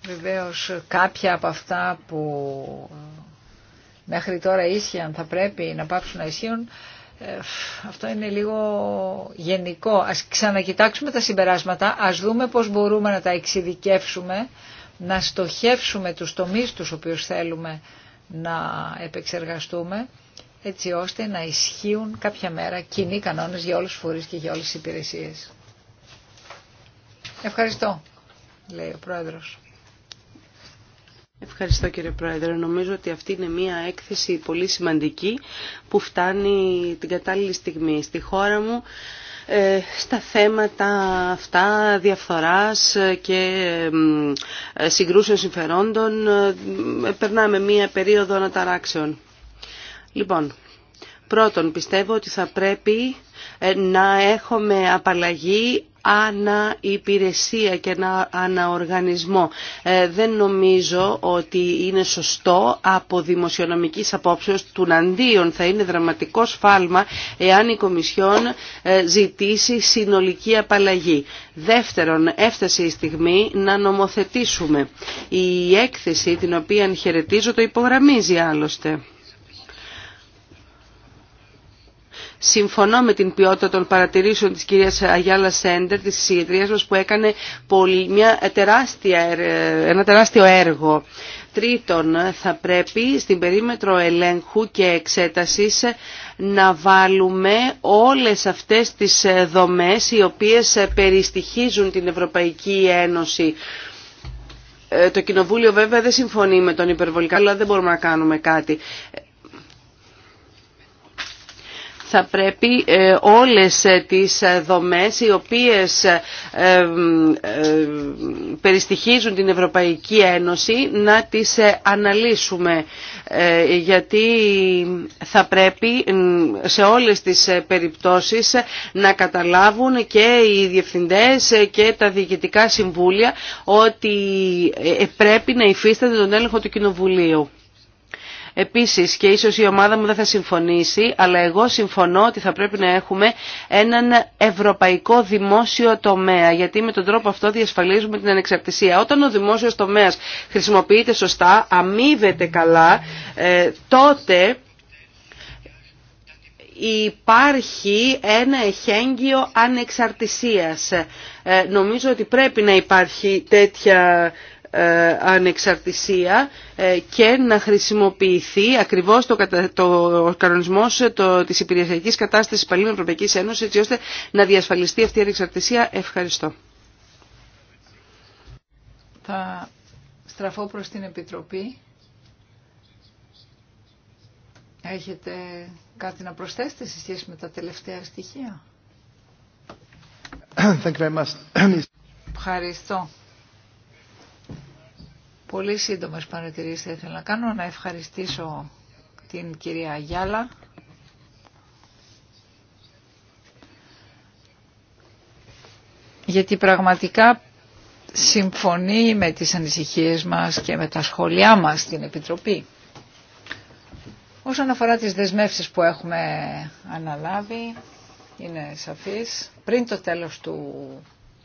βεβαίως κάποια από αυτά που μέχρι τώρα ίσχυαν θα πρέπει να πάψουν να ισχύουν, ε, αυτό είναι λίγο γενικό. Ας ξανακοιτάξουμε τα συμπεράσματα, ας δούμε πώς μπορούμε να τα εξειδικεύσουμε, να στοχεύσουμε τους τομείς τους οποίους θέλουμε να επεξεργαστούμε, έτσι ώστε να ισχύουν κάποια μέρα κοινοί κανόνες για όλους τους φορείς και για όλες τις υπηρεσίες. Ευχαριστώ, λέει ο Πρόεδρος. Ευχαριστώ κύριε Πρόεδρε. Νομίζω ότι αυτή είναι μια έκθεση πολύ σημαντική που φτάνει την κατάλληλη στιγμή. Στη χώρα μου ε, στα θέματα αυτά διαφθοράς και ε, συγκρούσεων συμφερόντων ε, περνάμε μία περίοδο αναταράξεων. Λοιπόν, πρώτον πιστεύω ότι θα πρέπει να έχουμε απαλλαγή υπηρεσία και αναοργανισμό. Ε, δεν νομίζω ότι είναι σωστό από δημοσιονομικής απόψεως του ναντίον θα είναι δραματικό σφάλμα εάν η Κομισιόν ε, ζητήσει συνολική απαλλαγή. Δεύτερον, έφτασε η στιγμή να νομοθετήσουμε. Η έκθεση την οποία χαιρετίζω το υπογραμμίζει άλλωστε. Συμφωνώ με την ποιότητα των παρατηρήσεων της κυρίας Αγιάλα Σέντερ, της συγγετρίας μας που έκανε μια τεράστια, ένα τεράστιο έργο. Τρίτον, θα πρέπει στην περίμετρο ελέγχου και εξέτασης να βάλουμε όλες αυτές τις δομές οι οποίες περιστοιχίζουν την Ευρωπαϊκή Ένωση. Ε, το Κοινοβούλιο βέβαια δεν συμφωνεί με τον υπερβολικά, αλλά δεν μπορούμε να κάνουμε κάτι θα πρέπει ε, όλες ε, τις ε, δομές οι οποίες περιστοιχίζουν την Ευρωπαϊκή Ένωση να τις αναλύσουμε γιατί θα πρέπει σε όλες τις περιπτώσεις να καταλάβουν και οι διευθυντές και τα διοικητικά συμβούλια ότι πρέπει να υφίσταται τον έλεγχο του Κοινοβουλίου. Επίσης και ίσως η ομάδα μου δεν θα συμφωνήσει, αλλά εγώ συμφωνώ ότι θα πρέπει να έχουμε έναν ευρωπαϊκό δημόσιο τομέα, γιατί με τον τρόπο αυτό διασφαλίζουμε την ανεξαρτησία. Όταν ο δημόσιος τομέας χρησιμοποιείται σωστά, αμείβεται καλά, ε, τότε υπάρχει ένα εχέγγυο ανεξαρτησίας. Ε, νομίζω ότι πρέπει να υπάρχει τέτοια ε, ανεξαρτησία ε, και να χρησιμοποιηθεί ακριβώς το, το κανονισμός το, της υπηρεσιακής κατάστασης Ένωση Ευρωπαϊκής Ένωσης έτσι ώστε να διασφαλιστεί αυτή η ανεξαρτησία. Ευχαριστώ. Θα στραφώ προς την Επιτροπή. Έχετε κάτι να προσθέσετε σε σχέση με τα τελευταία στοιχεία. Ευχαριστώ. Πολύ σύντομε παρατηρήσει θα ήθελα να κάνω. Να ευχαριστήσω την κυρία Γιάλα. Γιατί πραγματικά συμφωνεί με τις ανησυχίες μας και με τα σχόλιά μας στην Επιτροπή. Όσον αφορά τις δεσμεύσεις που έχουμε αναλάβει, είναι σαφής, πριν το τέλος του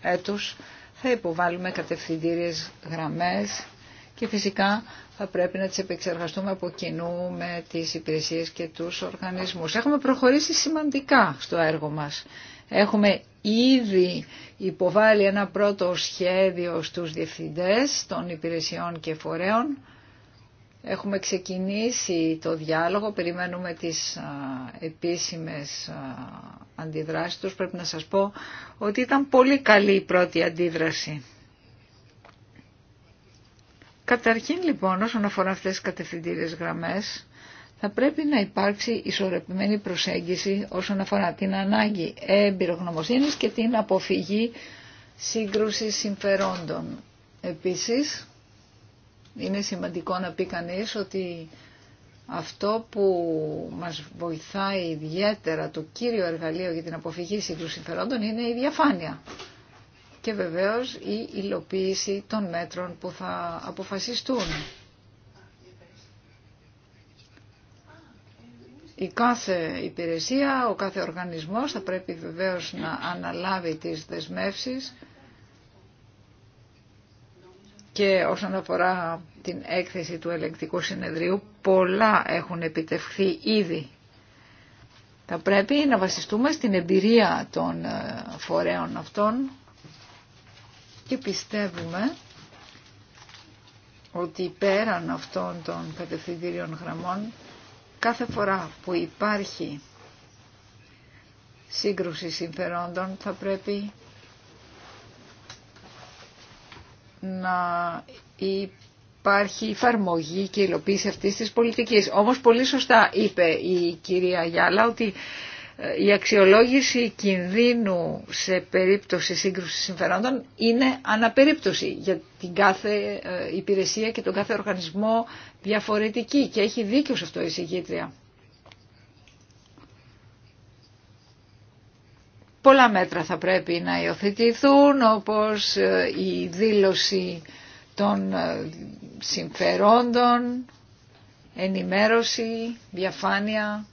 έτους θα υποβάλουμε κατευθυντήριες γραμμές και φυσικά θα πρέπει να τις επεξεργαστούμε από κοινού με τις υπηρεσίες και τους οργανισμούς. Έχουμε προχωρήσει σημαντικά στο έργο μας. Έχουμε ήδη υποβάλει ένα πρώτο σχέδιο στους διευθυντές των υπηρεσιών και φορέων. Έχουμε ξεκινήσει το διάλογο, περιμένουμε τις επίσημες αντιδράσεις τους. Πρέπει να σας πω ότι ήταν πολύ καλή η πρώτη αντίδραση. Καταρχήν λοιπόν όσον αφορά αυτές τις κατευθυντήριες γραμμές θα πρέπει να υπάρξει ισορροπημένη προσέγγιση όσον αφορά την ανάγκη εμπειρογνωμοσύνης και την αποφυγή σύγκρουσης συμφερόντων. Επίσης, είναι σημαντικό να πει κανείς ότι αυτό που μας βοηθάει ιδιαίτερα το κύριο εργαλείο για την αποφυγή σύγκρουσης συμφερόντων είναι η διαφάνεια και βεβαίως η υλοποίηση των μέτρων που θα αποφασιστούν. Η κάθε υπηρεσία, ο κάθε οργανισμός θα πρέπει βεβαίως να αναλάβει τις δεσμεύσεις και όσον αφορά την έκθεση του ελεγκτικού συνεδρίου, πολλά έχουν επιτευχθεί ήδη. Θα πρέπει να βασιστούμε στην εμπειρία των ε, φορέων αυτών και πιστεύουμε ότι πέραν αυτών των κατευθυντήριων γραμμών κάθε φορά που υπάρχει σύγκρουση συμφερόντων θα πρέπει να υπάρχει εφαρμογή και υλοποίηση αυτής της πολιτικής. Όμως πολύ σωστά είπε η κυρία Γιάλα ότι η αξιολόγηση κινδύνου σε περίπτωση σύγκρουσης συμφερόντων είναι αναπερίπτωση για την κάθε ε, υπηρεσία και τον κάθε οργανισμό διαφορετική και έχει δίκιο σε αυτό η συγκήτρια. Πολλά μέτρα θα πρέπει να υιοθετηθούν όπως ε, η δήλωση των ε, συμφερόντων, ενημέρωση, διαφάνεια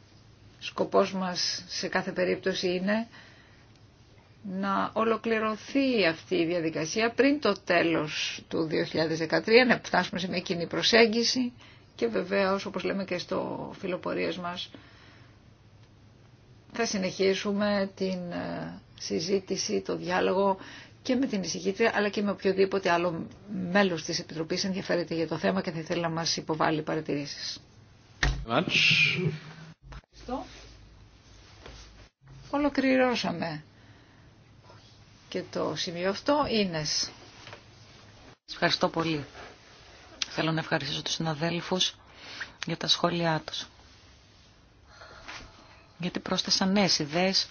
σκοπός μας σε κάθε περίπτωση είναι να ολοκληρωθεί αυτή η διαδικασία πριν το τέλος του 2013, να φτάσουμε σε μια κοινή προσέγγιση και βεβαίως, όπως λέμε και στο φιλοπορίες μας, θα συνεχίσουμε την ε, συζήτηση, το διάλογο και με την εισηγήτρια, αλλά και με οποιοδήποτε άλλο μέλος της Επιτροπής ενδιαφέρεται για το θέμα και θα ήθελα να μας υποβάλει παρατηρήσεις αυτό. Ολοκληρώσαμε. Και το σημείο αυτό είναι. Ευχαριστώ πολύ. Θέλω να ευχαριστήσω τους συναδέλφους για τα σχόλιά τους. Γιατί πρόσθεσαν νέες ιδέες.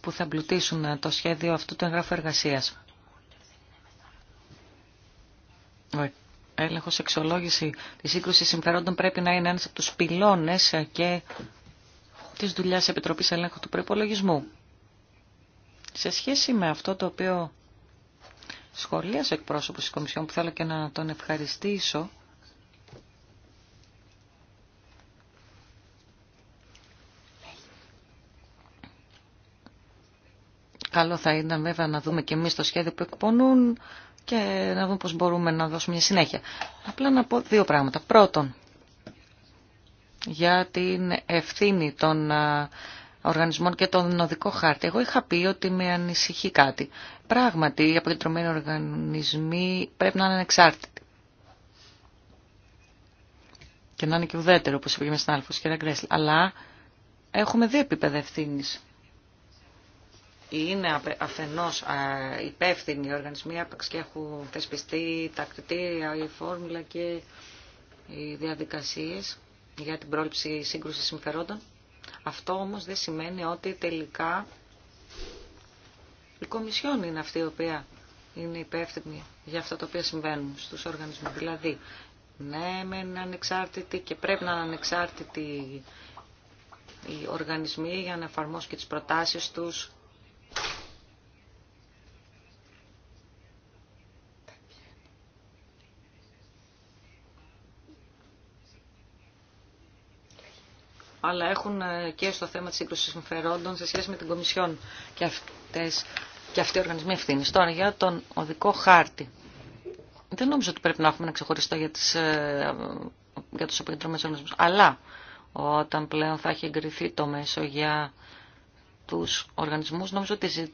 που θα εμπλουτίσουν το σχέδιο αυτού του εγγράφου εργασίας. έλεγχος εξολόγηση τη σύγκρουση συμφερόντων πρέπει να είναι ένας από τους πυλώνες και της δουλειάς Επιτροπής Ελέγχου του Προϋπολογισμού. Σε σχέση με αυτό το οποίο σχολίασε ο εκπρόσωπος της Κομισιόν που θέλω και να τον ευχαριστήσω, Καλό θα ήταν βέβαια να δούμε και εμείς το σχέδιο που εκπονούν, και να δούμε πώς μπορούμε να δώσουμε μια συνέχεια. Απλά να πω δύο πράγματα. Πρώτον, για την ευθύνη των οργανισμών και τον οδικό χάρτη. Εγώ είχα πει ότι με ανησυχεί κάτι. Πράγματι, οι αποκεντρωμένοι οργανισμοί πρέπει να είναι ανεξάρτητοι. Και να είναι και ουδέτερο, όπως είπε και με στην Αλλά έχουμε δύο επίπεδα ευθύνης είναι αφενός υπεύθυνοι οι οργανισμοί άπαξ και έχουν θεσπιστεί τα κριτήρια, η φόρμουλα και οι διαδικασίες για την πρόληψη σύγκρουσης συμφερόντων. Αυτό όμως δεν σημαίνει ότι τελικά η Κομισιόν είναι αυτή η οποία είναι υπεύθυνη για αυτά τα οποία συμβαίνουν στους οργανισμούς. Δηλαδή, ναι, είναι ανεξάρτητη και πρέπει να είναι ανεξάρτητοι οι οργανισμοί για να εφαρμόσουν και τις προτάσεις τους αλλά έχουν ε, και στο θέμα τη σύγκρουση συμφερόντων σε σχέση με την Κομισιόν και, αυτές, και αυτοί οι οργανισμοί ευθύνη. Τώρα για τον οδικό χάρτη. Δεν νομίζω ότι πρέπει να έχουμε ένα ξεχωριστό για, τις, ε, για τους επικεντρωμένους οργανισμούς, αλλά όταν πλέον θα έχει εγκριθεί το μέσο για τους οργανισμούς, νομίζω ότι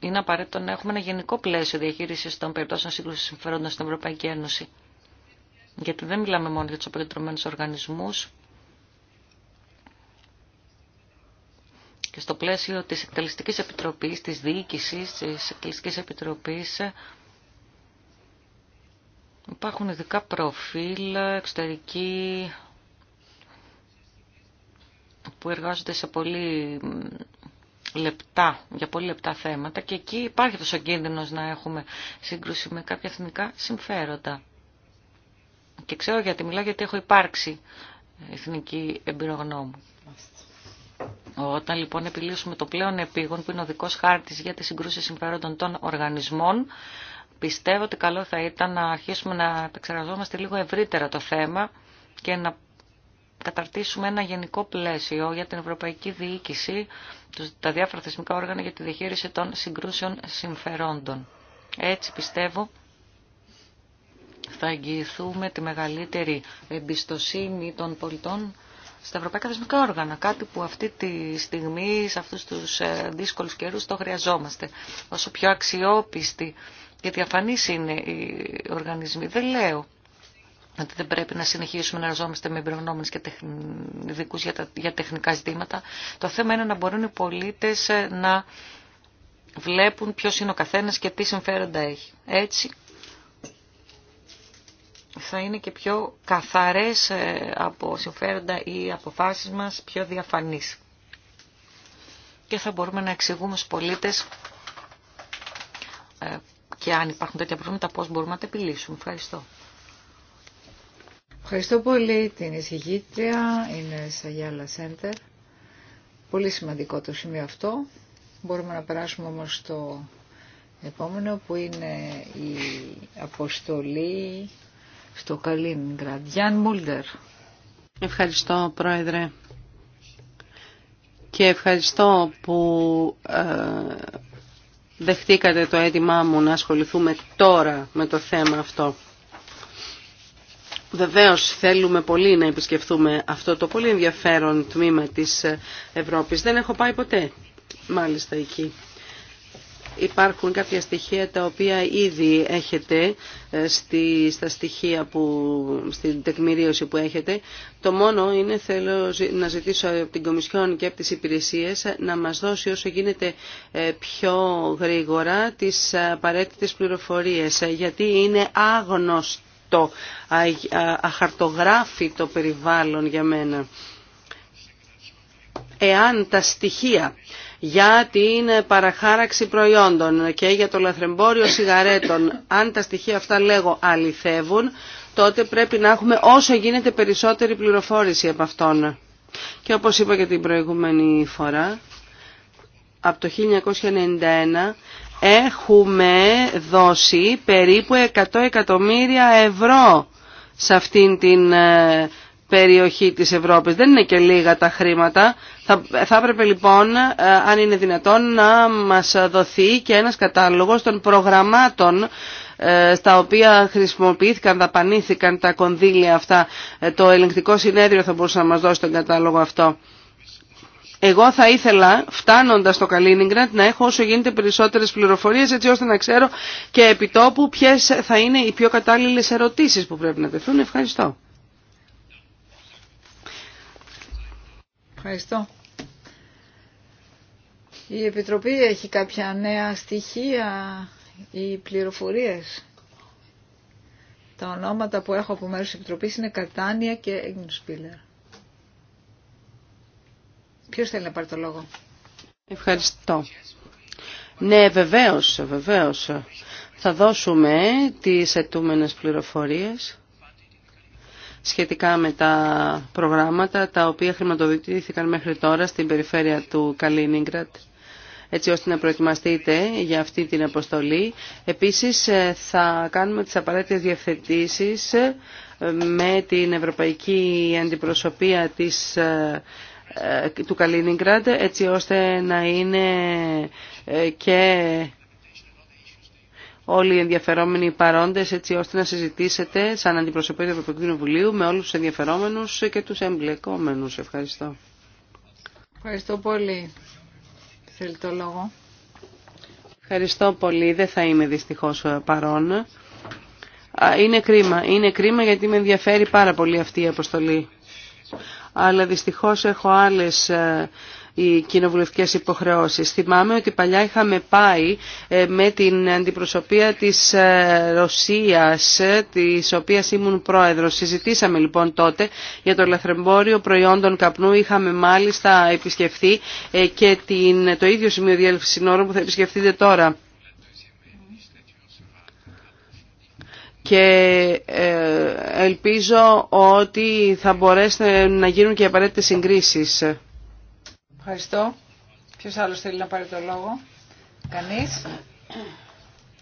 είναι απαραίτητο να έχουμε ένα γενικό πλαίσιο διαχείρισης των περιπτώσεων σύγκρουσης συμφερόντων στην Ευρωπαϊκή Ένωση. Γιατί δεν μιλάμε μόνο για τους αποκεντρωμένους οργανισμούς, και στο πλαίσιο της Εκτελεστικής Επιτροπής, της Διοίκησης, της Εκτελεστικής Επιτροπής υπάρχουν ειδικά προφίλ εξωτερικοί που εργάζονται σε πολύ λεπτά, για πολύ λεπτά θέματα και εκεί υπάρχει τόσο ο κίνδυνος να έχουμε σύγκρουση με κάποια εθνικά συμφέροντα. Και ξέρω γιατί μιλάω γιατί έχω υπάρξει εθνική εμπειρογνώμη. Όταν λοιπόν επιλύσουμε το πλέον επίγον που είναι ο δικός χάρτης για τη συγκρούσεις συμφέροντων των οργανισμών, πιστεύω ότι καλό θα ήταν να αρχίσουμε να επεξεργαζόμαστε λίγο ευρύτερα το θέμα και να καταρτήσουμε ένα γενικό πλαίσιο για την ευρωπαϊκή διοίκηση, τα διάφορα θεσμικά όργανα για τη διαχείριση των συγκρούσεων συμφερόντων. Έτσι πιστεύω θα εγγυηθούμε τη μεγαλύτερη εμπιστοσύνη των πολιτών στα ευρωπαϊκά θεσμικά όργανα. Κάτι που αυτή τη στιγμή, σε αυτούς τους ε, δύσκολους καιρούς, το χρειαζόμαστε. Όσο πιο αξιόπιστοι και διαφανεί είναι οι οργανισμοί. Δεν λέω ότι δεν πρέπει να συνεχίσουμε να εργαζόμαστε με εμπειρογνώμενε και ειδικού για, για τεχνικά ζητήματα. Το θέμα είναι να μπορούν οι πολίτε ε, να βλέπουν ποιο είναι ο καθένα και τι συμφέροντα έχει. Έτσι θα είναι και πιο καθαρές ε, από συμφέροντα ή αποφάσεις μας, πιο διαφανείς. Και θα μπορούμε να εξηγούμε στους πολίτες ε, και αν υπάρχουν τέτοια προβλήματα πώς μπορούμε να τα επιλύσουμε. Ευχαριστώ. Ευχαριστώ πολύ την εισηγήτρια, είναι Σαγιάλα Σέντερ. Πολύ σημαντικό το σημείο αυτό. Μπορούμε να περάσουμε όμως στο επόμενο που είναι η αποστολή στο Καλίνγκραντ. Γιάν Μούλτερ. Ευχαριστώ Πρόεδρε και ευχαριστώ που ε, δεχτήκατε το αίτημά μου να ασχοληθούμε τώρα με το θέμα αυτό. Βεβαίως θέλουμε πολύ να επισκεφθούμε αυτό το πολύ ενδιαφέρον τμήμα της Ευρώπης. Δεν έχω πάει ποτέ μάλιστα εκεί. Υπάρχουν κάποια στοιχεία τα οποία ήδη έχετε ε, στη, στα στοιχεία που, στην τεκμηρίωση που έχετε. Το μόνο είναι θέλω να ζητήσω από την Κομισιόν και από τις υπηρεσίες να μας δώσει όσο γίνεται ε, πιο γρήγορα τις απαραίτητε πληροφορίες ε, γιατί είναι άγνωστο, αχαρτογράφητο περιβάλλον για μένα. Εάν τα στοιχεία για την παραχάραξη προϊόντων και για το λαθρεμπόριο σιγαρέτων, αν τα στοιχεία αυτά λέγω αληθεύουν, τότε πρέπει να έχουμε όσο γίνεται περισσότερη πληροφόρηση από αυτόν. Και όπως είπα και την προηγούμενη φορά, από το 1991 έχουμε δώσει περίπου 100 εκατομμύρια ευρώ σε αυτήν την ε, περιοχή της Ευρώπης. Δεν είναι και λίγα τα χρήματα. Θα, θα έπρεπε λοιπόν, ε, αν είναι δυνατόν, να μας δοθεί και ένας κατάλογος των προγραμμάτων ε, στα οποία χρησιμοποιήθηκαν, δαπανήθηκαν τα κονδύλια αυτά. Ε, το ελεγκτικό συνέδριο θα μπορούσε να μας δώσει τον κατάλογο αυτό. Εγώ θα ήθελα, φτάνοντας στο Καλίνιγκραντ, να έχω όσο γίνεται περισσότερες πληροφορίες, έτσι ώστε να ξέρω και επιτόπου ποιες θα είναι οι πιο κατάλληλες ερωτήσεις που πρέπει να τεθούν. Ευχαριστώ. Ευχαριστώ. Η Επιτροπή έχει κάποια νέα στοιχεία ή πληροφορίες. Τα ονόματα που έχω από μέρους της Επιτροπής είναι Κατάνια και Έγνουσπίλερ. Ποιος θέλει να πάρει το λόγο. Ευχαριστώ. Ναι, βεβαίως, βεβαίως. Θα δώσουμε τις ετούμενες πληροφορίες σχετικά με τα προγράμματα τα οποία χρηματοδοτήθηκαν μέχρι τώρα στην περιφέρεια του Καλίνιγκρατ έτσι ώστε να προετοιμαστείτε για αυτή την αποστολή. Επίσης ε, θα κάνουμε τις απαραίτητες διευθετήσεις ε, με την Ευρωπαϊκή Αντιπροσωπεία της, ε, του Καλίνιγκραντ έτσι ώστε να είναι και όλοι οι ενδιαφερόμενοι παρόντες έτσι ώστε να συζητήσετε σαν αντιπροσωπή του Ευρωπαϊκού Κοινοβουλίου με όλους τους ενδιαφερόμενους και τους εμπλεκόμενους. Ευχαριστώ. Ευχαριστώ πολύ. Θέλει το λόγο. Ευχαριστώ πολύ. Δεν θα είμαι δυστυχώς ε, παρόν. Είναι κρίμα. Είναι κρίμα γιατί με ενδιαφέρει πάρα πολύ αυτή η αποστολή. Αλλά δυστυχώς έχω άλλες ε, οι κοινοβουλευτικέ υποχρεώσει. Θυμάμαι ότι παλιά είχαμε πάει ε, με την αντιπροσωπεία της ε, Ρωσίας, ε, τη οποία ήμουν πρόεδρο. Συζητήσαμε λοιπόν τότε για το λαθρεμπόριο προϊόντων καπνού. Είχαμε μάλιστα επισκεφθεί και την, το ίδιο σημείο διέλευση συνόρων που θα επισκεφτείτε τώρα. και ελπίζω ότι θα μπορέσουν να γίνουν και απαραίτητε συγκρίσει. Ευχαριστώ. Ποιο άλλο θέλει να πάρει το λόγο. κανεί,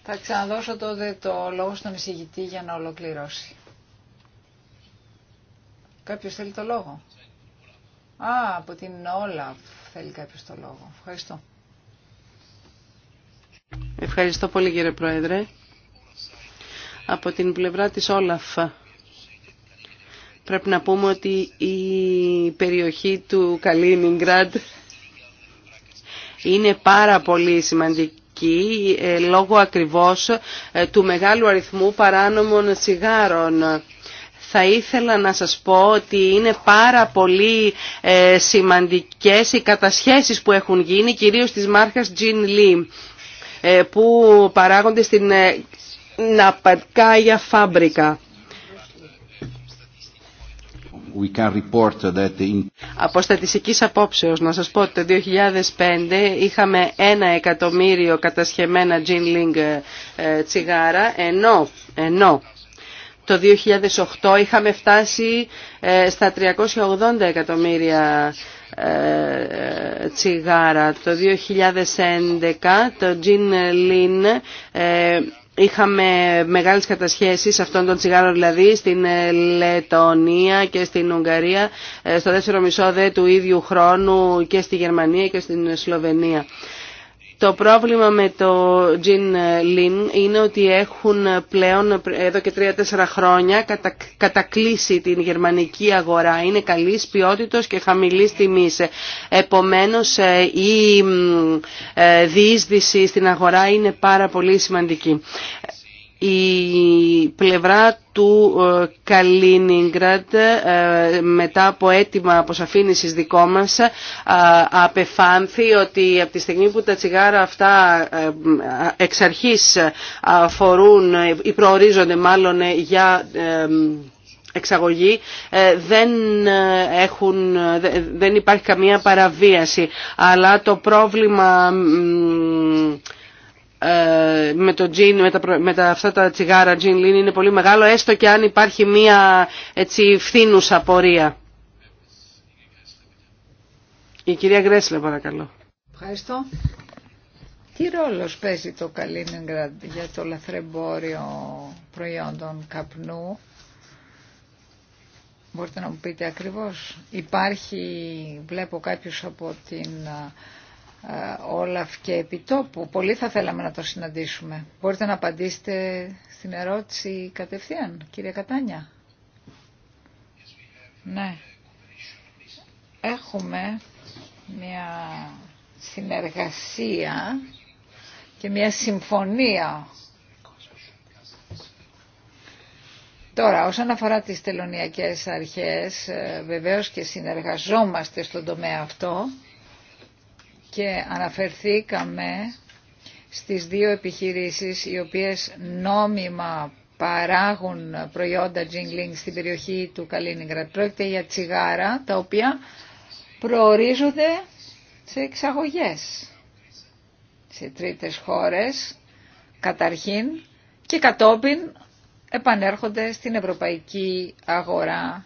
Θα ξαναδώσω τότε το λόγο στον εισηγητή για να ολοκληρώσει. Κάποιος θέλει το λόγο. Α, από την Όλα θέλει κάποιος το λόγο. Ευχαριστώ. Ευχαριστώ πολύ κύριε Πρόεδρε. Από την πλευρά της Όλαφ Πρέπει να πούμε ότι η περιοχή του Καλίνιγκραντ είναι πάρα πολύ σημαντική ε, λόγω ακριβώς ε, του μεγάλου αριθμού παράνομων σιγάρων. Θα ήθελα να σας πω ότι είναι πάρα πολύ ε, σημαντικές οι κατασχέσεις που έχουν γίνει, κυρίως της μάρκας Jin Lee, που παράγονται στην Ναπατκάια Φάμπρικα. Από στατιστική απόψεως να σα πω ότι το 2005 είχαμε ένα εκατομμύριο κατασχεμένα Jinling ε, τσιγάρα ενώ, ενώ το 2008 είχαμε φτάσει ε, στα 380 εκατομμύρια ε, τσιγάρα. Το 2011 το Gin Lin ε, Είχαμε μεγάλες κατασχέσεις αυτών των τσιγάρων δηλαδή στην ε, Λετωνία και στην Ουγγαρία, ε, στο δεύτερο μισό δε του ίδιου χρόνου και στη Γερμανία και στην Σλοβενία. Το πρόβλημα με το Jin Lin είναι ότι έχουν πλέον εδώ και 3-4 χρόνια κατακλείσει την γερμανική αγορά. Είναι καλής ποιότητα και χαμηλής τιμής. Επομένω, ε, η ε, διείσδυση στην αγορά είναι πάρα πολύ σημαντική η πλευρά του ε, Καλίνιγκρατ ε, μετά από αίτημα αποσαφήνισης δικό μας ε, απεφάνθη ότι από τη στιγμή που τα τσιγάρα αυτά εξ αρχής φορούν ή προορίζονται μάλλον για εξαγωγή δεν, έχουν, δεν υπάρχει καμία παραβίαση αλλά το πρόβλημα ε, με, το με, τα, με τα, αυτά τα τσιγάρα gin είναι πολύ μεγάλο έστω και αν υπάρχει μία έτσι φθήνουσα πορεία. Η κυρία Γκρέσλε παρακαλώ. Ευχαριστώ. Τι ρόλο παίζει το Καλίνιγκραντ για το λαθρεμπόριο προϊόντων καπνού. Μπορείτε να μου πείτε ακριβώς. Υπάρχει, βλέπω κάποιους από την ε, Όλαφ και επιτόπου. Πολύ θα θέλαμε να το συναντήσουμε. Μπορείτε να απαντήσετε στην ερώτηση κατευθείαν, κύριε Κατάνια. Ναι. Έχουμε μια συνεργασία και μια συμφωνία. Τώρα, όσον αφορά τις τελωνιακές αρχές, ε, βεβαίως και συνεργαζόμαστε στον τομέα αυτό και αναφερθήκαμε στις δύο επιχειρήσεις οι οποίες νόμιμα παράγουν προϊόντα jingling στην περιοχή του Καλίνιγκρατ. Πρόκειται για τσιγάρα τα οποία προορίζονται σε εξαγωγές σε τρίτες χώρες καταρχήν και κατόπιν επανέρχονται στην ευρωπαϊκή αγορά,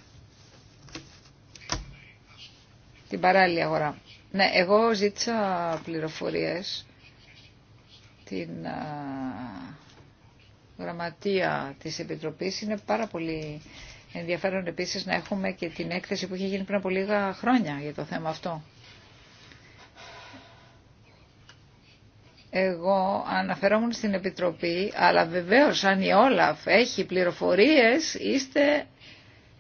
την παράλληλη αγορά. Ναι, εγώ ζήτησα πληροφορίες την γραμματεία της Επιτροπής. Είναι πάρα πολύ ενδιαφέρον επίσης να έχουμε και την έκθεση που είχε γίνει πριν από λίγα χρόνια για το θέμα αυτό. Εγώ αναφερόμουν στην Επιτροπή, αλλά βεβαίως αν η Όλαφ έχει πληροφορίες, είστε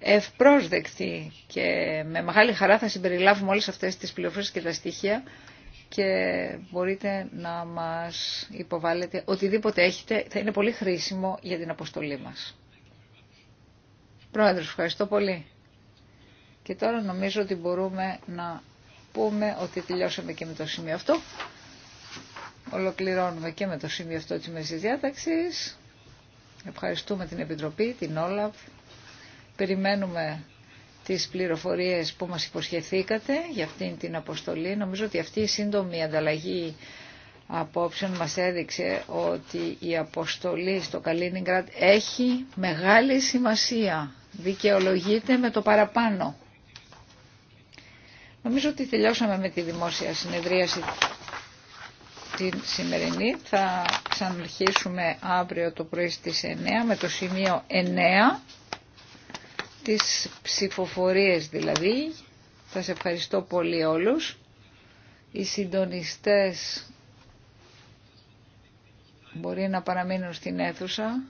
ευπρόσδεκτη και με μεγάλη χαρά θα συμπεριλάβουμε όλες αυτές τις πληροφορίες και τα στοιχεία και μπορείτε να μας υποβάλλετε οτιδήποτε έχετε θα είναι πολύ χρήσιμο για την αποστολή μας. Πρόεδρος, ευχαριστώ πολύ. Και τώρα νομίζω ότι μπορούμε να πούμε ότι τελειώσαμε και με το σημείο αυτό. Ολοκληρώνουμε και με το σημείο αυτό της μέσης διάταξης. Ευχαριστούμε την Επιτροπή, την Όλαβ, Περιμένουμε τις πληροφορίες που μας υποσχεθήκατε για αυτήν την αποστολή. Νομίζω ότι αυτή η σύντομη ανταλλαγή απόψεων μας έδειξε ότι η αποστολή στο Καλίνιγκρατ έχει μεγάλη σημασία. Δικαιολογείται με το παραπάνω. Νομίζω ότι τελειώσαμε με τη δημόσια συνεδρίαση την σημερινή. Θα ξαναρχίσουμε αύριο το πρωί στις 9 με το σημείο 9 τις ψηφοφορίες δηλαδή. Θα σε ευχαριστώ πολύ όλους. Οι συντονιστές μπορεί να παραμείνουν στην αίθουσα.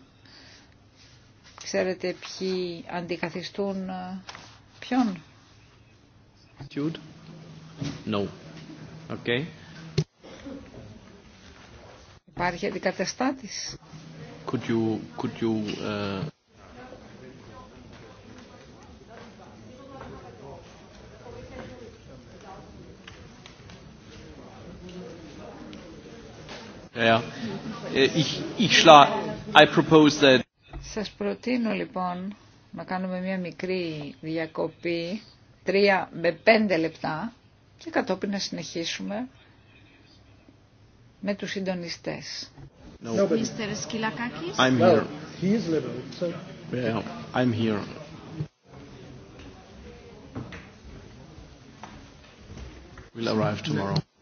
Ξέρετε ποιοι αντικαθιστούν ε, ποιον. No. Okay. Υπάρχει αντικαταστάτης. Could you, could you, uh, Yeah. Ich, ich I propose that... Σας προτείνω λοιπόν να κάνουμε μια μικρή διακοπή, τρία με πέντε λεπτά και κατόπιν να συνεχίσουμε με τους συντονιστές. No. Mr. Skilakakis? I'm here. he is liberal, so... Yeah, I'm here. We'll arrive tomorrow.